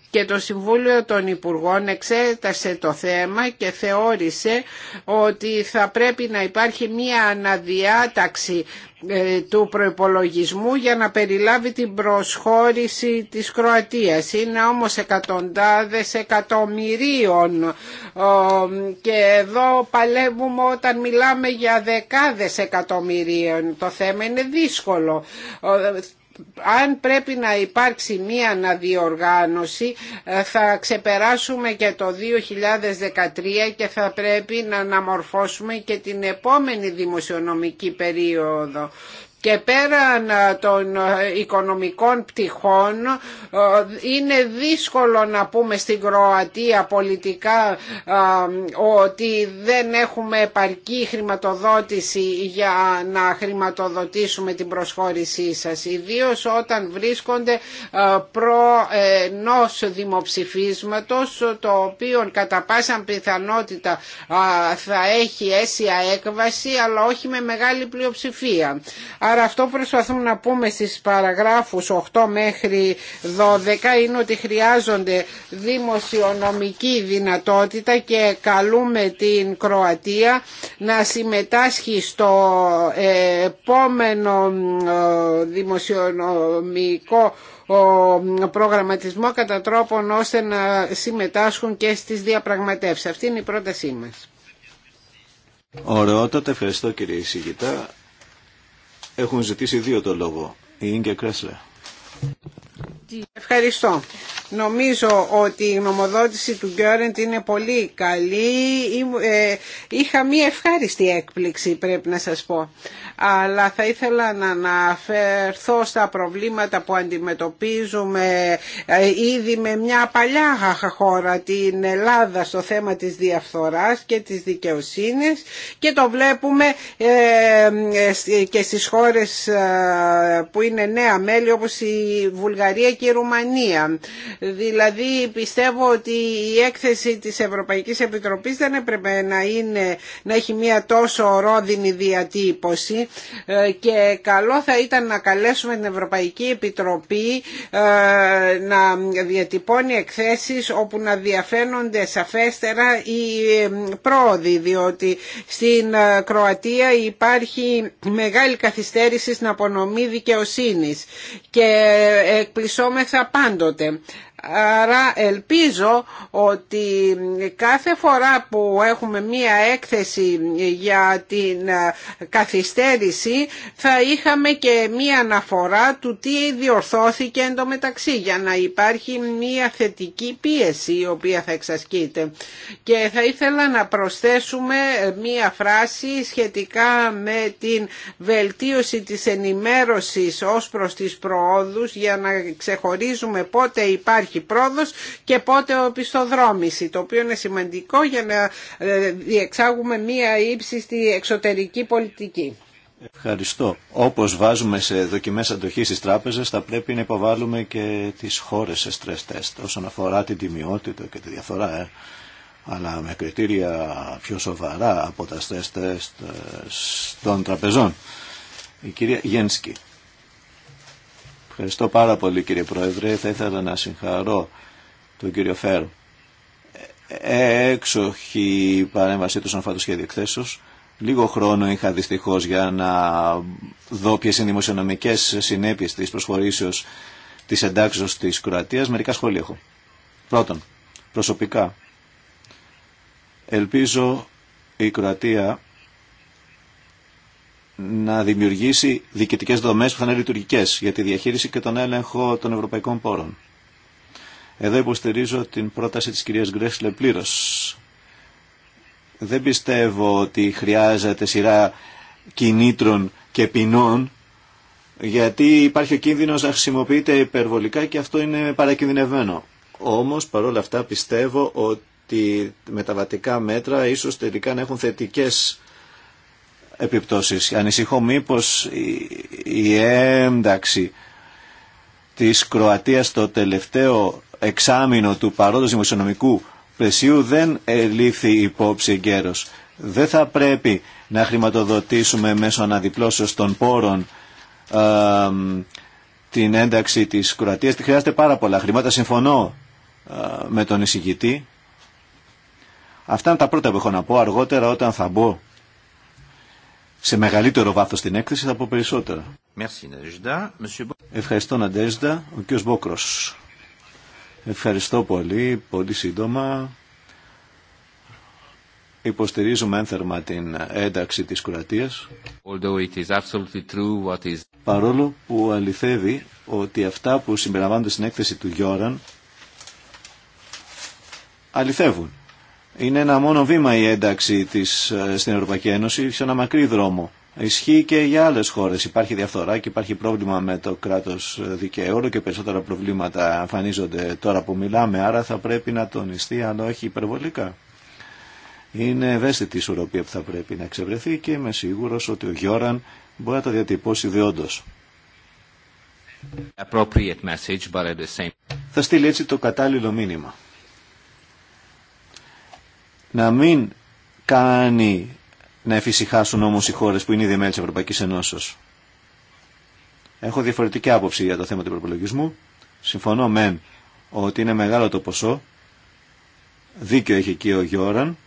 και το Συμβούλιο των Υπουργών εξέτασε το θέμα και θεώρησε ότι θα πρέπει να υπάρχει μία αναδιάταξη ε, του προϋπολογισμού για να περιλάβει την προσχώρηση της Κροατίας. Είναι όμως εκατοντάδες εκατομμυρίων και εδώ παλεύουμε όταν μιλάμε για δεκάδες εκατομμυρίων το θέμα είναι δύσκολο αν πρέπει να υπάρξει μία αναδιοργάνωση ε, θα ξεπεράσουμε και το 2013 και θα πρέπει να αναμορφώσουμε και την επόμενη δημοσιονομική περίοδο και πέραν ε, των ε, οικονομικών πτυχών ε, είναι δύσκολο να πούμε στην Κροατία πολιτικά ότι δεν έχουμε επαρκή χρηματοδότηση για να χρηματοδοτήσουμε την προσχώρησή σας ιδίως όταν βρίσκονται προ ενός δημοψηφίσματος το οποίο κατά πάσα πιθανότητα θα έχει αίσια έκβαση αλλά όχι με μεγάλη πλειοψηφία. Άρα αυτό που προσπαθούμε να πούμε στις παραγράφους 8 μέχρι 12 είναι ότι χρειάζονται δημοσιονομική δυνατότητα και καλούμε την Κροατία να συμμετάσχει στο ε, επόμενο ε, δημοσιονομικό προγραμματισμό κατά τρόπον ώστε να συμμετάσχουν και στις διαπραγματεύσεις. Αυτή είναι η πρότασή μας. τότε ευχαριστώ κύριε έχουν ζητήσει δύο το λόγο. Η Ίνγκε Κρέσλε. Ευχαριστώ. Νομίζω ότι η γνωμοδότηση του Γκέρεντ είναι πολύ καλή. Ε, είχα μία ευχάριστη έκπληξη πρέπει να σας πω. Αλλά θα ήθελα να αναφερθώ στα προβλήματα που αντιμετωπίζουμε ε, ήδη με μια παλιά χώρα την Ελλάδα στο θέμα της διαφθοράς και της δικαιοσύνης και το βλέπουμε ε, και στις χώρες που είναι νέα μέλη όπως η Βουλγαρία Ρουμανία. Δηλαδή πιστεύω ότι η έκθεση της Ευρωπαϊκής Επιτροπής δεν έπρεπε να, είναι, να έχει μια τόσο ρόδινη διατύπωση ε, και καλό θα ήταν να καλέσουμε την Ευρωπαϊκή Επιτροπή ε, να διατυπώνει εκθέσεις όπου να διαφαίνονται σαφέστερα οι ε, πρόοδοι διότι στην Κροατία υπάρχει μεγάλη καθυστέρηση στην απονομή δικαιοσύνης και εκπλησώ διαρωτώμεθα πάντοτε Άρα ελπίζω ότι κάθε φορά που έχουμε μία έκθεση για την ε, καθυστέρηση θα είχαμε και μία αναφορά του τι διορθώθηκε εντωμεταξύ για να υπάρχει μία θετική πίεση η οποία θα εξασκείται. Και θα ήθελα να προσθέσουμε μία φράση σχετικά με την βελτίωση της ενημέρωσης ως προς τις προόδους για να ξεχωρίζουμε πότε υπάρχει υπάρχει πρόοδος και πότε οπισθοδρόμηση, το οποίο είναι σημαντικό για να ε, διεξάγουμε μία ύψιστη εξωτερική πολιτική. Ευχαριστώ. Όπως βάζουμε σε δοκιμές αντοχής στις τράπεζες θα πρέπει να υποβάλουμε και τις χώρες σε stress test όσον αφορά την τιμιότητα και τη διαφορά. Ε. Αλλά με κριτήρια πιο σοβαρά από τα stress test ε, των τραπεζών. Η κυρία Γένσκι. Ευχαριστώ πάρα πολύ κύριε Πρόεδρε. Θα ήθελα να συγχαρώ τον κύριο Φέρο. Ε, έξοχη η παρέμβασή του σαν φατοσχέδιο Λίγο χρόνο είχα δυστυχώς για να δω ποιες είναι οι δημοσιονομικέ συνέπειε της προσχωρήσεω της εντάξεω τη Κροατία. Μερικά σχόλια έχω. Πρώτον, προσωπικά. Ελπίζω η Κροατία να δημιουργήσει διοικητικές δομές που θα είναι λειτουργικές για τη διαχείριση και τον έλεγχο των ευρωπαϊκών πόρων. Εδώ υποστηρίζω την πρόταση της κυρίας Γκρέσλε πλήρω. Δεν πιστεύω ότι χρειάζεται σειρά κινήτρων και ποινών γιατί υπάρχει ο κίνδυνος να χρησιμοποιείται υπερβολικά και αυτό είναι παρακινδυνευμένο. Όμως παρόλα αυτά πιστεύω ότι βατικά μέτρα ίσως τελικά να έχουν θετικές επιπτώσεις. Ανησυχώ μήπως η ένταξη της Κροατίας στο τελευταίο εξάμεινο του παρόντος δημοσιονομικού πλαισίου δεν λήφθη υπόψη εγκαίρως. Δεν θα πρέπει να χρηματοδοτήσουμε μέσω αναδιπλώσεως των πόρων την ένταξη της Κροατίας. Τη χρειάζεται πάρα πολλά χρήματα. Συμφωνώ ε, με τον εισηγητή. Αυτά είναι τα πρώτα που έχω να πω. Αργότερα όταν θα μπω σε μεγαλύτερο βάθος την έκθεση θα πω περισσότερα. Ευχαριστώ Ναντέζδα, ο κ. Μπόκρος. Ευχαριστώ πολύ, πολύ σύντομα. Υποστηρίζουμε ένθερμα την ένταξη της κουρατίας. Παρόλο που αληθεύει ότι αυτά που συμπεριλαμβάνονται στην έκθεση του Γιώραν αληθεύουν. Είναι ένα μόνο βήμα η ένταξη της, ε, στην Ευρωπαϊκή Ένωση σε ένα μακρύ δρόμο. Ισχύει και για άλλε χώρε. Υπάρχει διαφθορά και υπάρχει πρόβλημα με το κράτο ε, δικαίου. και περισσότερα προβλήματα εμφανίζονται τώρα που μιλάμε, άρα θα πρέπει να τονιστεί αν όχι υπερβολικά. Είναι ευαίσθητη η ισορροπία που θα πρέπει να εξευρεθεί και είμαι σίγουρο ότι ο Γιώραν μπορεί να το διατυπώσει διόντω. Θα στείλει έτσι το κατάλληλο μήνυμα να μην κάνει να εφησυχάσουν όμω οι χώρες που είναι ήδη μέλη τη Ευρωπαϊκή Ενώσεω. Έχω διαφορετική άποψη για το θέμα του προπολογισμού. Συμφωνώ μεν ότι είναι μεγάλο το ποσό. Δίκιο έχει εκεί ο Γιώραν.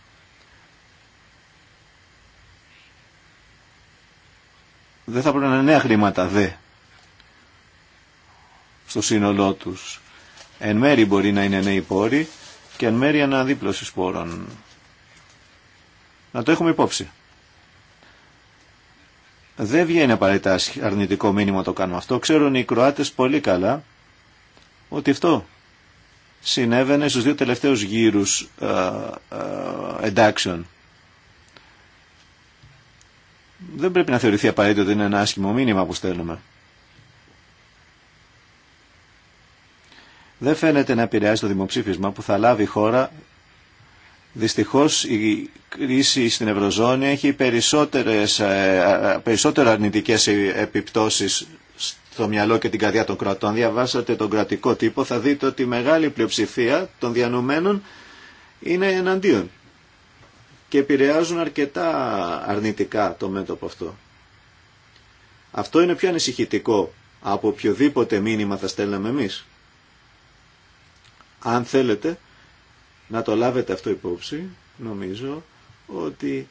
Δεν θα πρέπει να είναι νέα χρήματα δε στο σύνολό τους. Εν μέρη μπορεί να είναι νέοι πόροι και εν μέρη αναδίπλωση πόρων. Να το έχουμε υπόψη. Δεν βγαίνει απαραίτητα αρνητικό μήνυμα το κάνουμε αυτό. Ξέρουν οι Κροάτες πολύ καλά ότι αυτό συνέβαινε στους δύο τελευταίους γύρους α, ε, ε, εντάξεων. Δεν πρέπει να θεωρηθεί απαραίτητο ότι είναι ένα άσχημο μήνυμα που στέλνουμε. Δεν φαίνεται να επηρεάζει το δημοψήφισμα που θα λάβει η χώρα Δυστυχώς η κρίση στην Ευρωζώνη έχει περισσότερες, ε, αρνητικέ αρνητικές ε, επιπτώσεις στο μυαλό και την καρδιά των κρατών. Διαβάσατε τον κρατικό τύπο, θα δείτε ότι η μεγάλη πλειοψηφία των διανομένων είναι εναντίον και επηρεάζουν αρκετά αρνητικά το μέτωπο αυτό. Αυτό είναι πιο ανησυχητικό από οποιοδήποτε μήνυμα θα στέλναμε εμείς. Αν θέλετε, να το λάβετε αυτό υπόψη, νομίζω ότι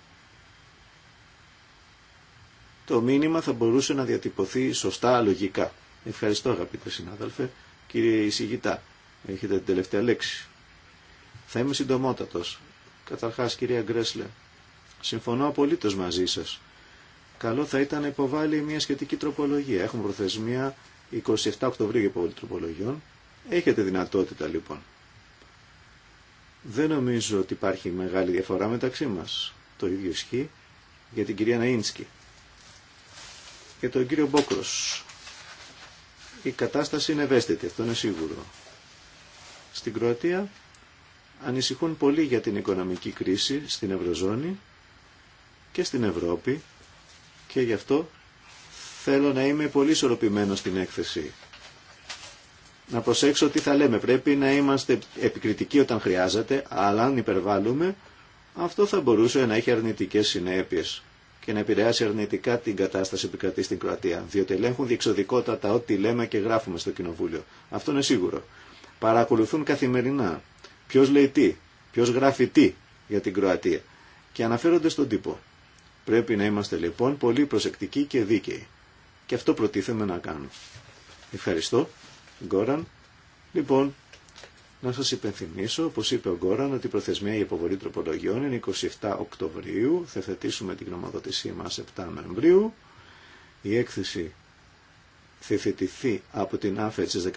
το μήνυμα θα μπορούσε να διατυπωθεί σωστά λογικά. Ευχαριστώ αγαπητέ συνάδελφε. Κύριε Ισηγητά, έχετε την τελευταία λέξη. Θα είμαι συντομότατος. Καταρχάς κυρία Γκρέσλε, συμφωνώ απολύτως μαζί σας. Καλό θα ήταν να υποβάλει μια σχετική τροπολογία. Έχουμε προθεσμία 27 Οκτωβρίου για υποβολή τροπολογιών. Έχετε δυνατότητα λοιπόν. Δεν νομίζω ότι υπάρχει μεγάλη διαφορά μεταξύ μας. Το ίδιο ισχύει για την κυρία Ναΐνσκι και τον κύριο Μπόκρος. Η κατάσταση είναι ευαίσθητη, αυτό είναι σίγουρο. Στην Κροατία ανησυχούν πολύ για την οικονομική κρίση στην Ευρωζώνη και στην Ευρώπη και γι' αυτό θέλω να είμαι πολύ ισορροπημένο στην έκθεση να προσέξω τι θα λέμε. Πρέπει να είμαστε επικριτικοί όταν χρειάζεται, αλλά αν υπερβάλλουμε, αυτό θα μπορούσε να έχει αρνητικές συνέπειες και να επηρεάσει αρνητικά την κατάσταση που στην Κροατία. Διότι ελέγχουν διεξοδικότατα ό,τι λέμε και γράφουμε στο Κοινοβούλιο. Αυτό είναι σίγουρο. Παρακολουθούν καθημερινά ποιο λέει τι, ποιο γράφει τι για την Κροατία και αναφέρονται στον τύπο. Πρέπει να είμαστε λοιπόν πολύ προσεκτικοί και δίκαιοι. Και αυτό προτίθεμαι να κάνω. Ευχαριστώ. Γκόραν. Λοιπόν, να σας υπενθυμίσω, όπως είπε ο Γκόραν, ότι η προθεσμία για υποβολή τροπολογιών είναι 27 Οκτωβρίου, θα θετήσουμε την γνωμοδοτησία μας 7 Νοεμβρίου. Η έκθεση θα θετηθεί από την ΑΦΕΤ στις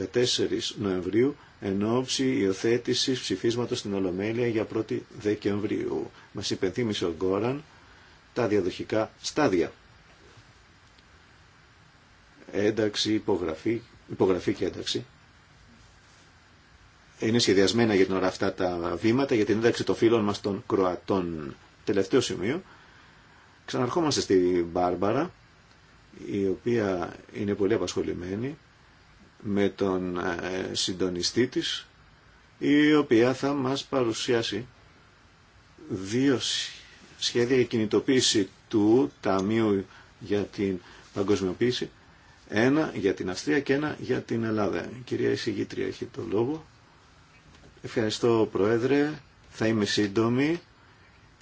14 Νοεμβρίου εν ώψη υιοθέτησης ψηφίσματος στην Ολομέλεια για 1η Δεκεμβρίου. Μας υπενθύμισε ο Γκόραν τα διαδοχικά στάδια. Ένταξη, υπογραφή υπογραφή και ένταξη. Είναι σχεδιασμένα για την ώρα αυτά τα βήματα για την ένταξη των φίλων μας των Κροατών. Τελευταίο σημείο. Ξαναρχόμαστε στη Μπάρμπαρα, η οποία είναι πολύ απασχολημένη με τον ε, συντονιστή της, η οποία θα μας παρουσιάσει δύο σχέδια για κινητοποίηση του Ταμείου για την Παγκοσμιοποίηση ένα για την Αυστρία και ένα για την Ελλάδα. Κυρία Εισηγήτρια, έχει το λόγο. Ευχαριστώ, Πρόεδρε. Θα είμαι σύντομη.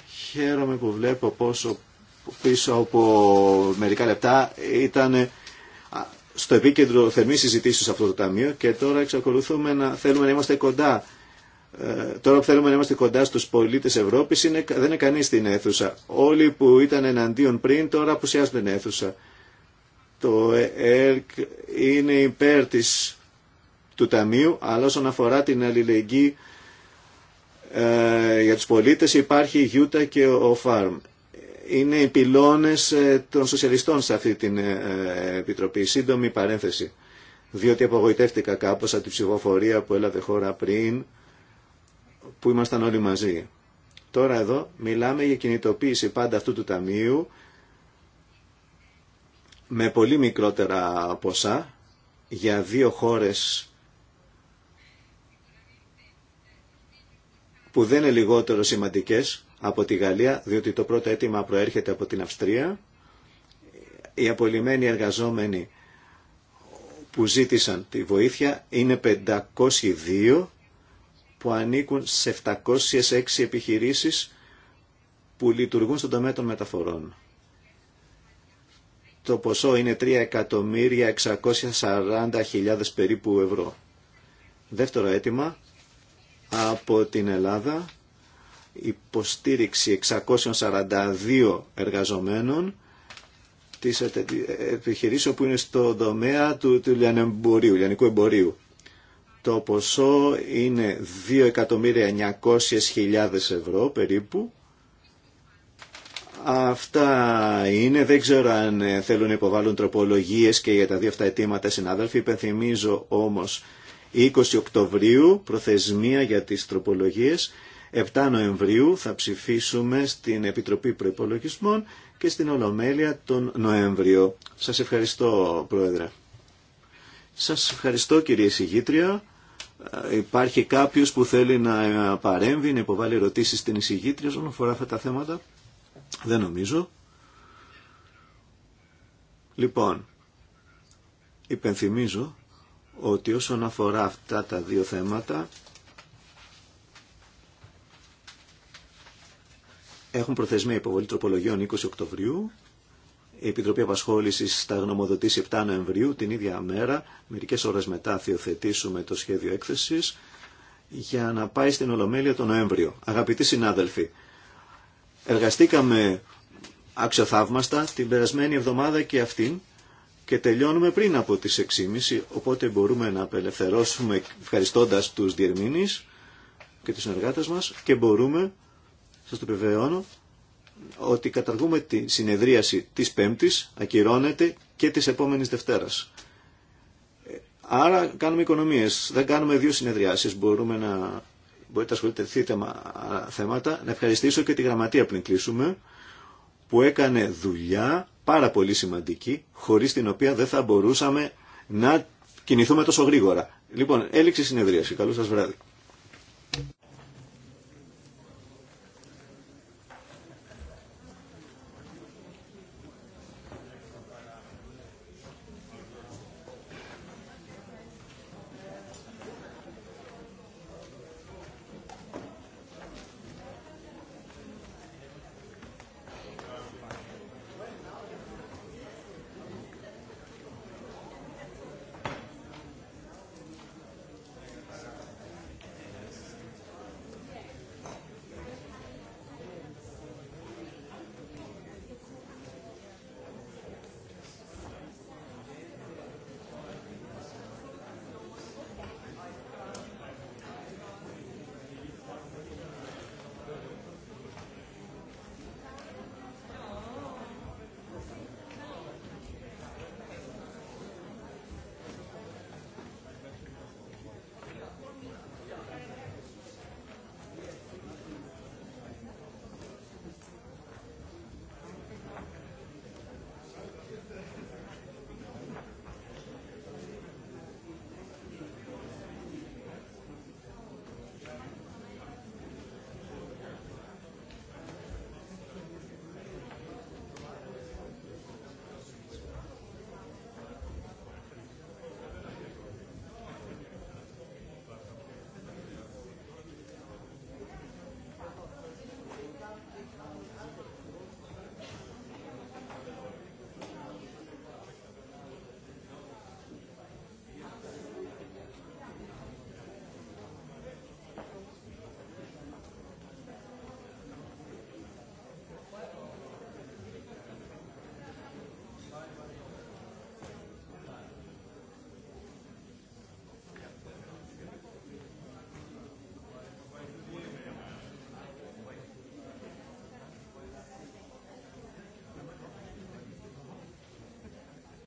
Χαίρομαι που βλέπω πόσο πίσω από μερικά λεπτά ήταν στο επίκεντρο θερμή σε αυτό το ταμείο και τώρα εξακολουθούμε να θέλουμε να είμαστε κοντά. Ε, τώρα που θέλουμε να είμαστε κοντά στους πολίτες Ευρώπης είναι, δεν είναι κανείς στην αίθουσα. Όλοι που ήταν εναντίον πριν τώρα απουσιάζουν την αίθουσα. Το ΕΡΚ είναι υπέρ της, του Ταμείου, αλλά όσον αφορά την αλληλεγγύη ε, για τους πολίτες υπάρχει η Γιούτα και ο Φάρμ. Είναι οι πυλώνες ε, των σοσιαλιστών σε αυτή την ε, επιτροπή. Σύντομη παρένθεση, διότι απογοητεύτηκα κάπως από την ψηφοφορία που έλαβε χώρα πριν, που ήμασταν όλοι μαζί. Τώρα εδώ μιλάμε για κινητοποίηση πάντα αυτού του ταμείου με πολύ μικρότερα ποσά για δύο χώρες που δεν είναι λιγότερο σημαντικές από τη Γαλλία, διότι το πρώτο αίτημα προέρχεται από την Αυστρία. Οι απολυμμένοι εργαζόμενοι που ζήτησαν τη βοήθεια είναι 502 που ανήκουν σε 706 επιχειρήσεις που λειτουργούν στον τομέα των μεταφορών. Το ποσό είναι 3.640.000 περίπου ευρώ. Δεύτερο αίτημα από την Ελλάδα υποστήριξη 642 εργαζομένων της επιχειρήσεων που είναι στο τομέα του, του λιανικού εμπορίου. Το ποσό είναι 2.900.000 ευρώ περίπου Αυτά είναι, δεν ξέρω αν ε, θέλουν να υποβάλουν τροπολογίες και για τα δύο αυτά αιτήματα συνάδελφοι. Υπενθυμίζω όμως 20 Οκτωβρίου προθεσμία για τις τροπολογίες. 7 Νοεμβρίου θα ψηφίσουμε στην Επιτροπή Προϋπολογισμών και στην Ολομέλεια τον Νοέμβριο. Σας ευχαριστώ Πρόεδρε. Σας ευχαριστώ κύριε Συγήτρια. Ε, υπάρχει κάποιος που θέλει να παρέμβει, να υποβάλει ερωτήσεις στην εισηγήτρια όσον αφορά αυτά τα θέματα. Δεν νομίζω. Λοιπόν, υπενθυμίζω ότι όσον αφορά αυτά τα δύο θέματα έχουν προθεσμία υποβολή τροπολογιών 20 Οκτωβριού η Επιτροπή Απασχόληση θα γνωμοδοτήσει 7 Νοεμβρίου την ίδια μέρα, μερικέ ώρε μετά θα υιοθετήσουμε το σχέδιο έκθεση για να πάει στην Ολομέλεια τον Νοέμβριο. Αγαπητοί συνάδελφοι, Εργαστήκαμε αξιοθαύμαστα την περασμένη εβδομάδα και αυτήν και τελειώνουμε πριν από τις 6.30, οπότε μπορούμε να απελευθερώσουμε ευχαριστώντας τους διερμήνεις και τους συνεργάτες μας και μπορούμε, σας το επιβεβαιώνω, ότι καταργούμε τη συνεδρίαση της Πέμπτης, ακυρώνεται και της επόμενης Δευτέρας. Ε, άρα κάνουμε οικονομίες, δεν κάνουμε δύο συνεδριάσεις, μπορούμε να μπορείτε να ασχοληθείτε με θέματα. Να ευχαριστήσω και τη γραμματεία πριν κλείσουμε, που έκανε δουλειά πάρα πολύ σημαντική, χωρίς την οποία δεν θα μπορούσαμε να κινηθούμε τόσο γρήγορα. Λοιπόν, έληξη συνεδρίαση. Καλό σας βράδυ.